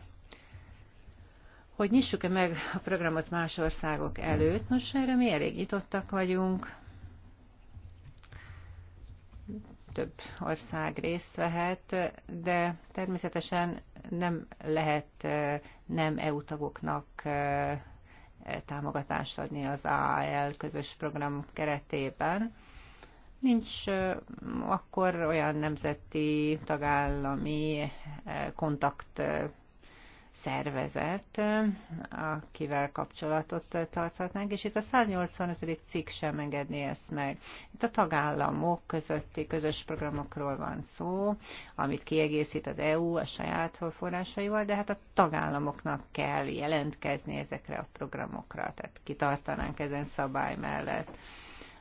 hogy nyissuk-e meg a programot más országok előtt. Most erre mi elég nyitottak vagyunk több ország részt vehet, de természetesen nem lehet nem EU tagoknak e, támogatást adni az AAL közös program keretében. Nincs akkor olyan nemzeti tagállami kontakt szervezet, akivel kapcsolatot tarthatnánk, és itt a 185. cikk sem engedné ezt meg. Itt a tagállamok közötti közös programokról van szó, amit kiegészít az EU a saját forrásaival, de hát a tagállamoknak kell jelentkezni ezekre a programokra, tehát kitartanánk ezen szabály mellett.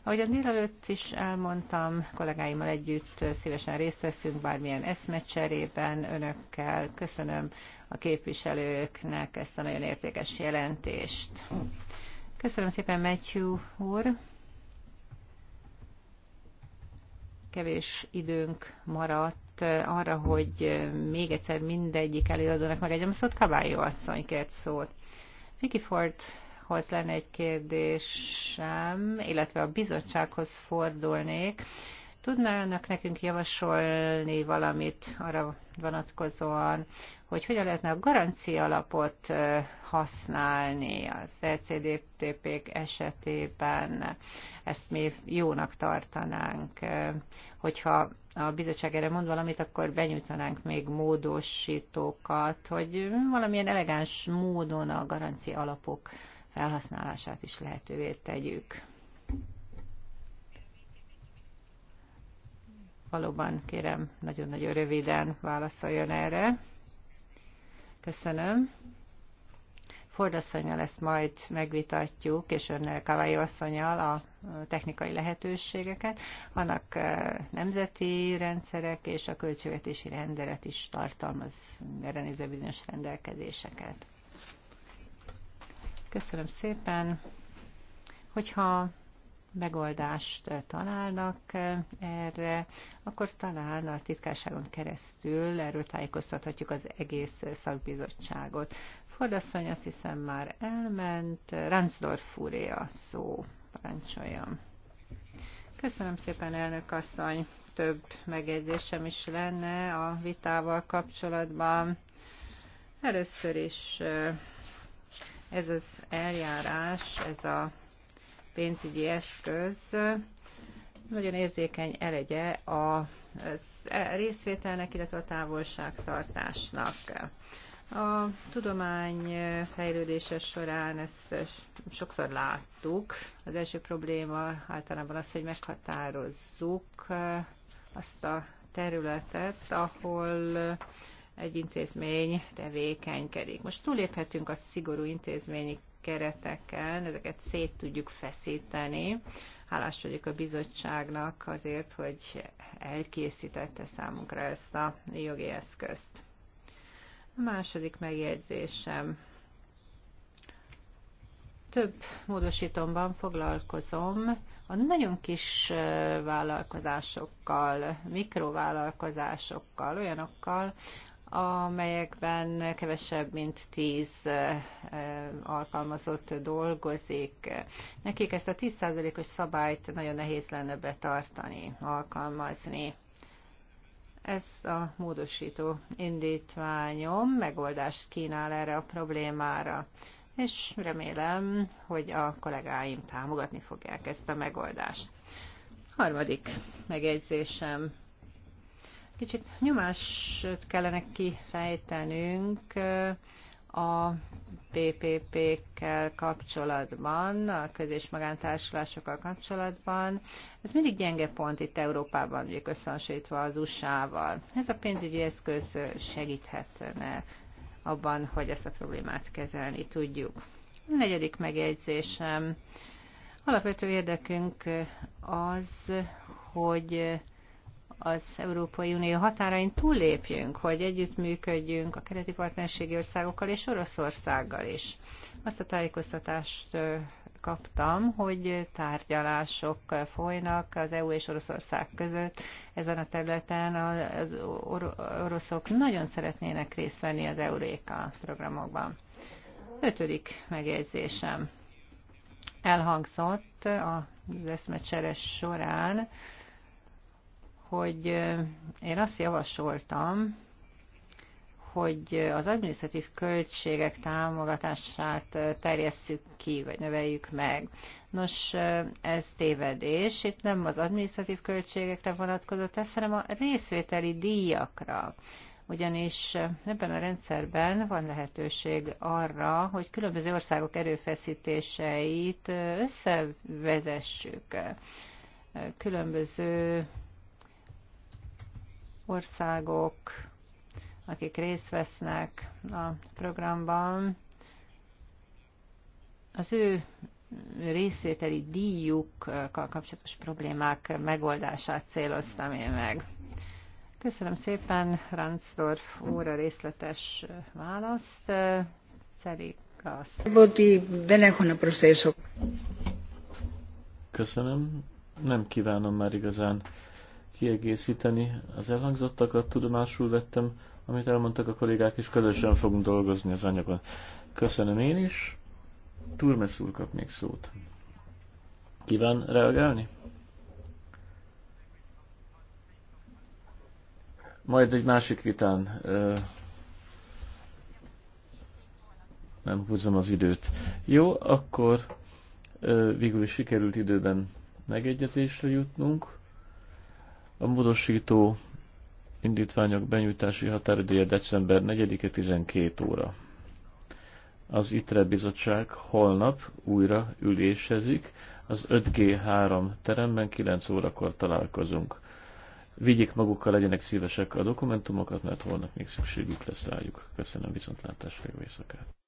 Ahogy a délelőtt is elmondtam, kollégáimmal együtt szívesen részt veszünk bármilyen eszmecserében önökkel. Köszönöm a képviselőknek ezt a nagyon értékes jelentést. Köszönöm szépen, Matthew úr. Kevés időnk maradt arra, hogy még egyszer mindegyik előadónak megadjam egy szót. Kabályó asszony kért szót. Vicky Ford úrhoz lenne egy kérdésem, illetve a bizottsághoz fordulnék. Tudnának nekünk javasolni valamit arra vonatkozóan, hogy hogyan lehetne a garancia alapot használni az ECDTP esetében. Ezt mi jónak tartanánk. Hogyha a bizottság erre mond valamit, akkor benyújtanánk még módosítókat, hogy valamilyen elegáns módon a garancia alapok felhasználását is lehetővé tegyük. Valóban kérem, nagyon-nagyon röviden válaszoljon erre. Köszönöm. Ford asszonyjal ezt majd megvitatjuk, és önnel Kavai asszonyjal a technikai lehetőségeket. Vannak nemzeti rendszerek és a költségvetési rendelet is tartalmaz erre nézve bizonyos rendelkezéseket. Köszönöm szépen. Hogyha megoldást találnak eh, erre, akkor talán a titkárságon keresztül erről tájékoztathatjuk az egész szakbizottságot. Fordasszony azt hiszem már elment, Ranzdorf úré a szó, parancsoljam. Köszönöm szépen, elnök asszony. Több megjegyzésem is lenne a vitával kapcsolatban. Először is eh, ez az eljárás, ez a pénzügyi eszköz nagyon érzékeny elegye a részvételnek, illetve a távolságtartásnak. A tudomány fejlődése során ezt sokszor láttuk. Az első probléma általában az, hogy meghatározzuk azt a területet, ahol egy intézmény tevékenykedik. Most túléphetünk a szigorú intézményi kereteken, ezeket szét tudjuk feszíteni. Hálás vagyok a bizottságnak azért, hogy elkészítette számunkra ezt a jogi eszközt. A második megjegyzésem. Több módosítomban foglalkozom a nagyon kis vállalkozásokkal, mikrovállalkozásokkal, olyanokkal, amelyekben kevesebb mint tíz eh, eh, alkalmazott dolgozik. Nekik ezt a 10%-os szabályt nagyon nehéz lenne betartani, alkalmazni. Ez a módosító indítványom megoldást kínál erre a problémára, és remélem, hogy a kollégáim támogatni fogják ezt a megoldást. Harmadik megjegyzésem Kicsit nyomást kellene kifejtenünk a PPP-kkel kapcsolatban, a közös magántársulásokkal kapcsolatban. Ez mindig gyenge pont itt Európában, ugye összehasonlítva az USA-val. Ez a pénzügyi eszköz segíthetne abban, hogy ezt a problémát kezelni tudjuk. A negyedik megjegyzésem. Alapvető érdekünk az, hogy az Európai Unió határain túllépjünk, hogy együttműködjünk a keleti partnerségi országokkal és Oroszországgal is. Azt a tájékoztatást kaptam, hogy tárgyalások folynak az EU és Oroszország között. Ezen a területen az oroszok nagyon szeretnének részt venni az Euréka programokban. Ötödik megjegyzésem. Elhangzott az eszmecseres során, hogy én azt javasoltam, hogy az adminisztratív költségek támogatását terjesszük ki, vagy növeljük meg. Nos, ez tévedés. Itt nem az adminisztratív költségekre vonatkozott ez, hanem a részvételi díjakra. Ugyanis ebben a rendszerben van lehetőség arra, hogy különböző országok erőfeszítéseit összevezessük különböző országok, akik részt vesznek a programban, az ő részvételi díjukkal kapcsolatos problémák megoldását céloztam én meg. Köszönöm szépen Ransdorf a részletes választ. Szerik azt. Köszönöm. Nem kívánom már igazán kiegészíteni az elhangzottakat, tudomásul vettem, amit elmondtak a kollégák, és közösen fogunk dolgozni az anyagon. Köszönöm én is. Turmes úr kap még szót. Kíván reagálni? Majd egy másik vitán. Nem húzom az időt. Jó, akkor végül is sikerült időben megegyezésre jutnunk. A módosító indítványok benyújtási határidője december 4-e 12 óra. Az ITRE bizottság holnap újra ülésezik, az 5G3 teremben 9 órakor találkozunk. Vigyék magukkal, legyenek szívesek a dokumentumokat, mert holnap még szükségük lesz rájuk. Köszönöm viszontlátásra, jó éjszakát!